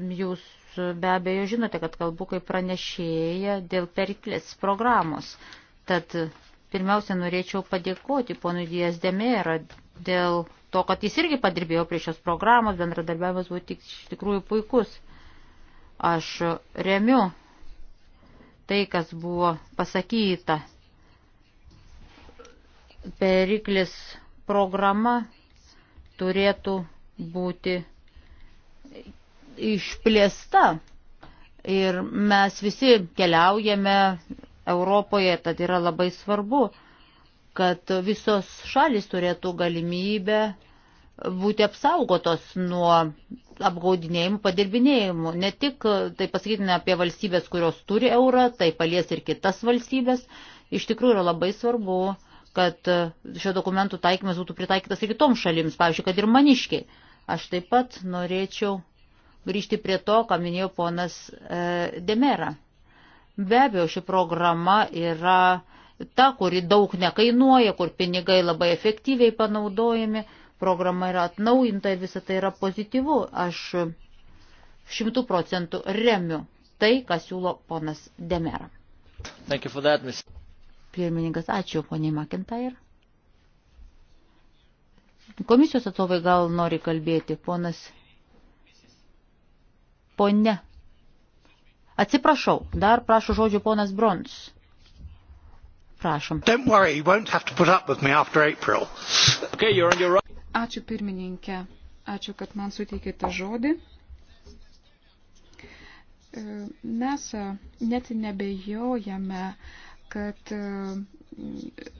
Jūs be abejo žinote, kad kalbu kaip pranešėja dėl periklės programos. Tad pirmiausia, norėčiau padėkoti ponui Dijas Demėra dėl to, kad jis irgi padirbėjo prie šios programos, bendradarbiavimas buvo tik, iš tikrųjų puikus. Aš remiu tai, kas buvo pasakyta. Periklis programa turėtų būti išplėsta ir mes visi keliaujame Europoje, tad yra labai svarbu, kad visos šalis turėtų galimybę būti apsaugotos nuo apgaudinėjimų, padirbinėjimų. Ne tik, tai pasakytume apie valstybės, kurios turi eurą, tai palies ir kitas valstybės. Iš tikrųjų yra labai svarbu, kad šio dokumentų taikymas būtų pritaikytas ir kitoms šalims, pavyzdžiui, kad ir maniškiai. Aš taip pat norėčiau grįžti prie to, ką minėjo ponas e, Demera. Be abejo, ši programa yra ta, kuri daug nekainuoja, kur pinigai labai efektyviai panaudojami, programa yra atnaujinta ir visa tai yra pozityvu. Aš šimtų procentų remiu tai, ką siūlo ponas Demera. That, miss. Pirmininkas, ačiū, poniai McIntyre. Komisijos atstovai gal nori kalbėti, ponas Pone. Atsiprašau, dar prašau žodžių ponas Brons. Prašom. Worry, okay, you're your... Ačiū pirmininkė. Ačiū, kad man suteikėte žodį. E, mes e, net nebejojame, kad e,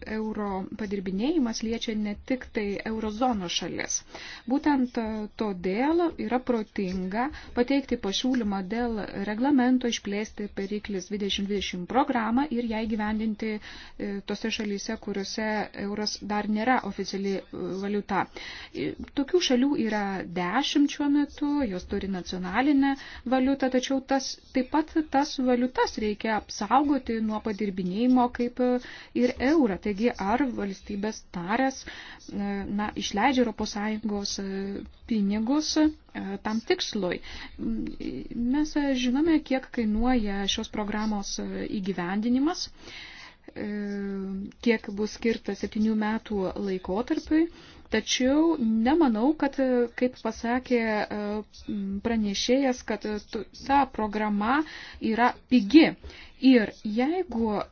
euro padirbinėjimas liečia ne tik tai eurozono šalis. Būtent e, todėl yra protinga pateikti pasiūlymą dėl reglamento išplėsti periklis 2020 programą ir ją įgyvendinti e, tose šalyse, kuriuose euras dar nėra oficiali e, valiuta. Tokių šalių yra dešimt šiuo metu, jos turi nacionalinę valiutą, tačiau tas, taip pat tas valiutas reikia apsaugoti nuo padirbinėjimo kaip ir ir eurą. Taigi ar valstybės tarės e, na, išleidžia ES e, pinigus e, tam tikslui. Mes žinome, kiek kainuoja šios programos įgyvendinimas kiek bus skirta 7 metų laikotarpiui Tačiau nemanau, kad, kaip pasakė e, pranešėjas, kad ta programa yra pigi. Ir jeigu e,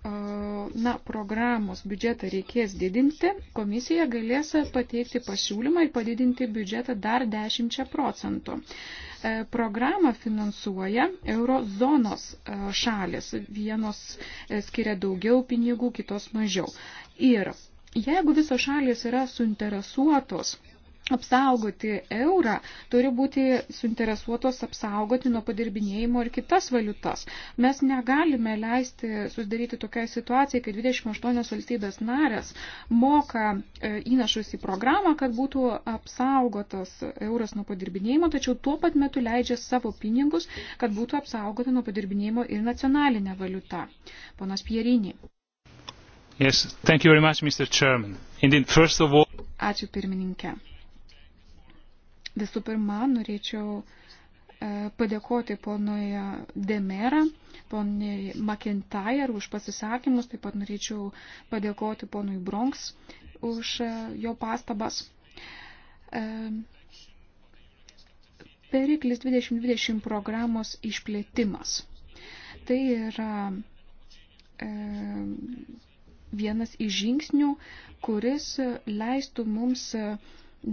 na, programos biudžetą reikės didinti, komisija galės pateikti pasiūlymą ir padidinti biudžetą dar 10 procentų. E, programą finansuoja eurozonos šalis. Vienos skiria daugiau pinigų, kitos mažiau. Ir Jeigu visos šalis yra suinteresuotos apsaugoti eurą, turi būti suinteresuotos apsaugoti nuo padirbinėjimo ir kitas valiutas. Mes negalime leisti susidaryti tokią situaciją, kai 28 valstybės narės moka e, įnašus į programą, kad būtų apsaugotas euras nuo padirbinėjimo, tačiau tuo pat metu leidžia savo pinigus, kad būtų apsaugota nuo padirbinėjimo ir nacionalinė valiuta. Ponas Pierinį. Yes, thank you very much, Mr. Chairman. Indeed, first of all... Ačiū pirmininkė. Visų pirma, norėčiau e, padėkoti ponui Demera, ponui McIntyre už pasisakymus, taip pat norėčiau padėkoti ponui Bronx už e, jo pastabas. E, periklis 2020 programos išplėtimas. Tai yra vienas iš žingsnių, kuris leistų mums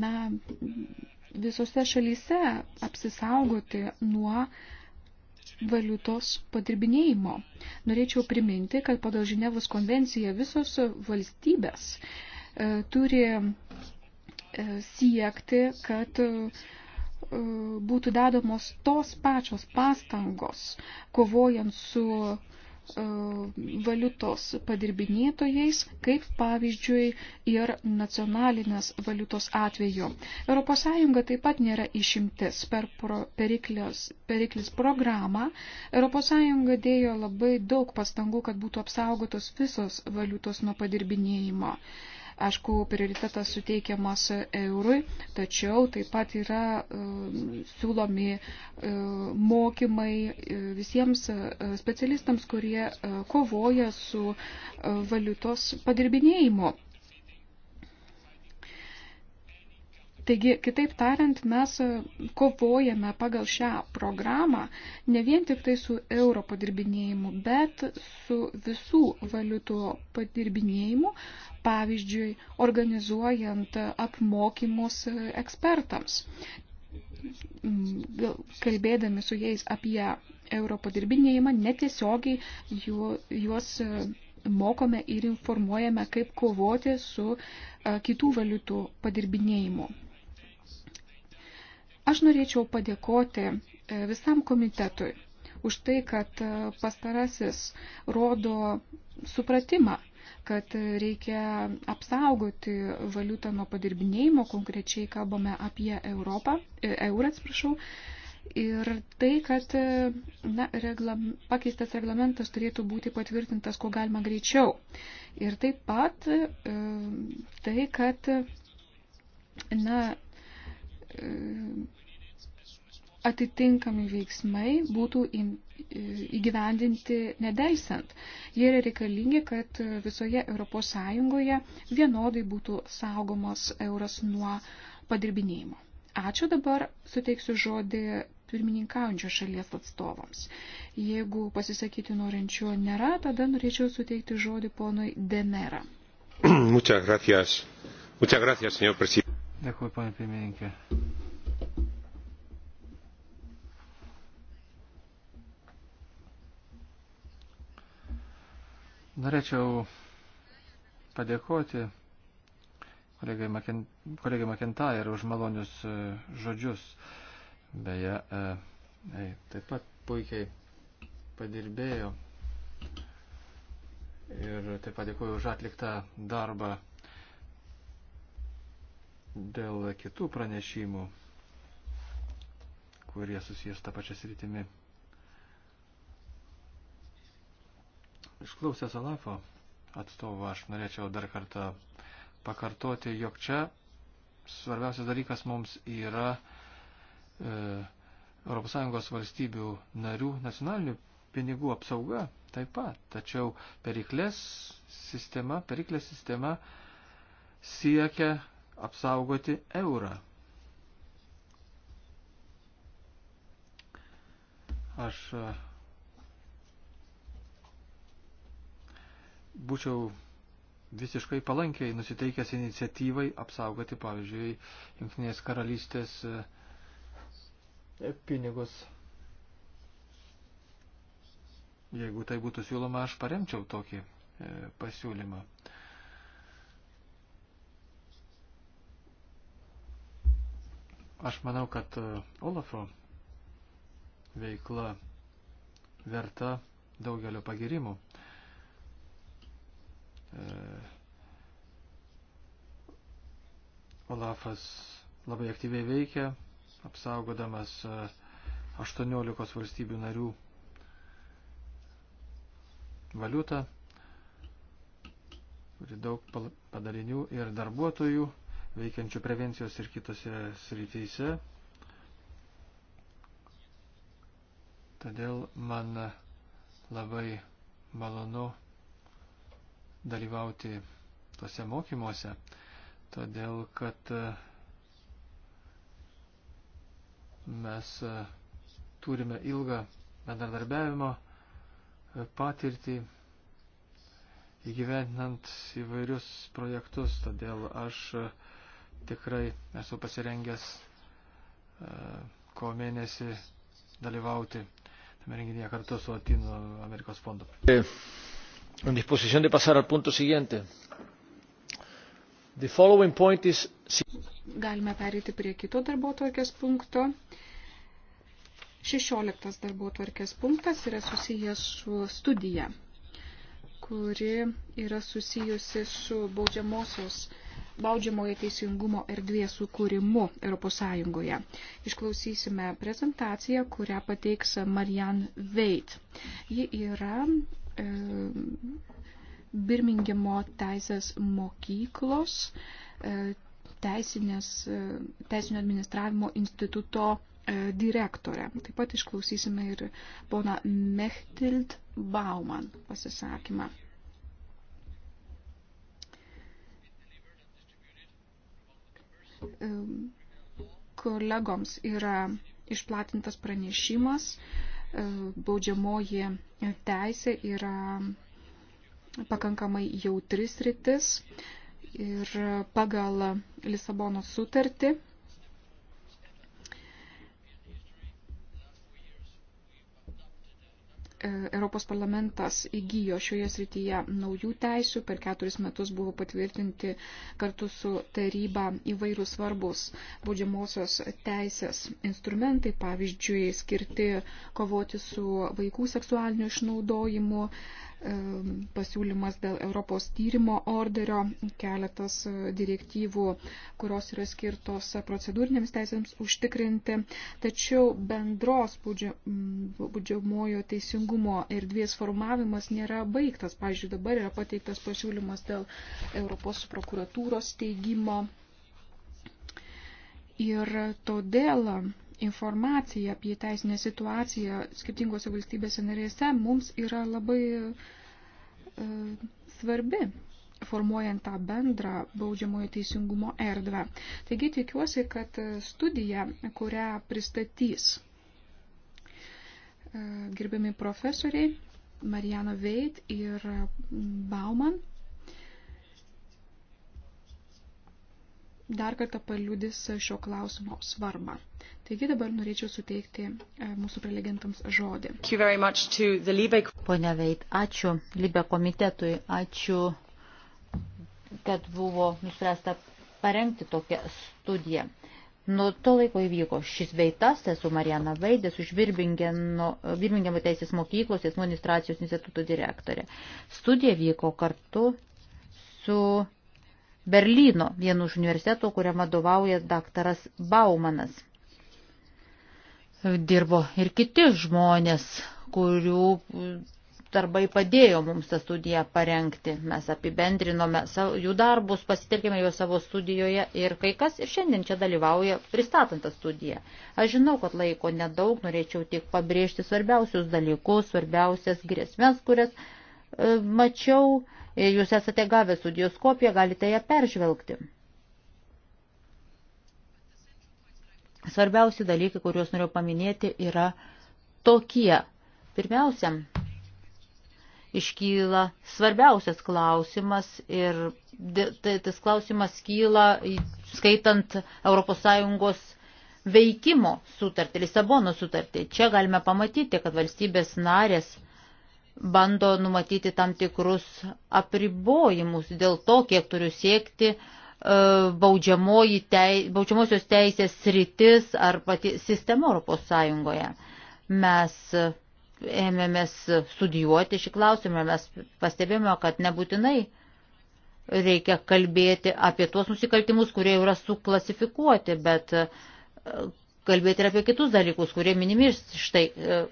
na, visose šalyse apsisaugoti nuo valiutos padirbinėjimo. Norėčiau priminti, kad pagal Ženevos konvenciją visos valstybės e, turi e, siekti, kad e, būtų dedamos tos pačios pastangos, kovojant su e, E, valiutos padirbinėtojais, kaip pavyzdžiui ir nacionalinės valiutos atveju. ES taip pat nėra išimtis per periklis, periklis programą. ES dėjo labai daug pastangų, kad būtų apsaugotos visos valiutos nuo padirbinėjimo. Aišku, prioritetas suteikiamas eurui, tačiau taip pat yra e, siūlomi e, mokymai e, visiems specialistams, kurie kovoja su valiutos padirbinėjimu. Taigi, kitaip tariant, mes kovojame pagal šią programą ne vien tik tai su euro padirbinėjimu, bet su visų valiutų padirbinėjimu, pavyzdžiui, organizuojant apmokymus ekspertams, kalbėdami su jais apie Europo dirbinėjimą, netiesiogiai juos mokome ir informuojame, kaip kovoti su kitų valiutų padirbinėjimu. Aš norėčiau padėkoti e, visam komitetui už tai, kad pastarasis rodo supratimą kad reikia apsaugoti valiutą nuo padirbinėjimo, konkrečiai kalbame apie Europą, e, eurą, atsiprašau. Ir tai, kad na, reglam, pakeistas reglamentas turėtų būti patvirtintas, kuo galima greičiau. Ir taip pat e, tai, kad na, e, atitinkami veiksmai būtų e, įgyvendinti nedelsiant. Jie yra reikalingi, kad visoje ES vienodai būtų saugomas euras nuo padirbinėjimo. Ačiū dabar suteiksiu žodį pirmininkaujančio šalies atstovams. Jeigu pasisakyti norinčių nėra, tada norėčiau suteikti žodį ponui Demera. Muchas gracias. Muchas gracias, señor presidente. Dėkui, ponė pirmininkė. Norėčiau padėkoti kolegai McIntyre už malonius e, žodžius. Beje, e, taip pat puikiai padirbėjo. Ir taip pat dėkuoju už atliktą darbą dėl kitų pranešimų, kurie susijęs tą pačią sritimį. Išklausęs Olafo atstovą, aš norėčiau dar kartą pakartoti, jog čia svarbiausias dalykas mums yra e, ES valstybių narių nacionalinių pinigų apsauga taip pat. Tačiau periklės sistema, periklės sistema siekia apsaugoti eurą. Aš būčiau visiškai palankiai nusiteikęs iniciatyvai apsaugoti, pavyzdžiui, Junktinės karalystės e, pinigus. Jeigu tai būtų siūloma, aš paremčiau tokį e, pasiūlymą. Aš manau, kad e, Olafo veikla verta daugelio pagirimų. E, Olafas labai aktyviai veikia, apsaugodamas 18 e, valstybių narių valiutą, turi daug padalinių ir darbuotojų, veikiančių prevencijos ir kitose srityse. Todėl man labai malonu dalyvauti tose mokymuose, todėl kad e, mes e, turime ilgą bendradarbiavimo e, patirtį įgyvendinant įvairius projektus, todėl aš tikrai esu pasirengęs kovo mėnesį dalyvauti tame renginyje kartu su Latino Amerikos fondu en disposición de pasar al punto siguiente. The following point is... Galime pereiti prie kito darbo tvarkės punkto. 16 darbo tvarkės punktas yra susijęs su studija, kuri yra susijusi su baudžiamosios baudžiamojo teisingumo erdvės sukūrimu ES. Išklausysime prezentaciją, kurią pateiks Marian Veit. Ji yra E, Birmingemo teisės mokyklos e, teisinės, e, teisinio administravimo instituto direktorę. Taip pat išklausysime ir pona Mechtild Bauman pasisakymą. Kolegoms yra išplatintas pranešimas baudžiamoji teisė yra pakankamai jautris rytis ir pagal Lisabono sutartį E, Europos parlamentas įgyjo šioje srityje naujų teisių. Per keturis metus buvo patvirtinti kartu su taryba įvairių svarbus baudžiamosios teisės instrumentai, pavyzdžiui, skirti kovoti su vaikų seksualiniu išnaudojimu, pasiūlymas dėl Europos tyrimo orderio, keletas e, direktyvų, kurios yra skirtos procedūrinėms teisėms užtikrinti. Tačiau bendros būdžiamojo teisingumo erdvės formavimas nėra baigtas. Pavyzdžiui, dabar yra pateiktas pasiūlymas dėl Europos prokuratūros teigimo. Ir todėl informacija apie teisinę situaciją skirtingose valstybėse narėse mums yra labai e, svarbi formuojant tą bendrą baudžiamojo teisingumo erdvę. Taigi tikiuosi, kad studija, kurią pristatys e, gerbiami profesoriai Mariano Veit ir Bauman, dar kartą paliūdis šio klausimo svarbą. Taigi dabar norėčiau suteikti e, mūsų prelegentams žodį. Pone Veit, ačiū Libė komitetui, ačiū, kad buvo nuspręsta parengti tokią studiją. Nuo to laiko įvyko šis veitas, esu Marijana Vaidės iš Virbingemo teisės mokyklos, teismų administracijos instituto direktorė. Studija vyko kartu su Berlyno vienu iš universitetų, kuriam vadovauja daktaras Baumanas. Dirbo ir kiti žmonės, kurių darbai padėjo mums tą studiją parengti. Mes apibendrinome jų darbus, pasitelkėme juos savo studijoje ir kai kas ir šiandien čia dalyvauja pristatant tą studiją. Aš žinau, kad laiko nedaug, norėčiau tik pabrėžti svarbiausius dalykus, svarbiausias grėsmės, kurias e, mačiau. E, Jūs esate gavę studijos kopiją, galite ją peržvelgti. Svarbiausi dalykai, kuriuos noriu paminėti, yra tokie. Pirmiausia, iškyla svarbiausias klausimas ir tai, tas klausimas kyla skaitant ES veikimo sutartį, Lisabono sutartį. Čia galime pamatyti, kad valstybės narės bando numatyti tam tikrus apribojimus dėl to, kiek turiu siekti e, tei, baudžiamosios teisės sritis ar pati sistema Europos Sąjungoje. Mes ėmėmės studijuoti šį klausimą, mes pastebėjome, kad nebūtinai reikia kalbėti apie tuos nusikaltimus, kurie yra suklasifikuoti, bet e, kalbėti ir apie kitus dalykus, kurie minimi štai e,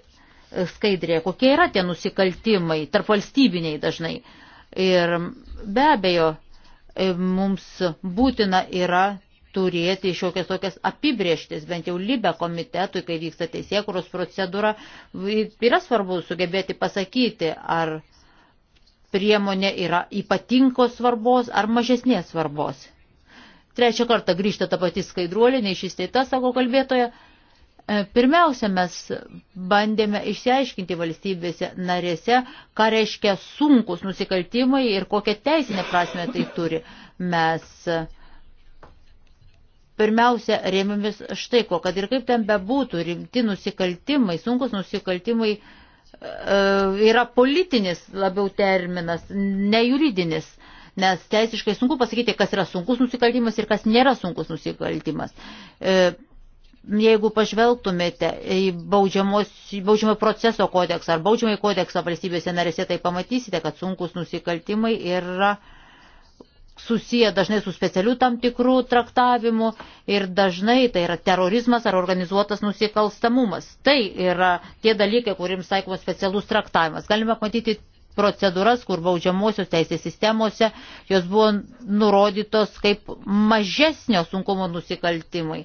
skaidrėje, kokie yra tie nusikaltimai, tarp valstybiniai dažnai. Ir be abejo, e, mums būtina yra turėti šiokias tokias apibrieštis, bent jau libe komitetui, kai vyksta teisėkuros procedūra, yra svarbu sugebėti pasakyti, ar priemonė yra ypatingos svarbos ar mažesnės svarbos. Trečią kartą grįžta ta pati skaidruolė, neišįsteita savo kalbėtoje. E, pirmiausia, mes bandėme išsiaiškinti valstybėse narėse, ką reiškia sunkus nusikaltimai ir kokią teisinę prasme tai turi. Mes e, pirmiausia rėmėmės štai ko, kad ir kaip ten bebūtų, rimti nusikaltimai, sunkus nusikaltimai e, yra politinis labiau terminas, ne juridinis nes teisiškai sunku pasakyti, kas yra sunkus nusikaltimas ir kas nėra sunkus nusikaltimas. E, Jeigu pažvelgtumėte į baudžiamo proceso kodeksą ar baudžiamąjį kodeksą valstybėse narėse, tai pamatysite, kad sunkus nusikaltimai yra susiję dažnai su specialiu tam tikrų traktavimu ir dažnai tai yra terorizmas ar organizuotas nusikalstamumas. Tai yra tie dalykai, kuriems taikomas specialus traktavimas. Galime matyti procedūras, kur baudžiamosios teisės sistemose jos buvo nurodytos kaip mažesnio sunkumo nusikaltimai.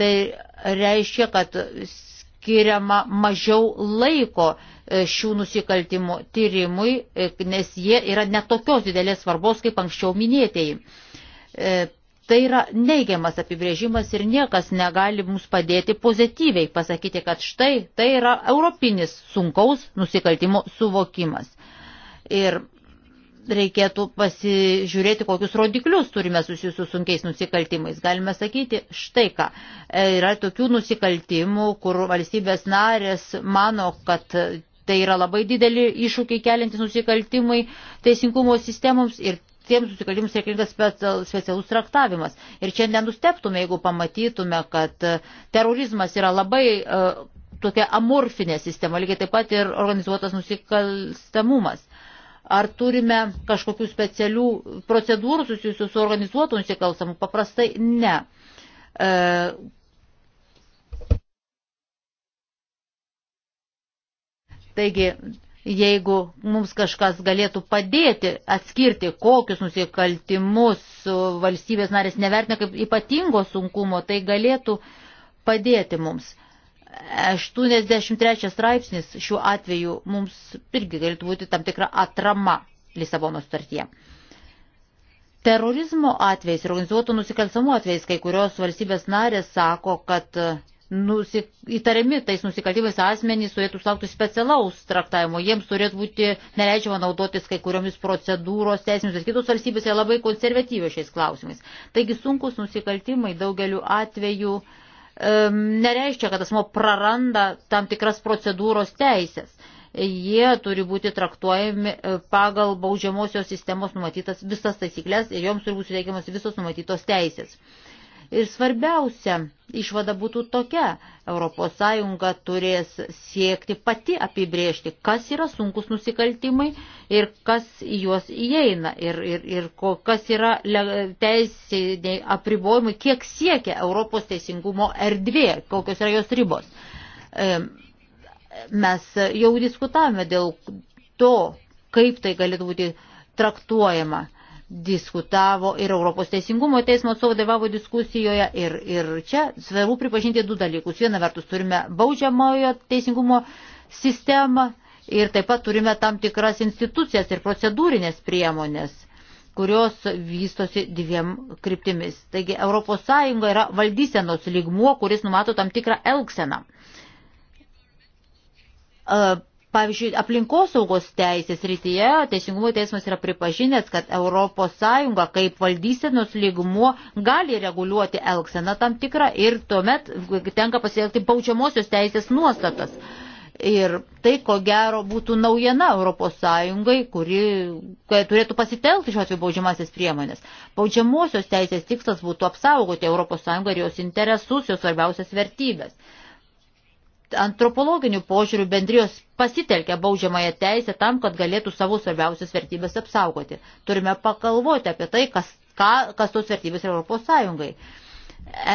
Tai reiškia, kad skiriama mažiau laiko e, šių nusikaltimų tyrimui, e, nes jie yra netokios didelės svarbos, kaip anksčiau minėtėjai. E, tai yra neigiamas apibrėžimas ir niekas negali mums padėti pozityviai pasakyti, kad štai tai yra europinis sunkaus nusikaltimo suvokimas. Ir reikėtų pasižiūrėti, kokius rodiklius turime susijusius sunkiais nusikaltimais. Galime sakyti, štai ką, e, yra tokių nusikaltimų, kur valstybės narės mano, kad tai yra labai dideli iššūkiai keliantys nusikaltimai teisingumo sistemoms ir tiems nusikaltimus reikalingas specialus traktavimas. Ir čia nenusteptume, jeigu pamatytume, kad e, terorizmas yra labai uh, tokia amorfinė sistema, lygiai taip pat ir organizuotas nusikalstamumas. Ar turime kažkokių specialių procedūrų susijusių su organizuotų nusikalstamų? Paprastai ne. E, taigi, jeigu mums kažkas galėtų padėti atskirti, kokius nusikaltimus valstybės narės nevertina kaip ypatingo sunkumo, tai galėtų padėti mums. 83 straipsnis šiuo atveju mums irgi galėtų būti tam tikra atrama Lisabono sutartyje. Terorizmo atvejais ir organizuotų nusikalstamų atvejais kai kurios valstybės narės sako, kad nusik... įtariami tais nusikaltimais asmenys turėtų sulaukti specialaus traktavimo. Jiems turėtų būti neleidžiama naudotis kai kuriomis procedūros teisėmis, bet kitos valstybės yra labai konservatyvios šiais klausimais. Taigi sunkus nusikaltimai daugeliu atveju uh, nereiškia, kad asmo praranda tam tikras procedūros teisės. Jie turi būti traktuojami e, pagal baudžiamosios sistemos numatytas visas taisyklės ir joms turi būti suteikiamas visos numatytos teisės. Ir svarbiausia išvada būtų tokia, ES turės siekti pati apibriežti, kas yra sunkus nusikaltimai ir kas į juos įeina ir, ir, ir kas yra teisiniai apribojimai, kiek siekia Europos teisingumo erdvė, kokios yra jos ribos. Mes jau diskutavome dėl to, kaip tai galėtų būti traktuojama diskutavo ir Europos Teisingumo teismo atstovai dalyvavo diskusijoje ir, ir čia svarbu pripažinti du dalykus. Viena vertus turime baudžiamojo teisingumo sistemą ir taip pat turime tam tikras institucijas ir procedūrinės priemonės kurios vystosi dviem kryptimis. Taigi ES yra valdysenos lygmuo, kuris numato tam tikrą elkseną. Pavyzdžiui, aplinkosaugos teisės rytyje Teisingumo teismas yra pripažinęs, kad ES kaip valdysenos lygmuo gali reguliuoti elkseną tam tikrą ir tuomet tenka pasielgti baudžiamosios teisės nuostatas. Ir tai, ko gero, būtų naujiena ES, kuri, kuri turėtų pasitelkti šios baudžiamasis priemonės. Baudžiamosios teisės tikslas būtų apsaugoti ES ir jos interesus, jos svarbiausias vertybės antropologinių požiūrių bendrijos pasitelkia baudžiamąją teisę tam, kad galėtų savo svarbiausias vertybės apsaugoti. Turime pakalvoti apie tai, kas, ką, kas tos vertybės yra Europos Sąjungai.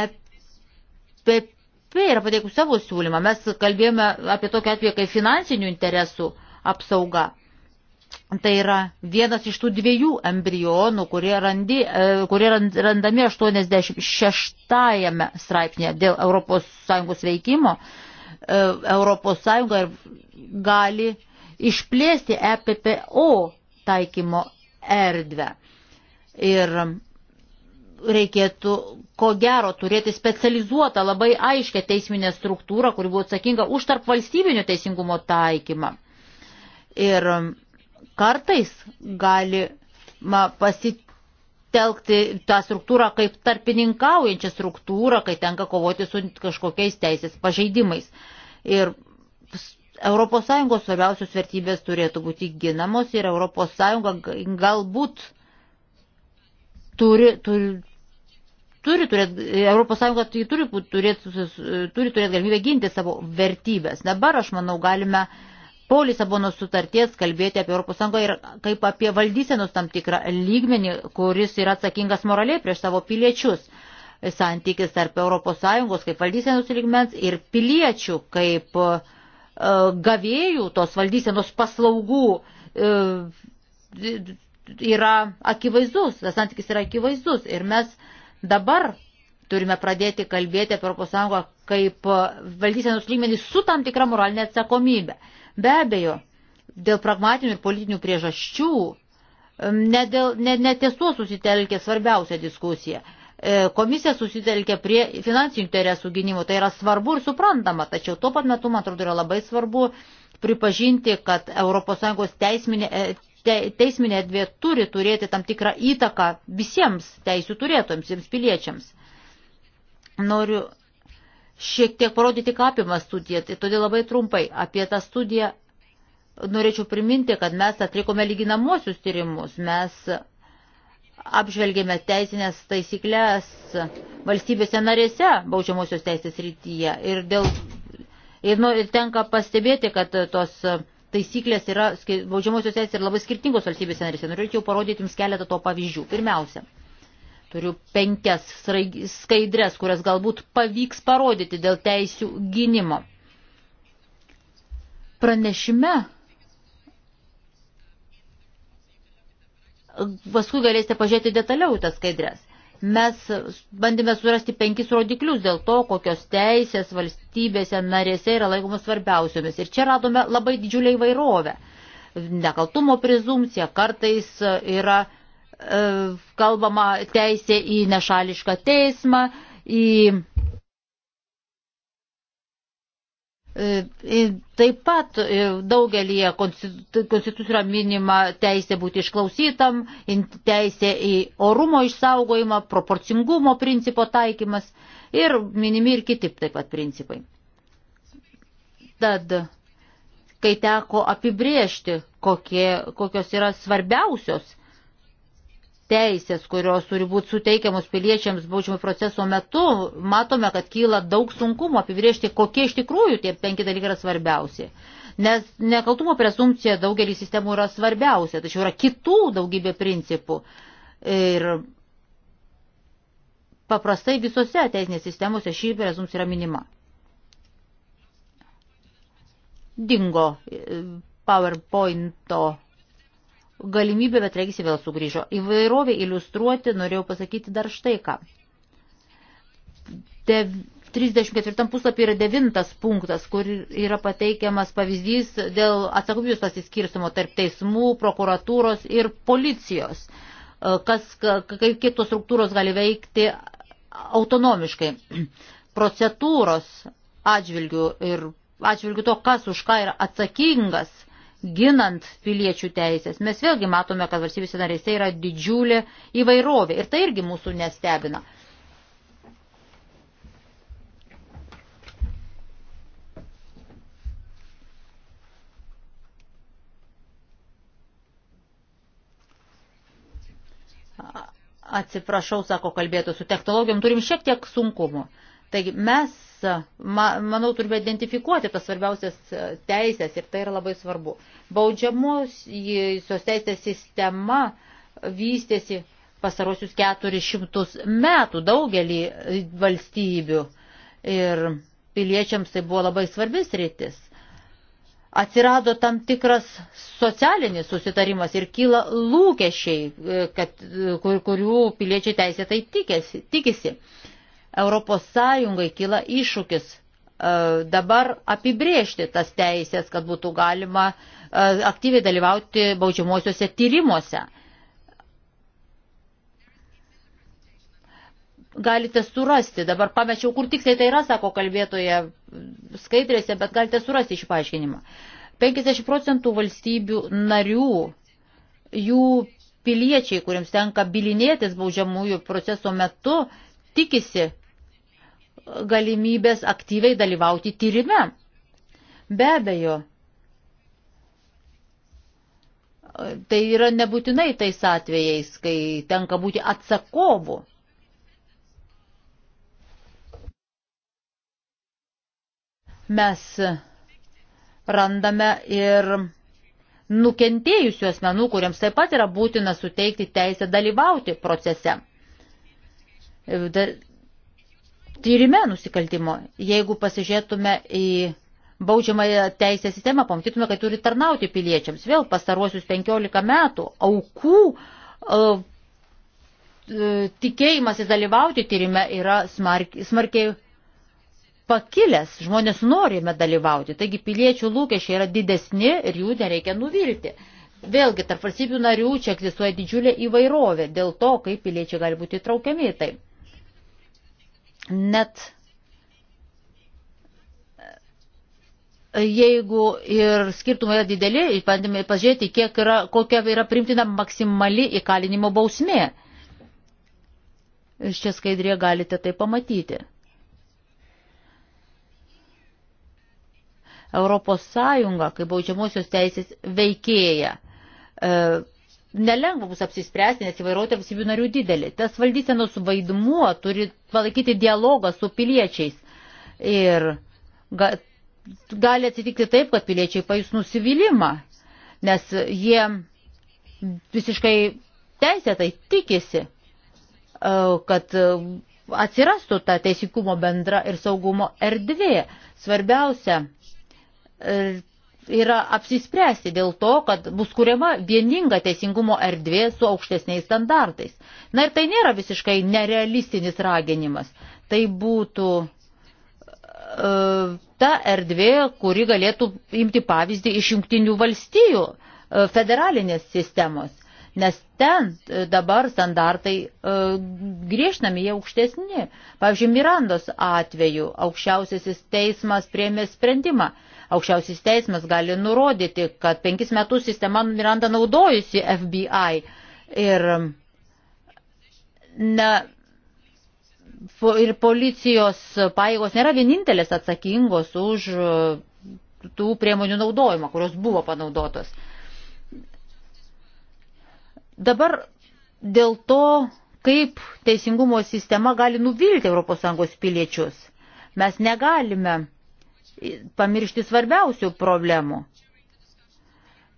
EPP yra pateikusi savo siūlymą. Mes kalbėjome apie tokią atveju kaip finansinių interesų apsauga. Tai yra vienas iš tų dviejų embrionų, kurie, randi, e, kurie randami 86 straipsnėje dėl ES veikimo ES gali išplėsti EPPO taikymo erdvę. Ir reikėtų ko gero turėti specializuotą, labai aiškę teisminę struktūrą, kuri būtų atsakinga už tarp valstybinio teisingumo taikymą. Ir kartais gali pasitelkti tą struktūrą kaip tarpininkaujančią struktūrą, kai tenka kovoti su kažkokiais teisės pažeidimais. Ir ES svarbiausios vertybės turėtų būti ginamos ir ES galbūt turi, turi, turi turėti, tai ES turi, turi, turėti, turi turėti galimybę ginti savo vertybės. Dabar, aš manau, galime po Lisabono sutarties kalbėti apie ES ir kaip apie valdysenos tam tikrą lygmenį, kuris yra atsakingas moraliai prieš savo piliečius santykis tarp ES kaip valdysenos lygmens ir piliečių kaip e, gavėjų tos valdysenos paslaugų e, yra akivaizdus, tas santykis yra akivaizdus ir mes dabar turime pradėti kalbėti apie ES kaip valdysenos lygmenį su tam tikra moralinė atsakomybė. Be abejo, dėl pragmatinių ir politinių priežasčių ne, dėl, ne, ne ties tuo susitelkė svarbiausia diskusija. E, komisija susitelkia prie finansinių interesų gynimo, tai yra svarbu ir suprantama, tačiau tuo pat metu, man atrodo, yra labai svarbu pripažinti, kad ES teisminė, e, te, teisminė erdvė turi turėti tam tikrą įtaką visiems teisų turėtojams, visiems piliečiams. Noriu šiek tiek parodyti, ką apima studija, tai todėl labai trumpai apie tą studiją norėčiau priminti, kad mes atlikome lyginamosius tyrimus, mes apžvelgėme teisinės taisyklės valstybėse narėse baudžiamosios teisės rytyje. Ir, dėl, ir, nu, ir tenka pastebėti, kad tos taisyklės yra baudžiamosios teisės ir labai skirtingos valstybėse narėse. Norėčiau parodyti Jums keletą to pavyzdžių. Pirmiausia, turiu penkias skaidrės, kurias galbūt pavyks parodyti dėl teisių gynimo. Pranešime paskui galėsite pažiūrėti detaliau tas skaidrės. Mes bandėme surasti penkis rodiklius dėl to, kokios teisės valstybėse narėse yra laikomos svarbiausiomis. Ir čia radome labai didžiulę įvairovę. Nekaltumo prezumcija kartais yra e, kalbama teisė į nešališką teismą, į E, e, taip pat e, daugelį konstitucijų yra minima teisė būti išklausytam, teisė į orumo išsaugojimą, proporcingumo principo taikymas ir minimi ir kiti taip pat principai. Tad, kai teko apibriežti, kokie, kokios yra svarbiausios teisės, kurios turi būti suteikiamos piliečiams baudžiamo proceso metu, matome, kad kyla daug sunkumų apibriežti, kokie iš tikrųjų tie penki dalykai yra svarbiausi. Nes nekaltumo presumpcija daugelį sistemų yra svarbiausia, tačiau yra kitų daugybė principų. Ir paprastai visose teisinės sistemose šį presumpcija yra minima. Dingo eh, PowerPoint'o galimybė, bet regisi vėl sugrįžo. Įvairovė iliustruoti norėjau pasakyti dar štai ką. Dev... 34 puslapį yra devintas punktas, kur yra pateikiamas pavyzdys dėl atsakomybės pasiskirstimo tarp teismų, prokuratūros ir policijos, e, kas, kaip, kiek tos struktūros gali veikti autonomiškai. Procedūros atžvilgių ir atžvilgių to, kas už ką yra atsakingas, ginant piliečių teisės. Mes vėlgi matome, kad valstybėse narėse yra didžiulė įvairovė ir tai irgi mūsų nestebina. Atsiprašau, sako kalbėtų, su technologijom turim šiek tiek sunkumų. Taigi mes manau, turime identifikuoti tas svarbiausias e, teisės ir tai yra labai svarbu. Baudžiamosios teisės sistema vystėsi pasarosius 400 metų daugelį e, valstybių ir piliečiams tai buvo labai svarbis rytis. Atsirado tam tikras socialinis susitarimas ir kyla lūkesčiai, e, kad, kur, kurių piliečiai teisėtai tikisi. tikisi. ES kyla iššūkis e, dabar apibriežti tas teisės, kad būtų galima e, aktyviai dalyvauti baudžiamosiuose tyrimuose. galite surasti, dabar pamečiau, kur tiksliai tai yra, sako kalbėtoje skaidrėse, bet galite surasti iš paaiškinimą. 50 procentų valstybių narių, jų piliečiai, kuriems tenka bilinėtis baudžiamųjų proceso metu, tikisi, galimybės aktyviai dalyvauti tyrime. Be abejo, tai yra nebūtinai tais atvejais, kai tenka būti atsakovu. Mes randame ir nukentėjusių asmenų, kuriems taip pat yra būtina suteikti teisę dalyvauti procese tyrime nusikaltimo. Jeigu pasižiūrėtume į baudžiamąją teisę sistemą, pamatytume, kad turi tarnauti piliečiams. Vėl pastaruosius 15 metų aukų uh, e, e, tikėjimas įdalyvauti tyrime yra smarkiai, smarkiai pakilęs, žmonės norime dalyvauti, taigi piliečių lūkesčiai yra didesni ir jų nereikia nuvilti. Vėlgi, tarp valstybių narių čia egzistuoja didžiulė įvairovė dėl to, kaip piliečiai gali būti įtraukiami į tai. Net jeigu ir skirtumai yra dideli, bandėme pažiūrėti, kiek yra, kokia yra primtina maksimali įkalinimo bausmė. Iš čia skaidrėje galite tai pamatyti. Europos Sąjunga, kaip baudžiamosios teisės veikėja, e, nelengva bus apsispręsti, nes įvairuotė valstybių narių didelė. Tas valdysenos vaidmuo turi palaikyti dialogą su piliečiais. Ir ga, gali atsitikti taip, kad piliečiai pajus nusivylimą, nes jie visiškai teisėtai tikisi, e, kad atsirastų ta teisingumo bendra ir saugumo erdvė. Svarbiausia e, yra apsispręsti dėl to, kad bus kuriama vieninga teisingumo erdvė su aukštesniais standartais. Na ir tai nėra visiškai nerealistinis raginimas. Tai būtų e, ta erdvė, kuri galėtų imti pavyzdį iš jungtinių valstijų e, federalinės sistemos. Nes ten e, dabar standartai e, griežtinami, jie aukštesni. Pavyzdžiui, Mirandos atveju aukščiausiasis teismas priemė sprendimą, Aukščiausias teismas gali nurodyti, kad penkis metus sistema Miranda naudojusi FBI ir, ne, ir policijos paėgos nėra vienintelės atsakingos už e, tų priemonių naudojimą, kurios buvo panaudotos. Dabar dėl to, kaip teisingumo sistema gali nuvilti ES piliečius. Mes negalime pamiršti svarbiausių problemų.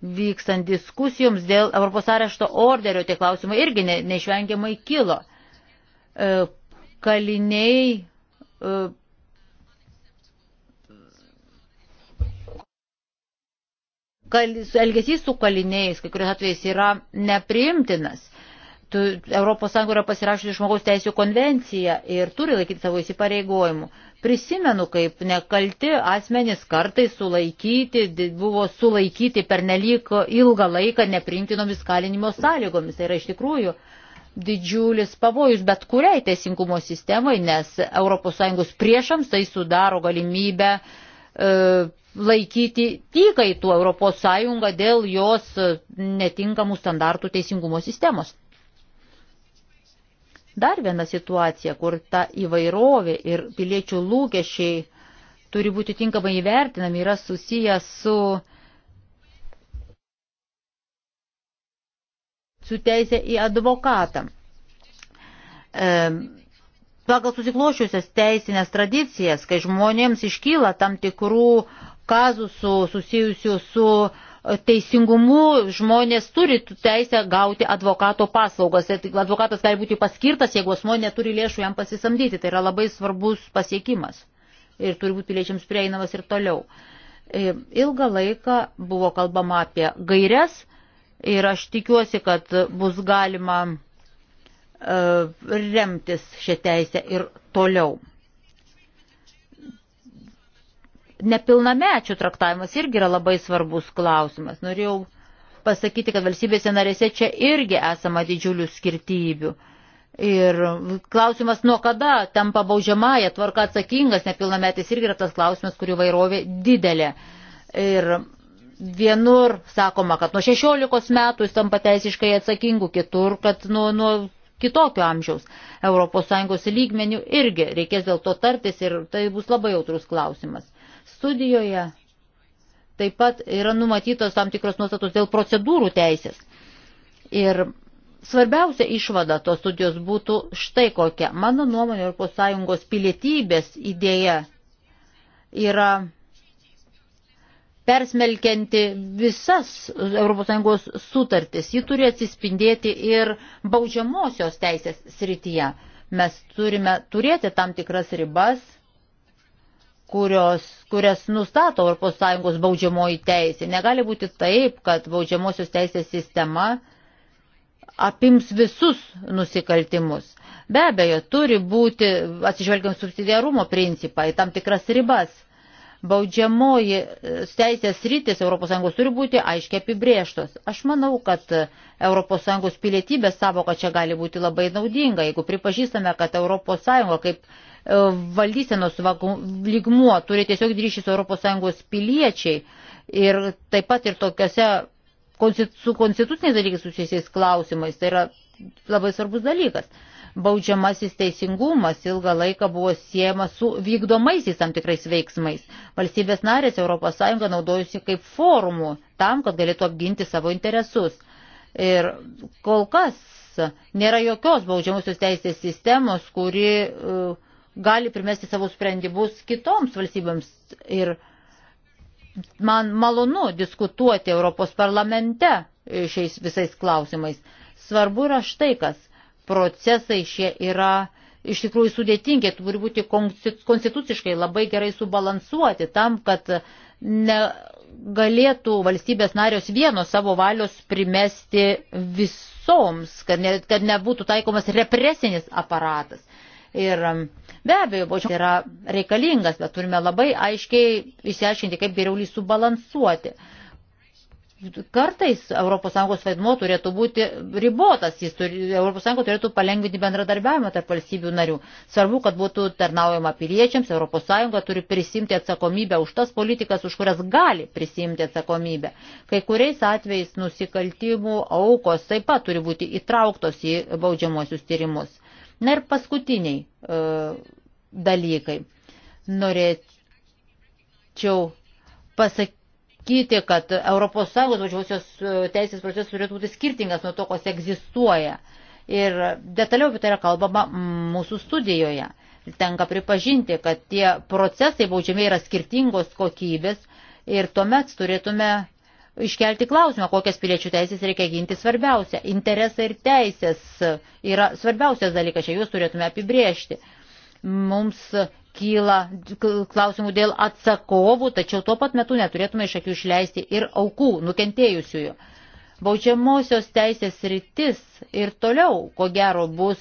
Vykstant diskusijoms dėl Europos arešto orderio, tie klausimai irgi ne, neišvengiamai kilo. E, kaliniai. E, kal, elgesys su kaliniais, kai kurios atvejais, yra nepriimtinas. Tu, Europos Sąjunga yra pasirašusi žmogaus teisų konvenciją ir turi laikyti savo įsipareigojimų. Prisimenu, kaip nekalti asmenys kartais sulaikyti, buvo sulaikyti per nelik ilgą laiką nepriimtinomis kalinimo sąlygomis. Tai yra iš tikrųjų didžiulis pavojus bet kuriai teisingumo sistemai, nes ES priešams tai sudaro galimybę e, laikyti įkaitų ES dėl jos e, netinkamų standartų teisingumo sistemos. Dar viena situacija, kur ta įvairovė ir piliečių lūkesčiai turi būti tinkamai įvertinami, yra susijęs su, su teisė į advokatą. E, pagal susiklošiusias teisinės tradicijas, kai žmonėms iškyla tam tikrų kazusų susijusių su e, teisingumu žmonės turi teisę gauti advokato paslaugas. Advokatas gali būti paskirtas, jeigu asmo neturi lėšų jam pasisamdyti. Tai yra labai svarbus pasiekimas ir turi būti piliečiams prieinamas ir toliau. E, ilgą laiką buvo kalbama apie gairias ir aš tikiuosi, kad bus galima e, remtis šią teisę ir toliau nepilnamečių traktavimas irgi yra labai svarbus klausimas. Norėjau pasakyti, kad valstybėse narėse čia irgi esama didžiulių skirtybių. Ir klausimas, nuo kada tampa baudžiamąją tvarka atsakingas nepilnametis irgi yra tas klausimas, kurių vairovė didelė. Ir vienur sakoma, kad nuo 16 metų jis tampa teisiškai atsakingu, kitur, kad nuo, nuo kitokio amžiaus. ES lygmenių irgi reikės dėl to tartis ir tai bus labai jautrus klausimas. Studijoje taip pat yra numatytos tam tikros nuostatos dėl procedūrų teisės. Ir svarbiausia išvada tos studijos būtų štai kokia. Mano nuomonė, Europos Sąjungos pilietybės idėja yra persmelkianti visas ES sutartis. Ji turi atsispindėti ir baudžiamosios teisės srityje. Mes turime turėti tam tikras ribas kurios, kurias nustato ES baudžiamoji teisė. Negali būti taip, kad baudžiamosios teisės sistema apims visus nusikaltimus. Be abejo, turi būti, atsižvelgiant subsidiarumo principą, į tam tikras ribas. Baudžiamoji e, teisės rytis ES turi būti aiškiai apibrėžtos. Aš manau, kad ES pilietybės savoka čia gali būti labai naudinga, jeigu pripažįstame, kad ES kaip valdysenos lygmuo, turi tiesiog ryšį su ES piliečiai ir taip pat ir tokiuose su konstituciniais dalykais susijusiais klausimais. Tai yra labai svarbus dalykas. Baudžiamasis teisingumas ilgą laiką buvo siejamas su vykdomaisiais tam tikrais veiksmais. Valstybės narės ES naudojusi kaip forumų tam, kad galėtų apginti savo interesus. Ir kol kas nėra jokios baudžiamusios teisės sistemos, kuri uh, gali primesti savo sprendimus kitoms valstybėms. Ir man malonu diskutuoti Europos parlamente šiais visais klausimais. Svarbu yra štai kas. Procesai šie yra iš tikrųjų sudėtingi, turi būti konstituciškai labai gerai subalansuoti tam, kad negalėtų valstybės narios vienos savo valios primesti visoms, kad, ne, kad nebūtų taikomas represinis aparatas. Ir um, Be abejo, baudžiamas yra reikalingas, bet turime labai aiškiai išsiaiškinti, kaip geriau jį subalansuoti. Kartais ES vaidmo turėtų būti ribotas, jis turi, ES turėtų palengvinti bendradarbiavimą tarp valstybių narių. Svarbu, kad būtų tarnaujama piliečiams, ES turi prisimti atsakomybę už tas politikas, už kurias gali prisimti atsakomybę. Kai kuriais atvejais nusikaltimų aukos taip pat turi būti įtrauktos į baudžiamosius tyrimus. Na ir paskutiniai e, dalykai. Norėčiau pasakyti, kad ES važiuosios e, teisės procesas turėtų būti skirtingas nuo to, kas egzistuoja. Ir detaliau apie tai yra kalbama mūsų studijoje. Tenka pripažinti, kad tie procesai baudžiamiai yra skirtingos kokybės ir tuomet turėtume iškelti klausimą, kokias piliečių teisės reikia ginti svarbiausia. Interesai ir teisės yra svarbiausias dalykas, čia juos turėtume apibriežti. Mums kyla klausimų dėl atsakovų, tačiau tuo pat metu neturėtume iš akių išleisti ir aukų, nukentėjusiųjų. Baudžiamosios teisės rytis ir toliau, ko gero, bus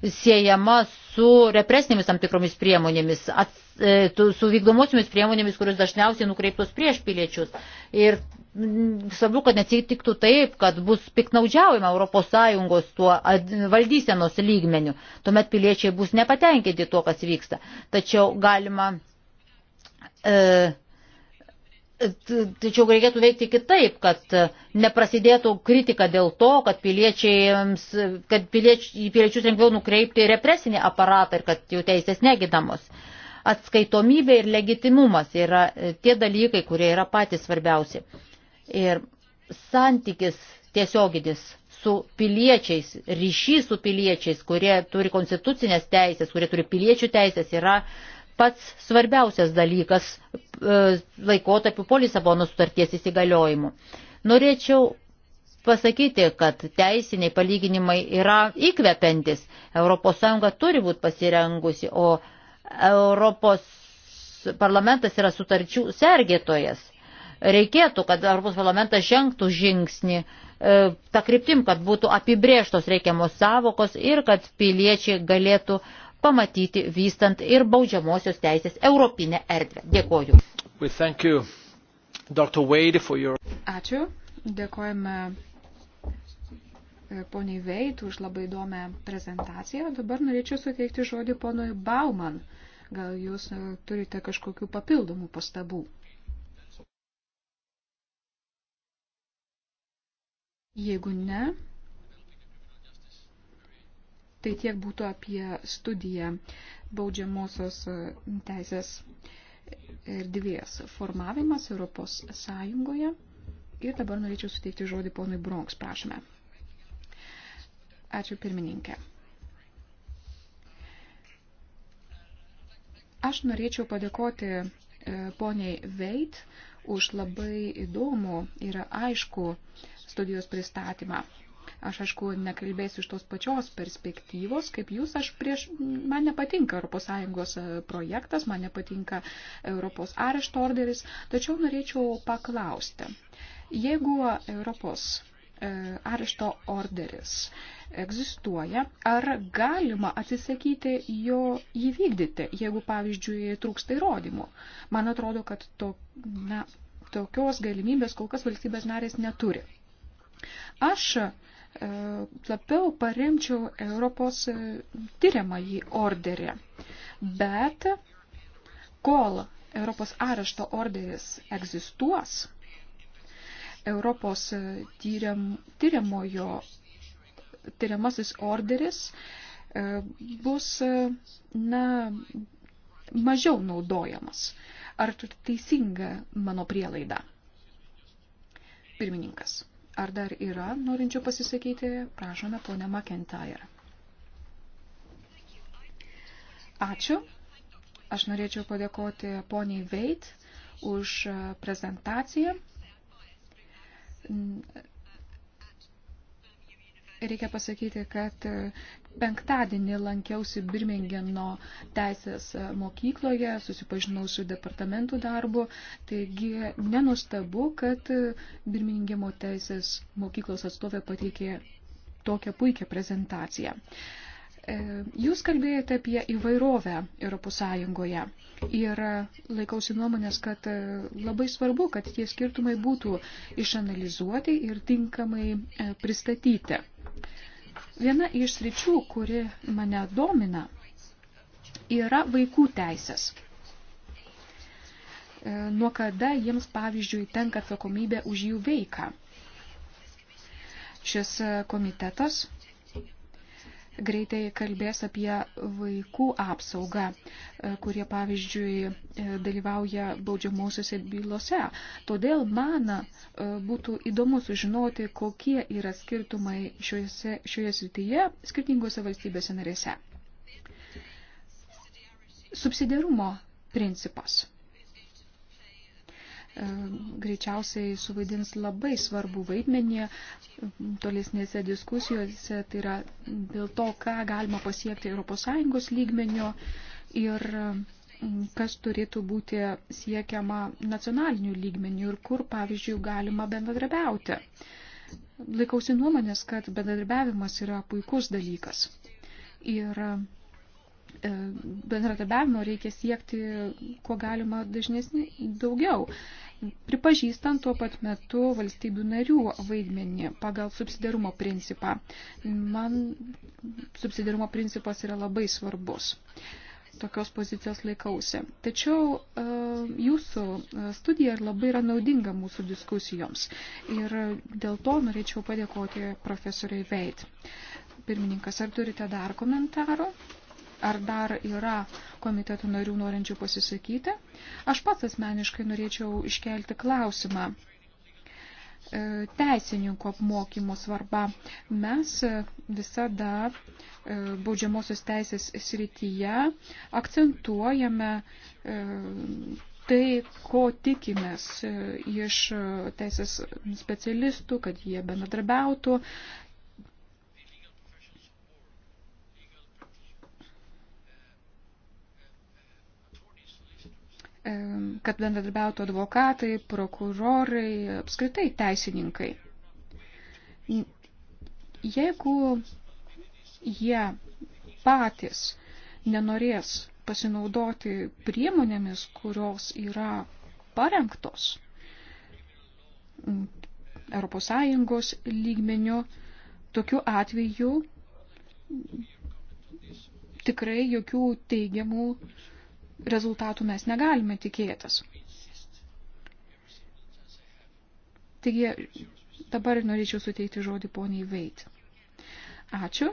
siejama su represinėmis tam tikromis priemonėmis, ats, e, su vykdomosiomis priemonėmis, kurios dažniausiai nukreiptos prieš piliečius. Ir svarbu, kad neatsitiktų taip, kad bus piknaudžiaujama ES tuo valdysenos lygmeniu. Tuomet piliečiai bus nepatenkinti tuo, kas vyksta. Tačiau galima. E, Tačiau reikėtų veikti kitaip, kad neprasidėtų kritika dėl to, kad, kad pilieč, piliečius lengviau nukreipti represinį aparatą ir kad jų teisės negydamos. Atskaitomybė ir legitimumas yra tie dalykai, kurie yra patys svarbiausi. Ir santykis tiesioginis su piliečiais, ryšys su piliečiais, kurie turi konstitucinės teisės, kurie turi piliečių teisės, yra pats svarbiausias dalykas e, laikotarpiu po Lisabono sutarties įsigaliojimu. Norėčiau pasakyti, kad teisiniai palyginimai yra įkvepiantis. ES turi būti pasirengusi, o Europos parlamentas yra sutarčių sergėtojas reikėtų, kad Europos parlamentas žengtų žingsnį e, tą kryptim, kad būtų apibrėžtos reikiamos savokos ir kad piliečiai galėtų pamatyti vystant ir baudžiamosios teisės europinę erdvę. Dėkoju. You, Wade, your... Ačiū. Dėkojame e, poniai Veit už labai įdomią prezentaciją. Dabar norėčiau suteikti žodį ponui Bauman. Gal jūs e, turite kažkokių papildomų pastabų? Jeigu ne, tai tiek būtų apie studiją baudžiamosios e, teisės erdvės formavimas Europos Sąjungoje. Ir dabar norėčiau suteikti žodį ponui Bronks, prašome. Ačiū pirmininkė. Aš norėčiau padėkoti e, poniai Veit už labai įdomų ir aišku studijos pristatymą. Aš, aišku, nekalbėsiu iš tos pačios perspektyvos, kaip jūs, aš prieš, man nepatinka ES e, projektas, man nepatinka Europos arešto orderis, tačiau norėčiau paklausti, jeigu Europos e, arešto orderis egzistuoja, ar galima atsisakyti jo įvykdyti, jeigu, pavyzdžiui, trūksta įrodymų. Man atrodo, kad to, na, tokios galimybės kol kas valstybės narės neturi. Aš e, labiau paremčiau Europos e, tyriamąjį orderį, bet kol Europos arešto orderis egzistuos, Europos e, tyriam, tyriamojo tyriamasis orderis bus na, mažiau naudojamas. Ar teisinga mano prielaida? Pirmininkas. Ar dar yra norinčių pasisakyti? Prašome, ponė McIntyre. Ačiū. Aš norėčiau padėkoti poniai Veit už prezentaciją Reikia pasakyti, kad e, penktadienį lankiausi Birmingeno teisės e, mokykloje, susipažinau su departamentų darbu, taigi nenustabu, kad e, Birmingemo teisės mokyklos atstovė pateikė tokią puikią prezentaciją. Jūs kalbėjote apie įvairovę ES ir laikausi nuomonės, kad labai svarbu, kad tie skirtumai būtų išanalizuoti ir tinkamai pristatyti. Viena iš sričių, kuri mane domina, yra vaikų teisės. E, nuo kada jiems, pavyzdžiui, tenka atsakomybė už jų veiką. Šis komitetas greitai kalbės apie vaikų apsaugą, e, kurie, pavyzdžiui, e, dalyvauja baudžiamosiose bylose. Todėl man e, būtų įdomu sužinoti, kokie yra skirtumai šiuose, šioje srityje skirtingose valstybėse narėse. Subsidiarumo principas. E, greičiausiai suvaidins labai svarbų vaidmenį tolesnėse diskusijose, tai yra dėl to, ką galima pasiekti ES lygmenio ir kas turėtų būti siekiama nacionaliniu lygmeniu ir kur, pavyzdžiui, galima bendradarbiauti. Laikausi nuomonės, kad bendradarbiavimas yra puikus dalykas. Ir E, bendradarbiavimo reikia siekti, kuo galima dažnesnį daugiau, pripažįstant tuo pat metu valstybių narių vaidmenį pagal subsidarumo principą. Man subsidarumo principas yra labai svarbus tokios pozicijos laikausi. Tačiau e, jūsų studija labai yra naudinga mūsų diskusijoms ir dėl to norėčiau padėkoti profesoriai Veit. Pirmininkas, ar turite dar komentaro? ar dar yra komiteto narių norinčių pasisakyti. Aš pats asmeniškai norėčiau iškelti klausimą e, teisininko apmokymo svarba. Mes e, visada e, baudžiamosios teisės srityje akcentuojame tai, ko tikimės iš teisės specialistų, kad jie bendradarbiautų kad bendradarbiautų advokatai, prokurorai, apskritai teisininkai. Jeigu jie patys nenorės pasinaudoti priemonėmis, kurios yra parengtos ES lygmeniu, tokiu atveju tikrai jokių teigiamų uh, rezultatų mes negalime tikėtis. Taigi dabar norėčiau suteikti žodį poniai Veit. Ačiū.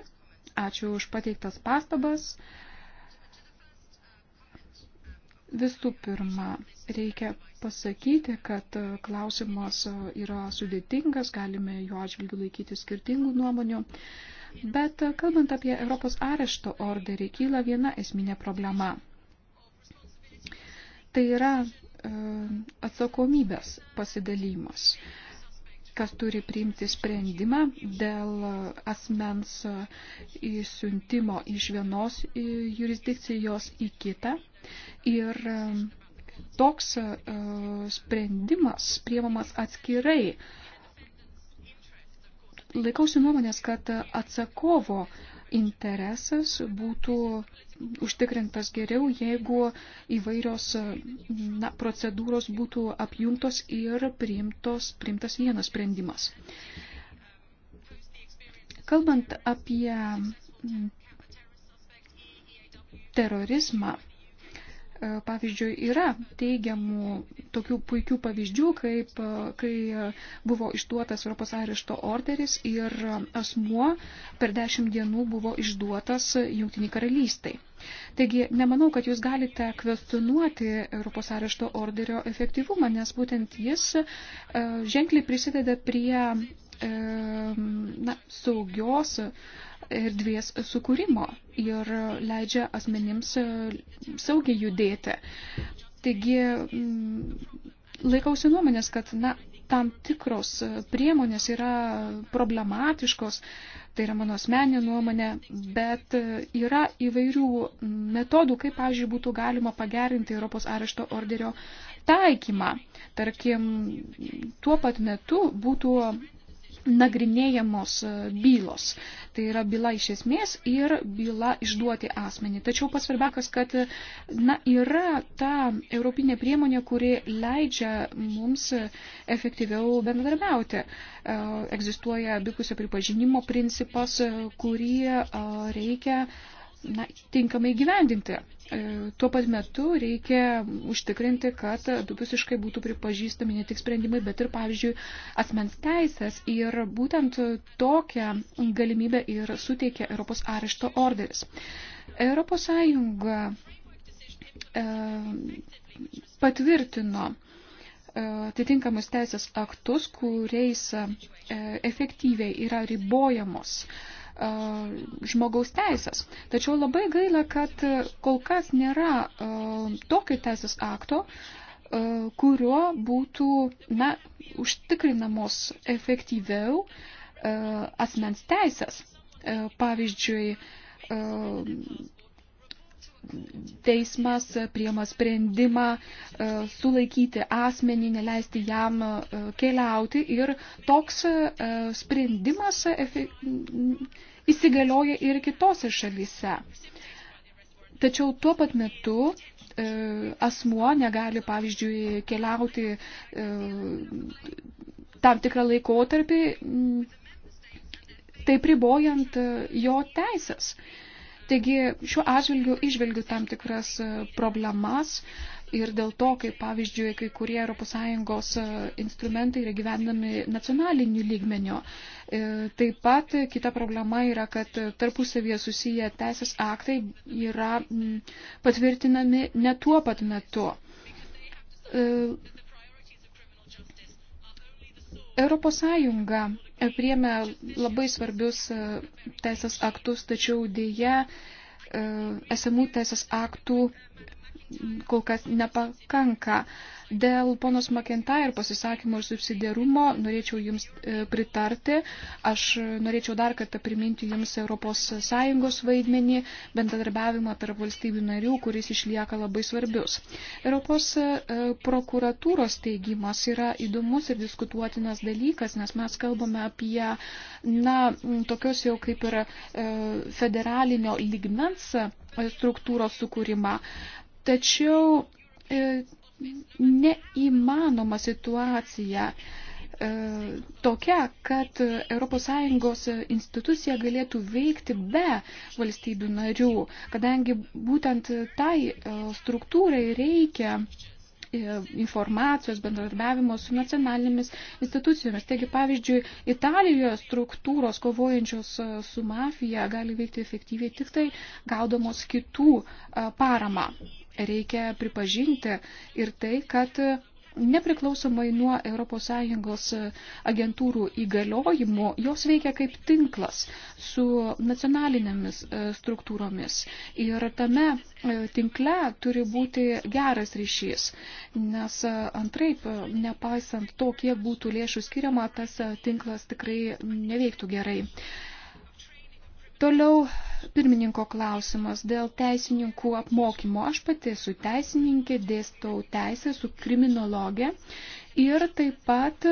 Ačiū už pateiktas pastabas. Visų pirma, reikia pasakyti, kad klausimas yra sudėtingas, galime jo atžvilgių laikyti skirtingų nuomonių, bet kalbant apie Europos arešto orderį, kyla viena esminė problema. Tai yra e, atsakomybės pasidalymas, kas turi priimti sprendimą dėl asmens įsiuntimo iš vienos jurisdikcijos į kitą. Ir e, toks e, sprendimas priemamas atskirai. Laikausi nuomonės, kad atsakovo interesas būtų užtikrintas geriau, jeigu įvairios na, procedūros būtų apjungtos ir priimtos, priimtas vienas sprendimas. Kalbant apie terorizmą, E, pavyzdžiui, yra teigiamų tokių puikių pavyzdžių, kaip, e, kai e, buvo išduotas Europos arešto orderis ir asmuo per dešimt dienų buvo išduotas Junktiniai karalystai. Taigi, nemanau, kad jūs galite kvestionuoti Europos arešto orderio efektyvumą, nes būtent jis ženkliai prisideda prie na, saugios erdvės sukūrimo ir leidžia asmenims e, saugiai judėti. Taigi mm, laikausi nuomonės, kad na, tam tikros e, priemonės yra problematiškos, tai yra mano asmeninė nuomonė, bet e, yra įvairių metodų, kaip, pavyzdžiui, būtų galima pagerinti Europos arešto orderio taikymą. Tarkim, tuo pat metu būtų nagrinėjamos e, bylos. Tai yra byla iš esmės ir byla išduoti asmenį. Tačiau pats svarbiausias, kad e, na, yra ta europinė priemonė, kuri leidžia mums efektyviau bendradarbiauti. E, egzistuoja abipusio pripažinimo principas, kurį reikia na, tinkamai gyvendinti. E, tuo pat metu reikia užtikrinti, kad dupusiškai būtų pripažįstami ne tik sprendimai, bet ir, pavyzdžiui, asmens teisės. Ir būtent tokią galimybę ir suteikia Europos arešto orderis. Europos Sąjunga e, patvirtino e, atitinkamus teisės aktus, kuriais e, efektyviai yra ribojamos e, žmogaus teisės. Tačiau labai gaila, kad kol kas nėra tokio teisės akto, kurio būtų na, užtikrinamos efektyviau asmens teisės. Pavyzdžiui, teismas priema sprendimą e, sulaikyti asmenį, neleisti jam e, keliauti ir toks e, sprendimas įsigalioja ir kitose šalyse. Tačiau tuo pat metu asmuo negali, pavyzdžiui, keliauti tam tikrą laikotarpį, taip ribojant jo teisės. Taigi šiuo atžvilgiu išvelgiu tam tikras e, problemas ir dėl to, kaip pavyzdžiui, kai kurie ES e, instrumentai yra gyvenami nacionaliniu lygmeniu. E, taip pat kita problema yra, kad tarpusavėje susiję teisės aktai yra patvirtinami ne tuo pat metu Europos Sąjunga e, priemė labai svarbius e, teisės aktus, tačiau dėja e, esamų teisės aktų kol kas nepakanka. Dėl ponos Makenta ir pasisakymo ir subsidiarumo norėčiau Jums e, pritarti. Aš norėčiau dar kartą priminti Jums ES vaidmenį, bendradarbiavimą tarp valstybių narių, kuris išlieka labai svarbius. Europos e, prokuratūros teigimas yra įdomus ir diskutuotinas dalykas, nes mes kalbame apie, na, tokios jau kaip ir e, federalinio ligmens struktūros sukūrimą. Tačiau e, neįmanoma situacija e, tokia, kad ES institucija galėtų veikti be valstybių narių, kadangi būtent tai e, struktūrai reikia informacijos bendradarbiavimo su nacionalinėmis institucijomis. Taigi, pavyzdžiui, Italijoje struktūros kovojančios su mafija gali veikti efektyviai tik tai gaudamos kitų paramą reikia pripažinti ir tai, kad nepriklausomai nuo ES agentūrų įgaliojimų, jos veikia kaip tinklas su nacionalinėmis e, struktūromis. Ir tame e, tinkle turi būti geras ryšys, nes e, antraip, nepaisant to, kiek būtų lėšų skiriama, tas tinklas tikrai neveiktų gerai. Toliau pirmininko klausimas dėl teisininkų apmokymo. Aš pati esu teisininkė, dėstau teisę su kriminologė ir taip pat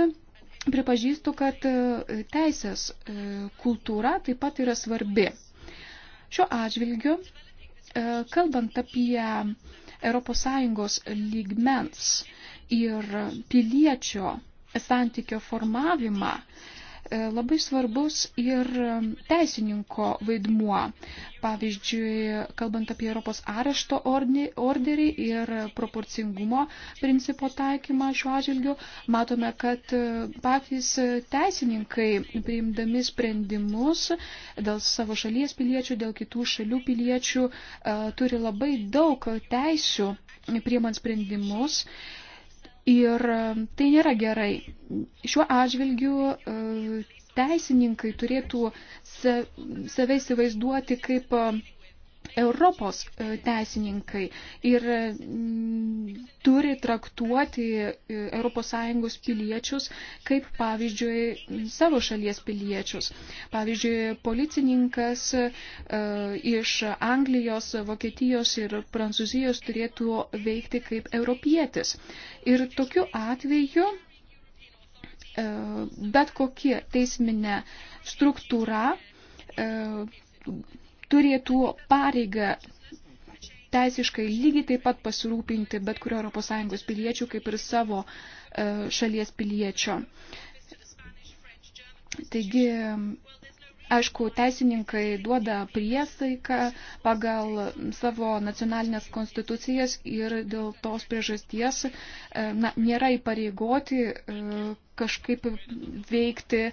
pripažįstu, kad e, teisės e, kultūra taip pat yra svarbi. Šiuo atžvilgiu, e, kalbant apie ES lygmens ir piliečio santykio formavimą, E, labai svarbus ir e, teisininko vaidmuo. Pavyzdžiui, kalbant apie Europos arešto orderį ir proporcingumo principo taikymą šiuo atžvilgiu, matome, kad e, patys teisininkai priimdami sprendimus dėl savo šalies piliečių, dėl kitų šalių piliečių turi labai daug teisių priimant sprendimus Ir e, tai nėra gerai. Šiuo atžvilgiu e, teisininkai turėtų save įsivaizduoti kaip e, Europos e, teisininkai ir mm, turi traktuoti ES piliečius kaip, pavyzdžiui, savo šalies piliečius. Pavyzdžiui, policininkas e, iš Anglijos, Vokietijos ir Prancūzijos turėtų veikti kaip europietis. Ir tokiu atveju e, bet kokia teisminė struktūra turėtų pareigą teisiškai lygiai taip pat pasirūpinti bet kurio ES piliečių kaip ir savo e, šalies piliečio. Taigi, aišku, teisininkai duoda priesaiką pagal savo nacionalinės konstitucijas ir dėl tos priežasties e, na, nėra įpareigoti e, kažkaip veikti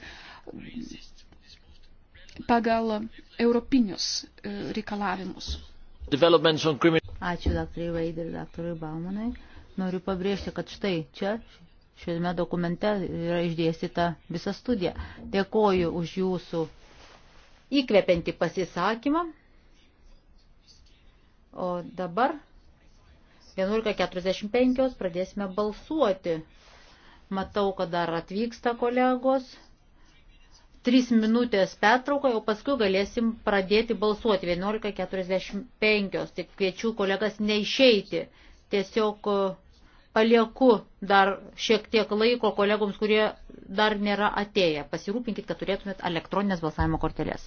pagal europinius e, reikalavimus. Ačiū daktarui Vaidai ir daktarui Baumanai. Noriu pabrėžti, kad štai čia, šiame dokumente yra išdėstyta visa studija. Dėkoju už jūsų įkvepiantį pasisakymą. O dabar 11.45 pradėsime balsuoti. Matau, kad dar atvyksta kolegos. Trys minutės pertrauką, o paskui galėsim pradėti balsuoti 11.45. Tik kviečiu kolegas neišeiti. Tiesiog e, palieku dar šiek tiek laiko kolegoms, kurie dar nėra atėję. Pasirūpinkit, kad turėtumėt elektroninės balsavimo kortelės.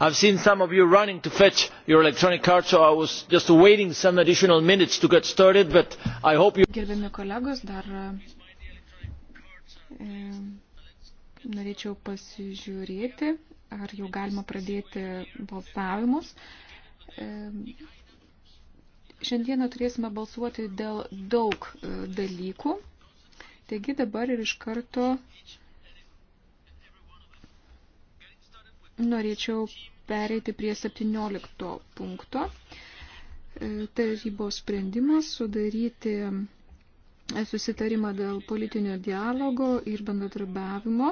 i have seen some of you running to fetch your electronic card so i was just waiting some additional minutes to get started but i hope you. gerbiami kolegos dar e, norėčiau pasižiūrėti ar jau galima pradėti balsavimus. E, šiandieną turėsime balsuoti dėl daug e, dalykų. Taigi dabar ir iš karto norėčiau pereiti prie 17 punkto. E, tarybos sprendimas sudaryti susitarimą dėl politinio dialogo ir bendradarbiavimo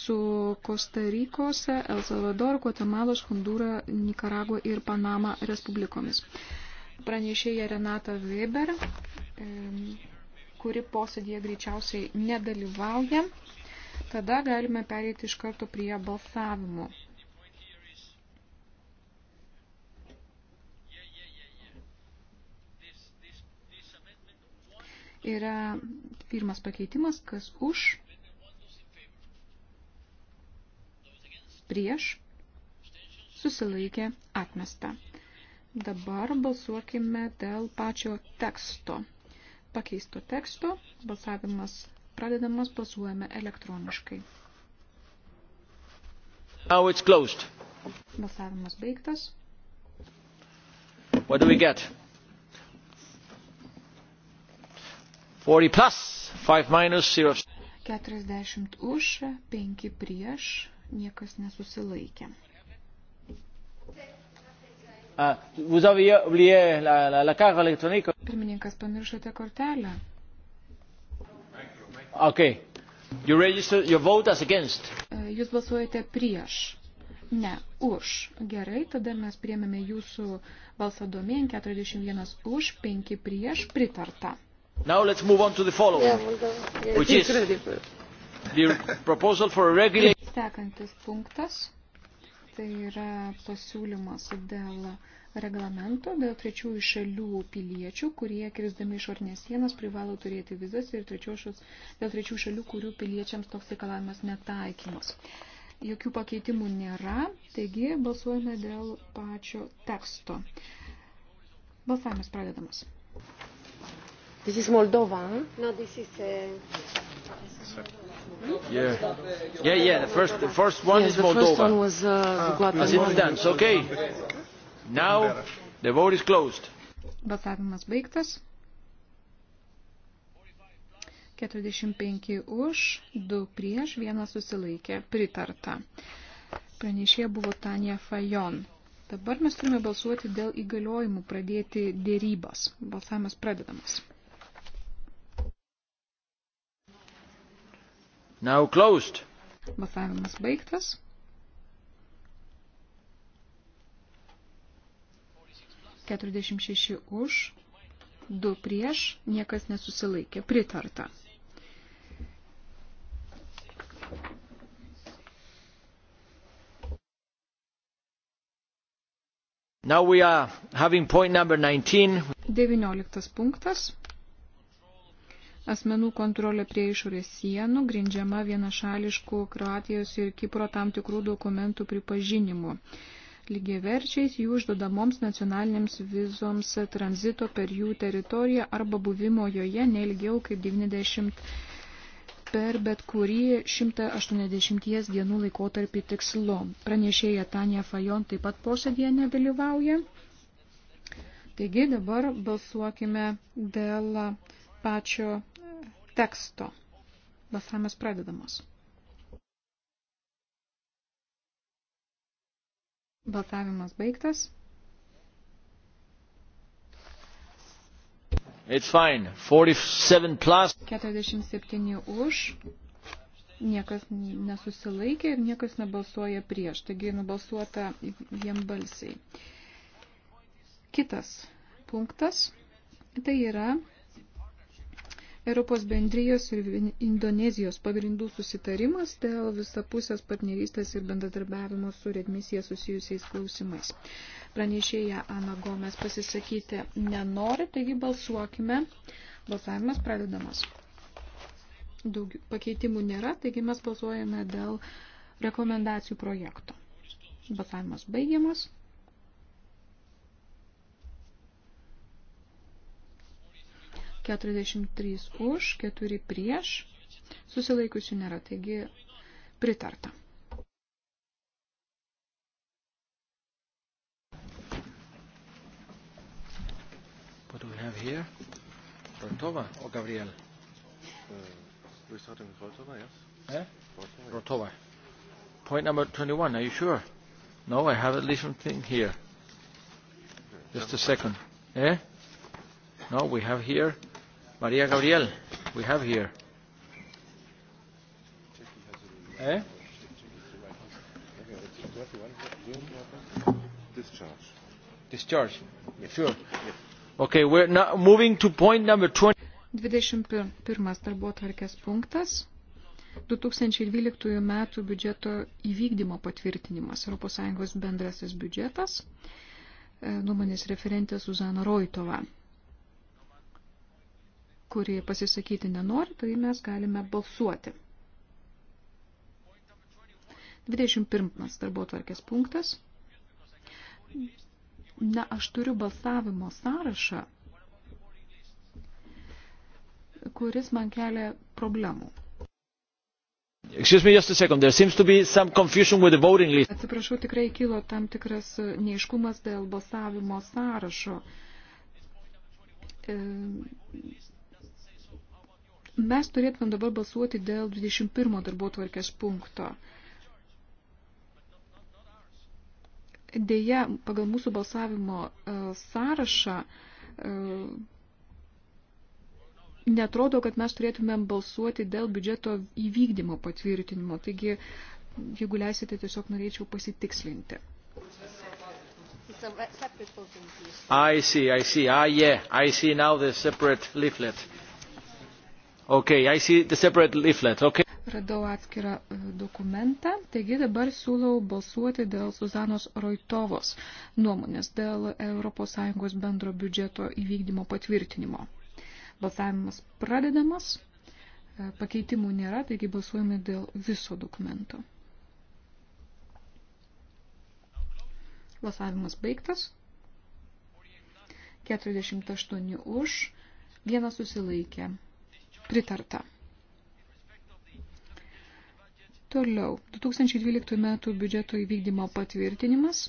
su Kostarikos, El Salvador, Guatemalos, Hondūra, Nikaragua ir Panama Respublikomis. Pranešėja Renata Weber, e, kuri posėdėje greičiausiai nedalyvauja, Tada galime pereiti iš karto prie balsavimo. Yra pirmas pakeitimas, kas už, prieš, susilaikė, atmesta. Dabar balsuokime dėl pačio teksto. Pakeisto teksto balsavimas pradedamas balsuojame elektroniškai. Now it's closed. Balsavimas baigtas. What do we get? 40 plus, 5 minus, 0. 40 už, 5 prieš, niekas nesusilaikė. Uh, Pirmininkas, pamiršote kortelę. Okay. You register your vote as against. E, jūs balsuojate prieš. Ne, už. Gerai, tada mes priemėme jūsų balsą domėn 41 už, 5 prieš, pritarta. Now let's move on to the following, which is the proposal for a regulation. Sekantis punktas, tai yra pasiūlymas dėl uh, reglamento dėl trečiųjų šalių piliečių, kurie kirsdami išornės sienas privalo turėti vizas ir trečiosios dėl trečių šalių, kurių piliečiams toks reikalavimas netaikymas. Jokių pakeitimų nėra, taigi balsuojame dėl pačio teksto. Balsavimas pradedamas. This is Moldova. Huh? No, this is. Uh... Yeah. Yeah, yeah. The first, the first one yeah, is the Moldova. The first one was uh, ah. Guatemala. As it's done, okay. Now the vote is closed. Balsavimas baigtas. 45 už, 2 prieš, 1 susilaikė, pritarta. Pranešėja buvo Tanja Fajon. Dabar mes turime balsuoti dėl įgaliojimų pradėti dėrybas. Balsavimas pradedamas. Now closed. Balsavimas baigtas. 46 už, 2 prieš, niekas nesusilaikė, pritarta. Now we are having point number 19. 19 punktas. Asmenų kontrolė prie išorės sienų grindžiama vienašališkų Kroatijos ir Kipro tam tikrų dokumentų pripažinimu lygiaverčiais jų išduodamoms nacionalinėms vizoms tranzito per jų teritoriją arba buvimo joje neilgiau kaip 90 per bet kurį 180 dienų laikotarpį tikslu. Pranešėja Tanja Fajon taip pat posėdėje nedalyvauja. Taigi dabar balsuokime dėl pačio teksto. Balsavimas pradedamas. Balsavimas baigtas. It's fine. 47 plus. 47 už. Niekas nesusilaikė ir niekas nebalsuoja prieš. Taigi nubalsuota jiem balsiai. Kitas punktas. Tai yra Europos bendrijos ir Indonezijos pagrindų susitarimas dėl visapusės partnerystės ir bendradarbiavimo su redmisija susijusiais klausimais. Pranešėja Ana Gomes pasisakyti nenori, taigi balsuokime. Balsavimas pradedamas. Daug pakeitimų nėra, taigi mes balsuojame dėl rekomendacijų projekto. Balsavimas baigiamas. 43 už, 4 prieš, susilaikusių nėra, taigi pritarta. What do we have here? Rotova or Gabriel? Uh, we starting with Rotova, yes. Eh? Rotova. Rotova. Point number 21, are you sure? No, I have at least one thing here. Just a second. Eh? No, we have here Maria Gabriel, we have here. Eh? Discharge. Discharge. Yes. Sure. Yes. Okay, we're now moving to point number 20. 21 darbo tvarkės punktas. 2012 m. biudžeto įvykdymo patvirtinimas ES bendrasis biudžetas. E, nuomonės referentė Suzana Roitova kuri pasisakyti nenori, tai mes galime balsuoti. 21 darbo tvarkės punktas. Na, aš turiu balsavimo sąrašą, kuris man kelia problemų. Excuse me just a second, there seems to be some confusion with the voting list. Atsiprašau, tikrai kilo tam tikras neiškumas dėl balsavimo sąrašo. E, Mes turėtumėm dabar balsuoti dėl 21 darbo tvarkės punkto. Deja, pagal mūsų balsavimo e, sąrašą e, netrodo, kad mes turėtumėm balsuoti dėl biudžeto įvykdymo patvirtinimo. Taigi, jeigu leisite, tiesiog norėčiau pasitikslinti. I see, I see. Ah, yeah, I see now the separate leaflet. Okay, I see the separate leaflet. Okay. Radau atskirą e, dokumentą, taigi dabar siūlau balsuoti dėl Suzanos Roitovos nuomonės dėl ES bendro biudžeto įvykdymo patvirtinimo. Balsavimas pradedamas, e, pakeitimų nėra, taigi balsuojame dėl viso dokumento. Balsavimas baigtas. 48 už, vienas susilaikė pritarta. Toliau, 2012 m. biudžeto įvykdymo patvirtinimas,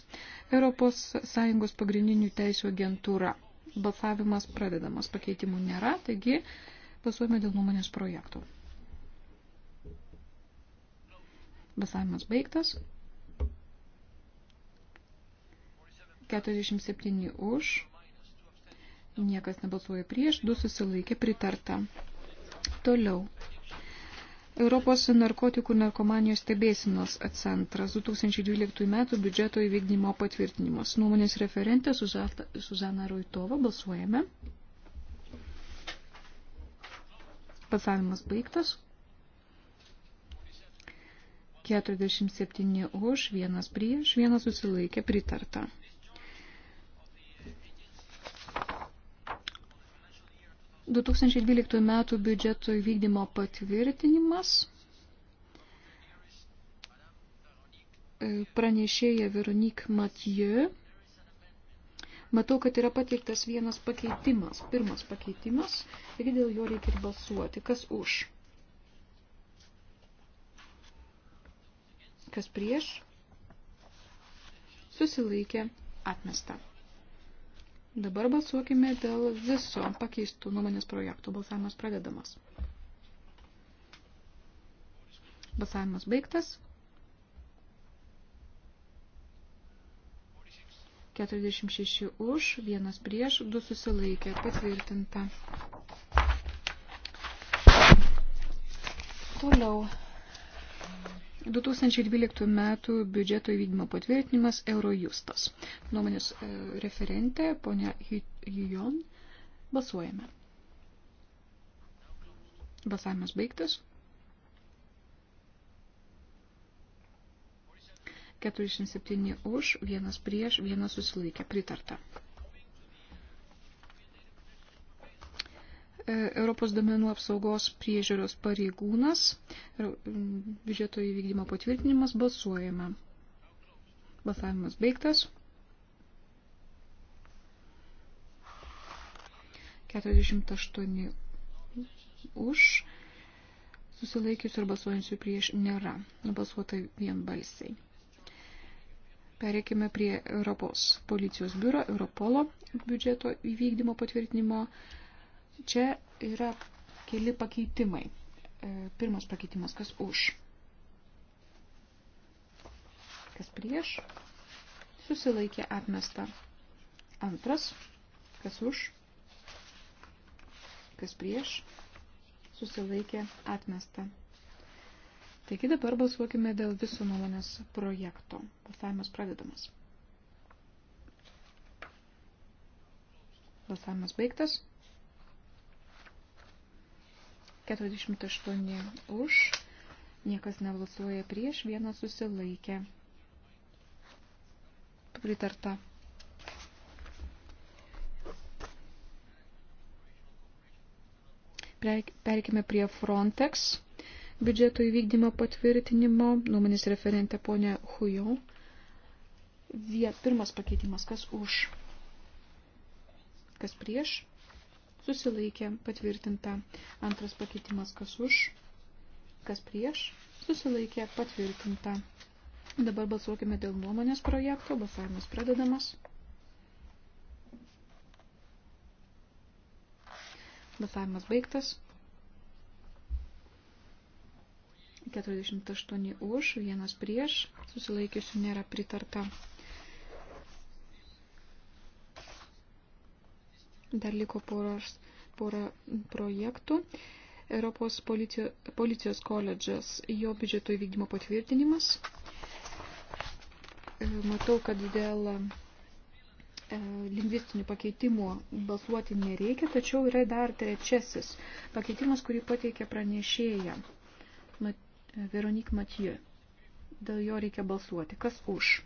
ES pagrindinių teisų agentūra. Balsavimas pradedamas, pakeitimų nėra, taigi balsuojame dėl nuomonės projektų. Balsavimas baigtas. 47 už. Niekas nebalsuoja prieš, du susilaikė pritarta. Toliau. Europos narkotikų ir narkomanijos stebėsinos centras 2012 metų biudžeto įvykdymo patvirtinimas. Nuomonės referentė Suzana Roitova. Balsuojame. Balsavimas baigtas. 47 už, vienas prieš, vienas susilaikė pritarta. 2012 metų biudžeto įvykdymo patvirtinimas. E, pranešėja Veronik Mathieu. Matau, kad yra pateiktas vienas pakeitimas, pirmas pakeitimas ir dėl jo reikia ir balsuoti. Kas už? Kas prieš? Susilaikė atmesta. Dabar balsuokime dėl viso pakeistų nuomonės projektų. Balsavimas pradedamas. Balsavimas baigtas. 46 už, vienas prieš, du susilaikė, patvirtinta. Toliau 2012 metų biudžeto įvykdymo patvirtinimas Eurojustas. Nuomonės e, referentė, ponia Hijon, balsuojame. Balsavimas baigtas. 47 už, vienas prieš, vienas susilaikė. Pritarta. E, Europos domenų apsaugos priežiūros pareigūnas, mm, biudžeto įvykdymo patvirtinimas, balsuojame. Balsavimas baigtas. 48 už, susilaikius ir balsuojančių prieš nėra, nubalsuota vienbalsiai. Pereikime prie Europos policijos biuro, Europolo biudžeto įvykdymo patvirtinimo patvirtinimo Čia yra keli pakeitimai. E, pirmas pakeitimas, kas už. Kas prieš. Susilaikė atmesta. Antras, kas už. Kas prieš. Susilaikė atmesta. Taigi dabar balsuokime dėl viso nuomonės projekto. Balsavimas pradedamas. Balsavimas baigtas. 48 už, niekas nebalsuoja prieš, vienas susilaikė. Pritarta. Perkime prie Frontex biudžeto įvykdymo patvirtinimo. Nuomonės referentė ponė Hujo. Vie, pirmas pakeitimas. Kas už? Kas prieš? susilaikė patvirtinta. Antras pakeitimas kas už, kas prieš, susilaikė patvirtinta. Dabar balsuokime dėl nuomonės projekto, balsavimas pradedamas. Balsavimas baigtas. 48 už, vienas prieš, susilaikysiu nėra pritarta. Dar liko poros, pora projektų. Europos policijo, policijos koledžas, jo biudžeto įvykdymo patvirtinimas. E, matau, kad dėl e, lingvistinių pakeitimų balsuoti nereikia, tačiau yra dar trečiasis pakeitimas, kurį pateikė pranešėja Mat, Veronik Matijų. Dėl jo reikia balsuoti. Kas už?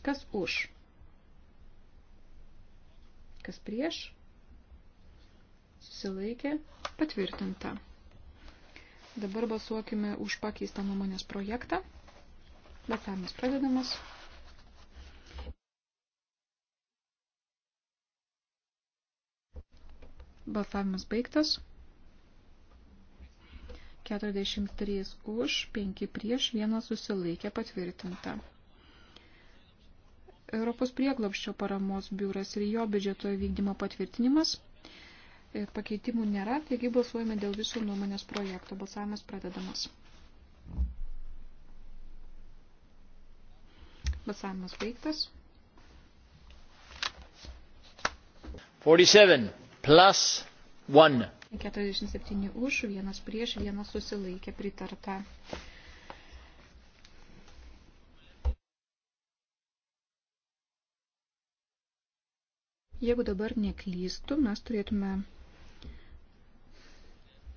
Kas už? Kas prieš? Susilaikė. Patvirtinta. Dabar balsuokime už pakeistą nuomonės projektą. Balsavimas pradedamas. Balsavimas baigtas. 43 už, 5 prieš, 1 susilaikė patvirtinta. Europos prieglapščio paramos biuras ir jo biudžeto vykdymo patvirtinimas. E, pakeitimų nėra, taigi balsuojame dėl viso nuomonės projekto. Balsavimas pradedamas. Balsavimas baigtas. 47 plus 1. 47 už, vienas prieš, vienas susilaikė pritarta. Jeigu dabar neklystų, mes turėtume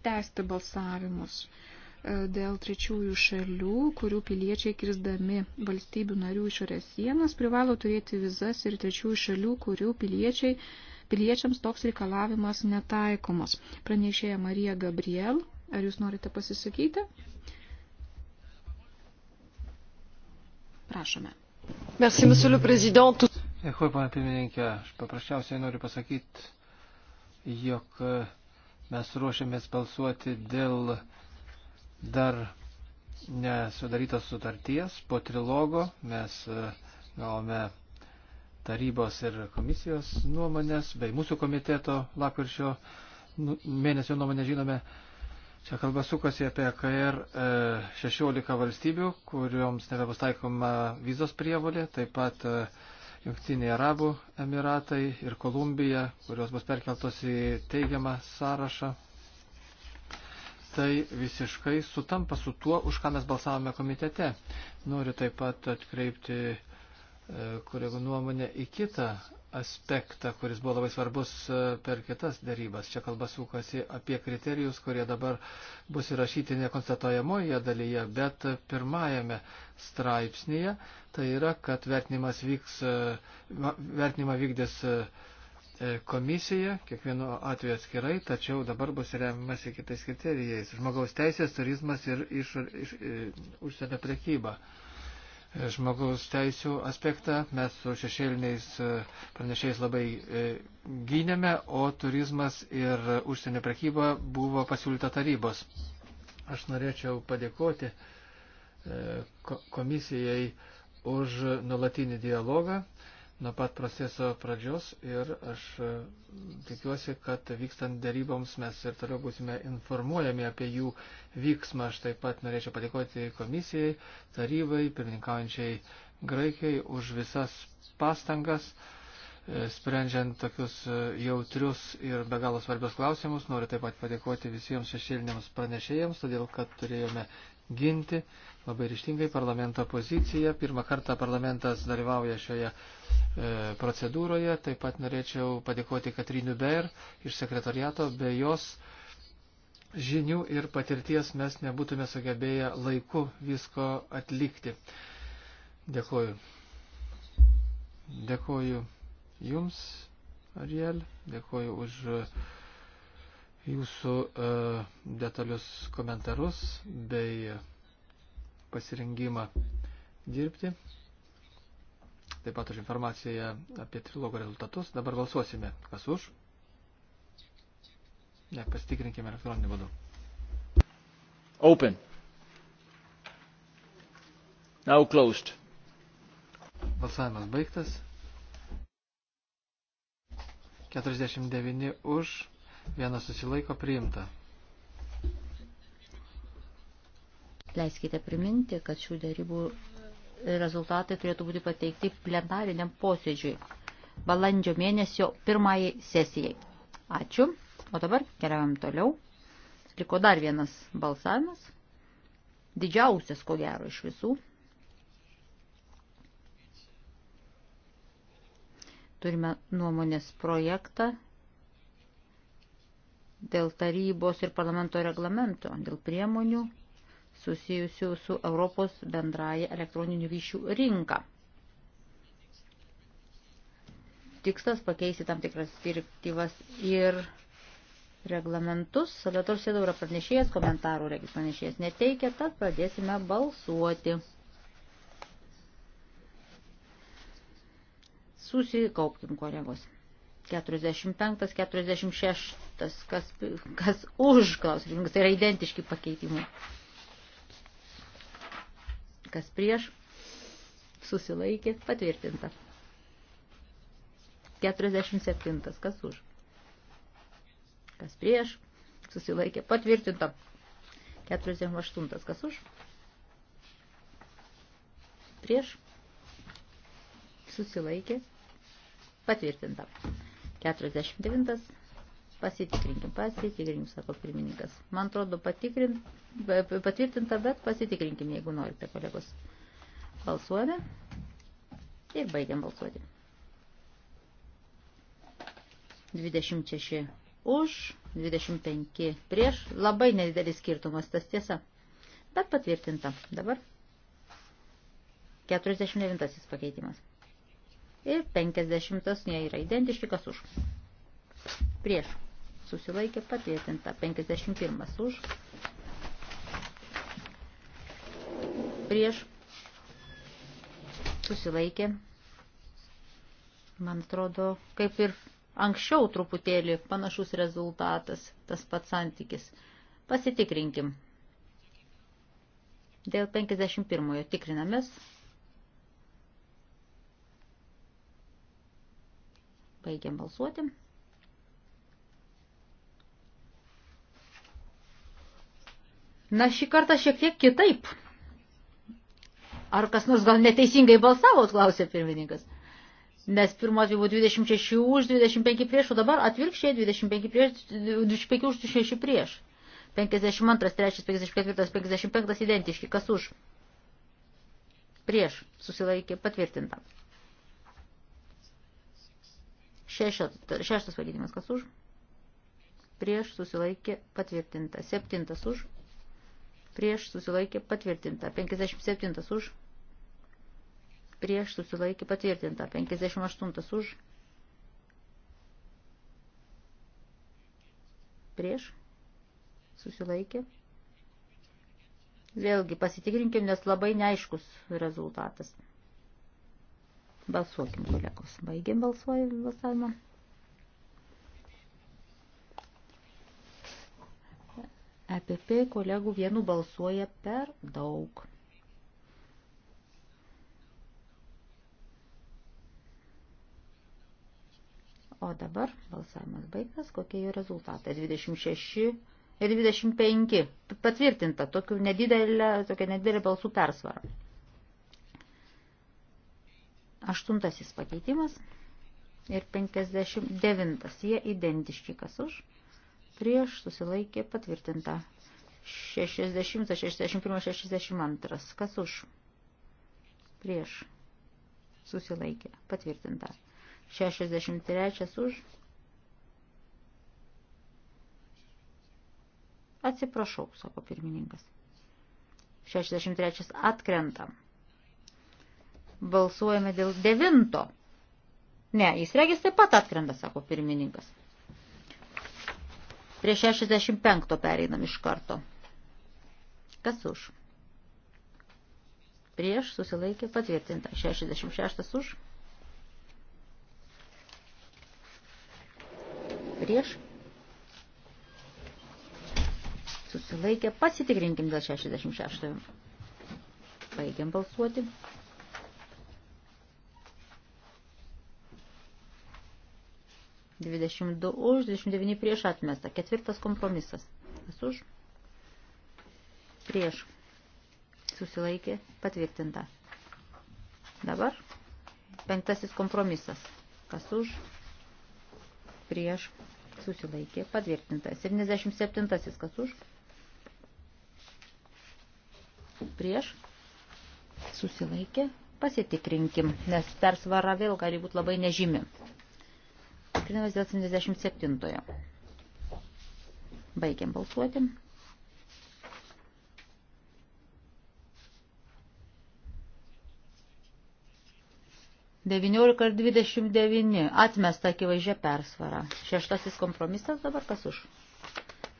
tęsti balsavimus e, dėl trečiųjų šalių, kurių piliečiai kirsdami valstybių narių išorės sienas privalo turėti vizas ir trečiųjų šalių, kurių piliečiai, piliečiams toks reikalavimas netaikomas. Pranešėja Marija Gabriel, ar jūs norite pasisakyti? Prašome. Merci, monsieur le président. Dėkui, pana pirmininkė. Aš paprasčiausiai noriu pasakyti, jog e, mes ruošiamės balsuoti dėl dar nesudarytos sutarties po trilogo. Mes e, gavome tarybos ir komisijos nuomonės, bei mūsų komiteto lapkirčio nu, mėnesio nuomonę žinome. Čia kalba sukasi apie KR 16 e, valstybių, kuriuoms nebebus taikoma vizos prievolė, taip pat Junktiniai Arabų Emiratai ir Kolumbija, kurios bus perkeltos į teigiamą sąrašą. Tai visiškai sutampa su tuo, už ką mes balsavome komitete. Noriu taip pat atkreipti e, kolegų nuomonę į kitą aspektą, kuris buvo labai svarbus e, per kitas darybas. Čia kalba sukasi apie kriterijus, kurie dabar bus įrašyti nekonstatuojamoje dalyje, bet pirmajame straipsnėje. Tai yra, kad vertinimas vyks, e, vertinimą vykdės e, komisija, kiekvienu atveju atskirai, tačiau dabar bus remiamasi kitais kriterijais. Žmogaus teisės, turizmas ir iš, iš, iš, užsienio prekyba. Iš, žmogaus teisų aspektą. Mes su šešėliniais e, pranešėjais labai e, gynėme, o turizmas ir užsienio prekyba buvo pasiūlyta tarybos. Aš norėčiau padėkoti e, komisijai už nulatinį dialogą nuo pat proceso pradžios ir aš e, tikiuosi, kad vykstant daryboms mes ir toliau būsime informuojami apie jų vyksmą. Aš taip pat norėčiau padėkoti komisijai, tarybai, pirmininkaujančiai Graikijai už visas pastangas, e, sprendžiant tokius e, jautrius ir be galo svarbios klausimus. Noriu taip pat padėkoti visiems šešėliniams pranešėjams, todėl kad turėjome ginti labai ryštingai parlamento poziciją. Pirmą kartą parlamentas dalyvauja šioje e, procedūroje. Taip pat norėčiau padėkoti Katrinu Ber iš sekretariato. Be jos žinių ir patirties mes nebūtume sugebėję laiku visko atlikti. Dėkuoju. Dėkuoju Jums, Ariel. Dėkuoju už e, Jūsų e, detalius komentarus bei. E, pasirengimą dirbti. Taip pat už informaciją apie trilogo rezultatus. Dabar balsuosime, kas už. Ne, pasitikrinkime elektroninį būdų. Open. Now closed. Balsavimas baigtas. 49 už, vienas susilaiko priimta. Leiskite priminti, kad šių darybų rezultatai turėtų būti pateikti plenariniam posėdžiui balandžio mėnesio pirmajai sesijai. Ačiū. O dabar keliavam toliau. Liko dar vienas balsavimas. Didžiausias, ko gero, iš visų. Turime nuomonės projektą dėl tarybos ir parlamento reglamento, dėl priemonių susijusių su Europos bendraja elektroninių ryšių rinka. Tikslas pakeisti tam tikras direktyvas ir reglamentus. Salvator Sėdau yra pranešėjas, komentarų regis pranešėjas neteikia, tad pradėsime balsuoti. Susikaupkim, kolegos. 45, 46, kas, kas už klausimus, tai yra identiški pakeitimai kas prieš, susilaikė, patvirtinta. 47, kas už, kas prieš, susilaikė, patvirtinta. 48, kas už, prieš, susilaikė, patvirtinta. 49, Pasitikrinkim, pasitikrinkim, sako pirmininkas. Man atrodo, patikrint, patvirtinta, bet pasitikrinkim, jeigu norite, kolegos. Balsuojame ir baigiam balsuoti. 26 už, 25 prieš. Labai nedidelis skirtumas, tas tiesa. Bet patvirtinta. Dabar 49 pakeitimas. Ir 50 jie yra identiški, kas už. Prieš susilaikė patvirtinta. 51 už. Prieš susilaikė. Man atrodo, kaip ir anksčiau truputėlį panašus rezultatas, tas pats santykis. Pasitikrinkim. Dėl 51 tikrinamės. Baigiam balsuoti. Na, šį kartą šiek tiek kitaip. Ar kas nors gal neteisingai balsavot, klausė pirmininkas. Nes pirmo atveju buvo 26 už, 25 prieš, o dabar atvirkščiai 25, prieš, 25 už, 26 prieš. 52, 3, 54, 55 identiški. Kas už? Prieš. Susilaikė patvirtinta. Tai šeštas, šeštas vadinimas. Kas už? Prieš. Susilaikė patvirtinta. Septintas už prieš susilaikė patvirtinta, 57 už, prieš susilaikė patvirtinta, 58 už, prieš susilaikė. Vėlgi pasitikrinkim, nes labai neaiškus rezultatas. Balsuokim, kolegos. Baigėm balsuojimą. EPP kolegų vienu balsuoja per daug. O dabar balsavimas baigtas, kokie jo rezultatai. 26 ir 25. Patvirtinta tokia nedidelė, tokia nedidelė balsų persvara. Aštuntasis pakeitimas ir 59. Jie identiški, kas už, prieš susilaikė patvirtinta. 60, 61, 62. Kas už? Prieš susilaikė patvirtinta. 63 už. Atsiprašau, sako pirmininkas. 63 atkrenta. Balsuojame dėl devinto. Ne, jis regis taip pat atkrenta, sako pirmininkas. Prie 65 pereinam iš karto. Kas už? Prieš susilaikė patvirtinta. 66 už. Prieš. Susilaikė. Pasitikrinkim dėl 66. Baigiam balsuoti. 22 už, 29 prieš atmesta. Ketvirtas kompromisas. Kas už? Prieš. Susilaikė. Patvirtinta. Dabar penktasis kompromisas. Kas už? Prieš. Susilaikė. Patvirtinta. 77. Kas už? Prieš. Susilaikė. Pasitikrinkim, nes persvara vėl gali būti labai nežymi. Tikrinamės dėl 77. Baigiam balsuoti. Devyniolika ir dvidešimt devyni. Atmesta akivaizdžia persvara. Šeštasis kompromisas dabar kas už?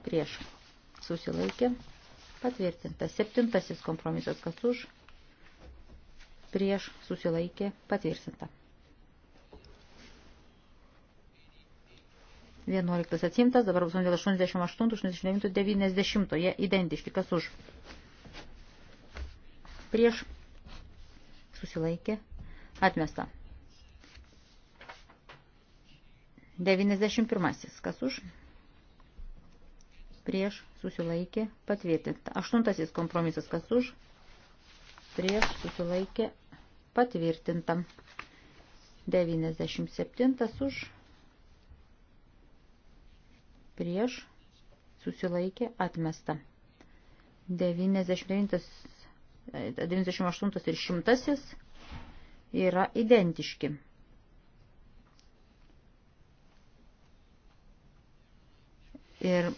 Prieš. Susilaikė. Patvirtinta. Septintasis kompromisas kas už? Prieš. Susilaikė. Patvirtinta. 11 atsimtas, dabar bus 88, 89, 90, jie identiški, kas už. Prieš susilaikė, atmesta. 91, kas už. Prieš susilaikė, patvirtinta. 8 kompromisas, kas už. Prieš susilaikė, patvirtinta. 97 už prieš, susilaikė, atmesta. 99, 98 ir 100 yra identiški. Ir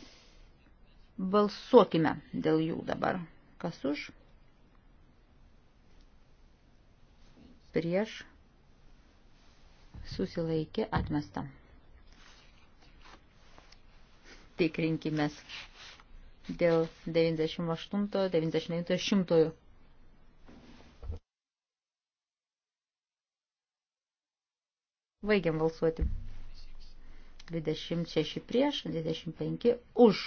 balsuokime dėl jų dabar. Kas už? Prieš susilaikė atmestą tikrinkime dėl 98, 99, 100. Vaigiam balsuoti. 26 prieš, 25 už.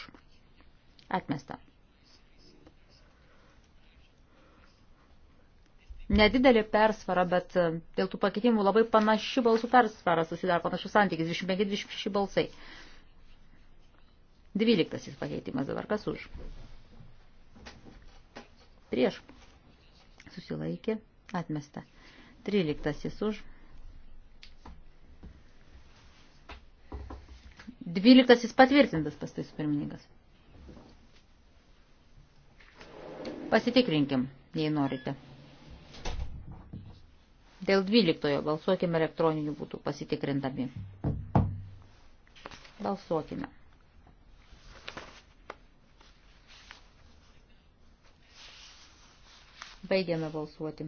Atmesta. Nedidelė persvara, bet dėl tų pakeitimų labai panaši balsų persvara susidaro, panašus santykis, 25-26 balsai. 25, Dvyliktasis pakeitimas dabar kas už? Prieš. Susilaikė. Atmesta. Tryliktasis už. Dvyliktasis patvirtintas pastaisų pirmininkas. Pasitikrinkim, jei norite. Dėl dvyliktojo balsuokime elektroniniu būtų pasitikrindami. Balsuokime. Baigiame balsuoti.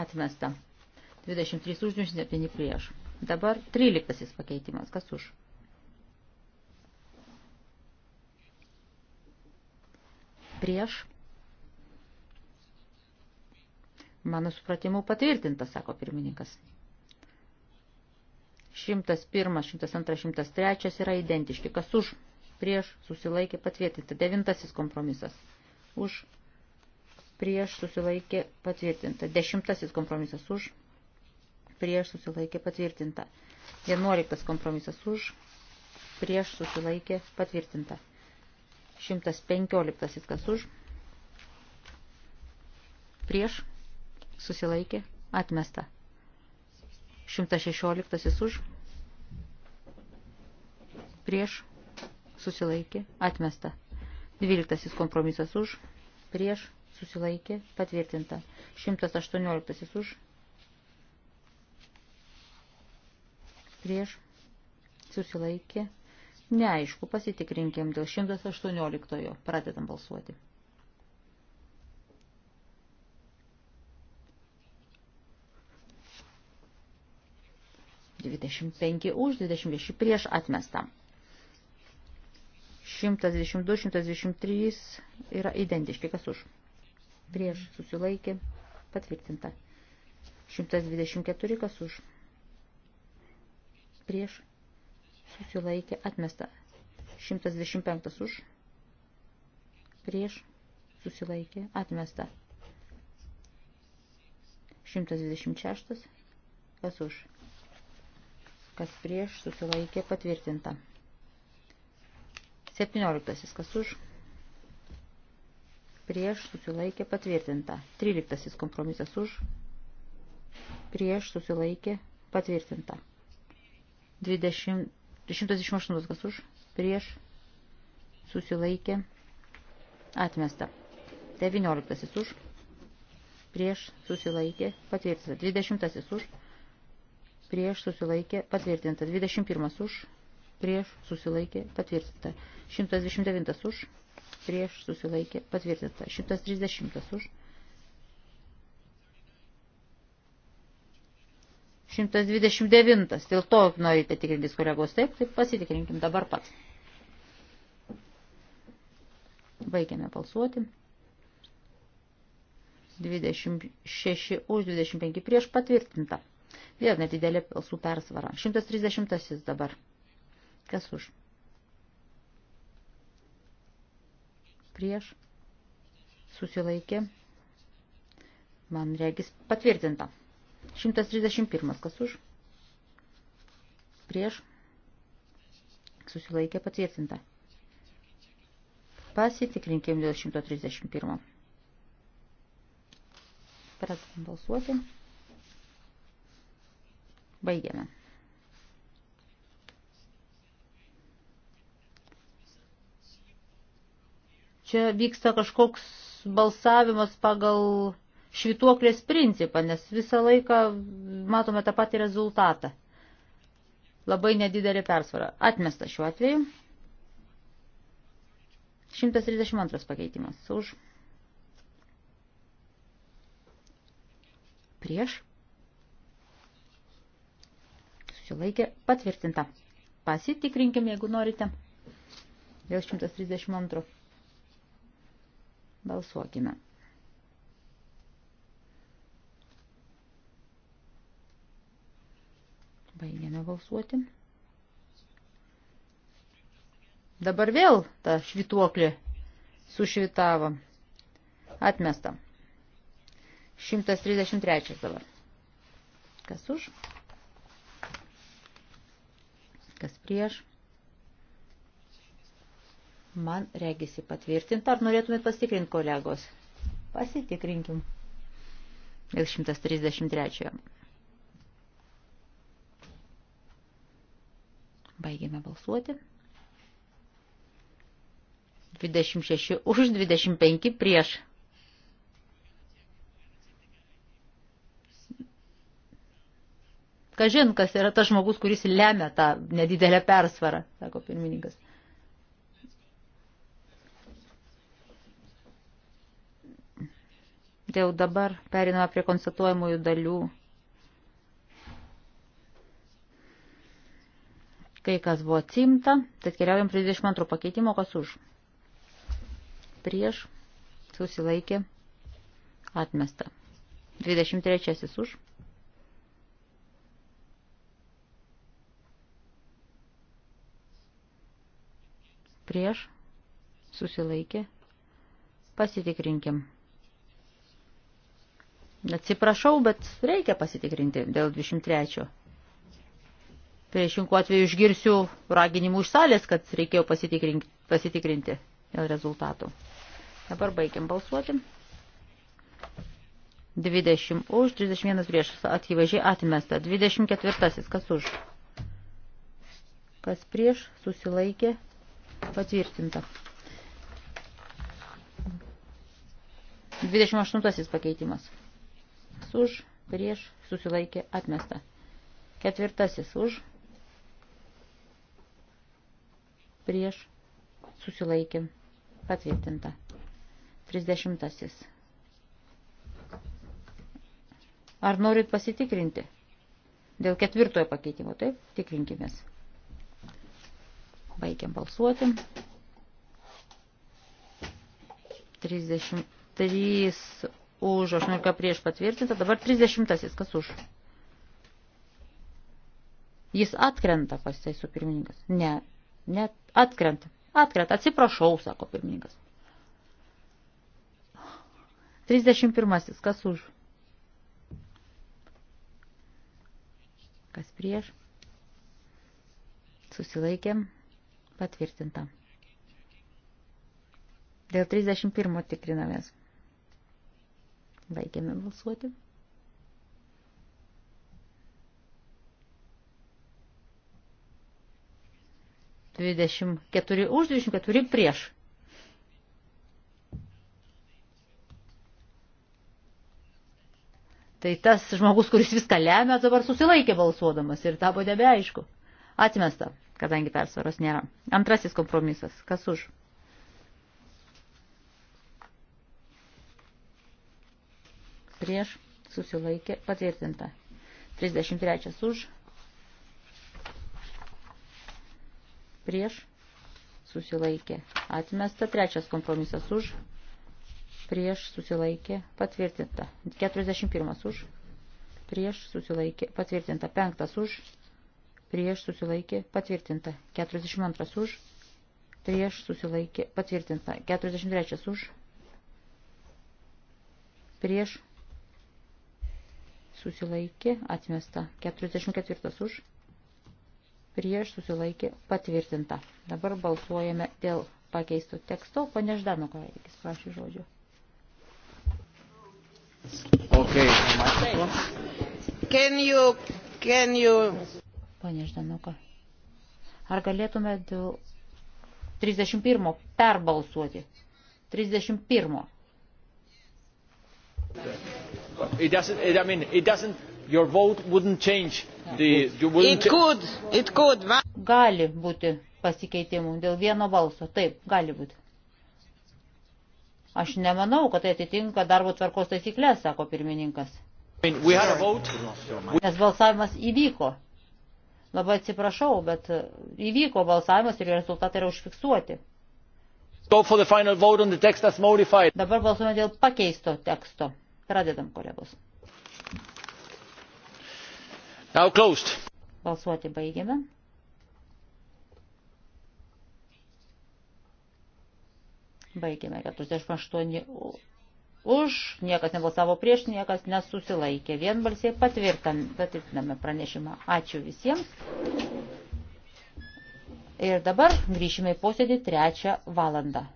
Atmesta. 23 už, 27 prieš. Dabar 13 pakeitimas. Kas už? Prieš. Mano supratimu patvirtintas, sako pirmininkas. 101, 102, 103 yra identiški. Kas už? Prieš susilaikė patvirtinti. Devintasis kompromisas už, prieš susilaikė patvirtinta. Dešimtasis kompromisas už, prieš susilaikė patvirtinta. Vienuoliktas kompromisas už, prieš susilaikė patvirtinta. Šimtas penkioliktasis kas už, prieš susilaikė atmesta. Šimtas šešioliktasis už, prieš susilaikė atmesta. 12 kompromisas už, prieš, susilaikė, patvirtinta. 118 už, prieš, susilaikė. Neaišku, pasitikrinkim dėl 118. Pradedam balsuoti. Dvidešimt penki už, dvidešimt šeši prieš atmestą. 122, 123 yra identiški, kas už. Prieš susilaikė, patvirtinta. 124, kas už. Prieš susilaikė, atmesta. 125 už. Prieš susilaikė, atmesta. 126, kas už. Kas prieš susilaikė, patvirtinta. 17. Kas už? Prieš susilaikė patvirtinta. 13. Kompromisas už? Prieš susilaikė patvirtinta. 20, 128. Kas už? Prieš susilaikė atmesta. 19. Už? Prieš susilaikė patvirtinta. 20. Už? Prieš susilaikė patvirtinta. 21. Už? prieš susilaikė patvirtinta. 129 už, prieš susilaikė patvirtinta. 130 už. 129. Dėl to norite tikrintis kolegos taip, taip pasitikrinkim dabar pat. Baigiame balsuoti. 26 už 25 prieš patvirtinta. Vėl nedidelė balsų persvara. 130 dabar. Kas už? Prieš. Susilaikė. Man regis patvirtinta. 131. Kas už? Prieš. Susilaikė patvirtinta. Pasitikrinkim dėl 131. Pradedam balsuoti. Baigiame. Čia vyksta kažkoks balsavimas pagal švituoklės principą, nes visą laiką matome tą patį rezultatą. Labai nedidelė persvara. Atmesta šiuo atveju. 132 pakeitimas. Už. Prieš. Susilaikė. Patvirtinta. Pasitikrinkim, jeigu norite. Dėl 132. Balsuokime. Baigėme balsuoti. Dabar vėl ta švituoklė sušvitavo. Atmesta. 133 dabar. Kas už? Kas prieš? Man regisi patvirtinta. Ar norėtumėt pasitikrinti, kolegos? Pasitikrinkim. Ir 133. Baigėme balsuoti. 26 už 25 prieš. Kažin, kas yra tas žmogus, kuris lemia tą nedidelę persvarą, sako pirmininkas. Todėl dabar periname prie konstatuojamųjų dalių. Kai kas buvo atsimta, tad keliaujam prie 22 pakeitimo, kas už. Prieš, susilaikė, atmesta. 23 už. Prieš, susilaikė, pasitikrinkim. Atsiprašau, bet reikia pasitikrinti dėl 23. Priešinku atveju išgirsiu raginimų iš salės, kad reikėjo pasitikrinti, pasitikrinti dėl rezultatų. Dabar baigiam balsuoti. 20 už, 31 prieš, akivaizdžiai atmesta. 24, kas už? Kas prieš, susilaikė, patvirtinta. 28 pakeitimas už, prieš, susilaikė, atmesta. Ketvirtasis už, prieš, susilaikė, patvirtinta. Trisdešimtasis. Ar norit pasitikrinti? Dėl ketvirtojo pakeitimo, taip, tikrinkimės. Baigiam balsuoti. 33 už, 18 prieš patvirtinta, dabar 30 kas už. Jis atkrenta, pasiteisų pirmininkas. Ne, ne, atkrenta. Atkrenta, atsiprašau, sako pirmininkas. 31. Kas už? Kas prieš? Susilaikėm. Patvirtinta. Dėl 31 tikrinamės. Baigiame balsuoti. Dvidešimt keturi už, dvidešimt keturi prieš. Tai tas žmogus, kuris viską lemia, dabar susilaikė balsuodamas ir tapo nebeaišku. Atmesta, kadangi persvaros nėra. Antrasis kompromisas. Kas už? prieš susilaikė patvirtinta. 33 už prieš susilaikė atmesta. Trečias kompromisas už prieš susilaikė patvirtinta. 41 už prieš susilaikė patvirtinta. 5 už prieš susilaikė patvirtinta. 42 už prieš susilaikė patvirtinta. 43 už prieš susilaikė, atmesta. 44 už, prieš susilaikė, patvirtinta. Dabar balsuojame dėl pakeisto teksto. Pane Ždanoko, reikės prašy žodžio. Okay. Can you, can you... Pane Ždanuka, ar galėtume dėl 31 perbalsuoti? 31. Yeah. It doesn't. It, I mean, it doesn't. Your vote wouldn't change. The, you wouldn't it could. It could. Gali būti pasikeitimų dėl vieno balso. Taip, gali būti. Aš nemanau, kad tai atitinka darbo tvarkos taisyklės, sako pirmininkas. Nes balsavimas įvyko. Labai atsiprašau, bet uh, įvyko balsavimas ir rezultatai yra užfiksuoti. Dabar balsuojame dėl pakeisto teksto. Pradedam, kolegos. Now closed. Balsuoti baigiame. Baigiame 48 už, niekas nebalsavo prieš, niekas nesusilaikė. Vienbalsiai patvirtiname pranešimą. Ačiū visiems. Ir dabar grįšime į posėdį trečią valandą.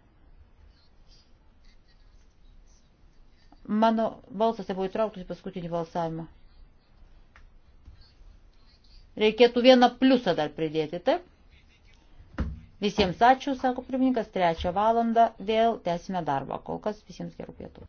Mano balsas jau tai buvo įtrauktas į paskutinį balsavimą. Reikėtų vieną pliusą dar pridėti, taip? Visiems ačiū, sako pirmininkas, trečią valandą vėl tęsime darbą. Kol kas visiems gerų pietų.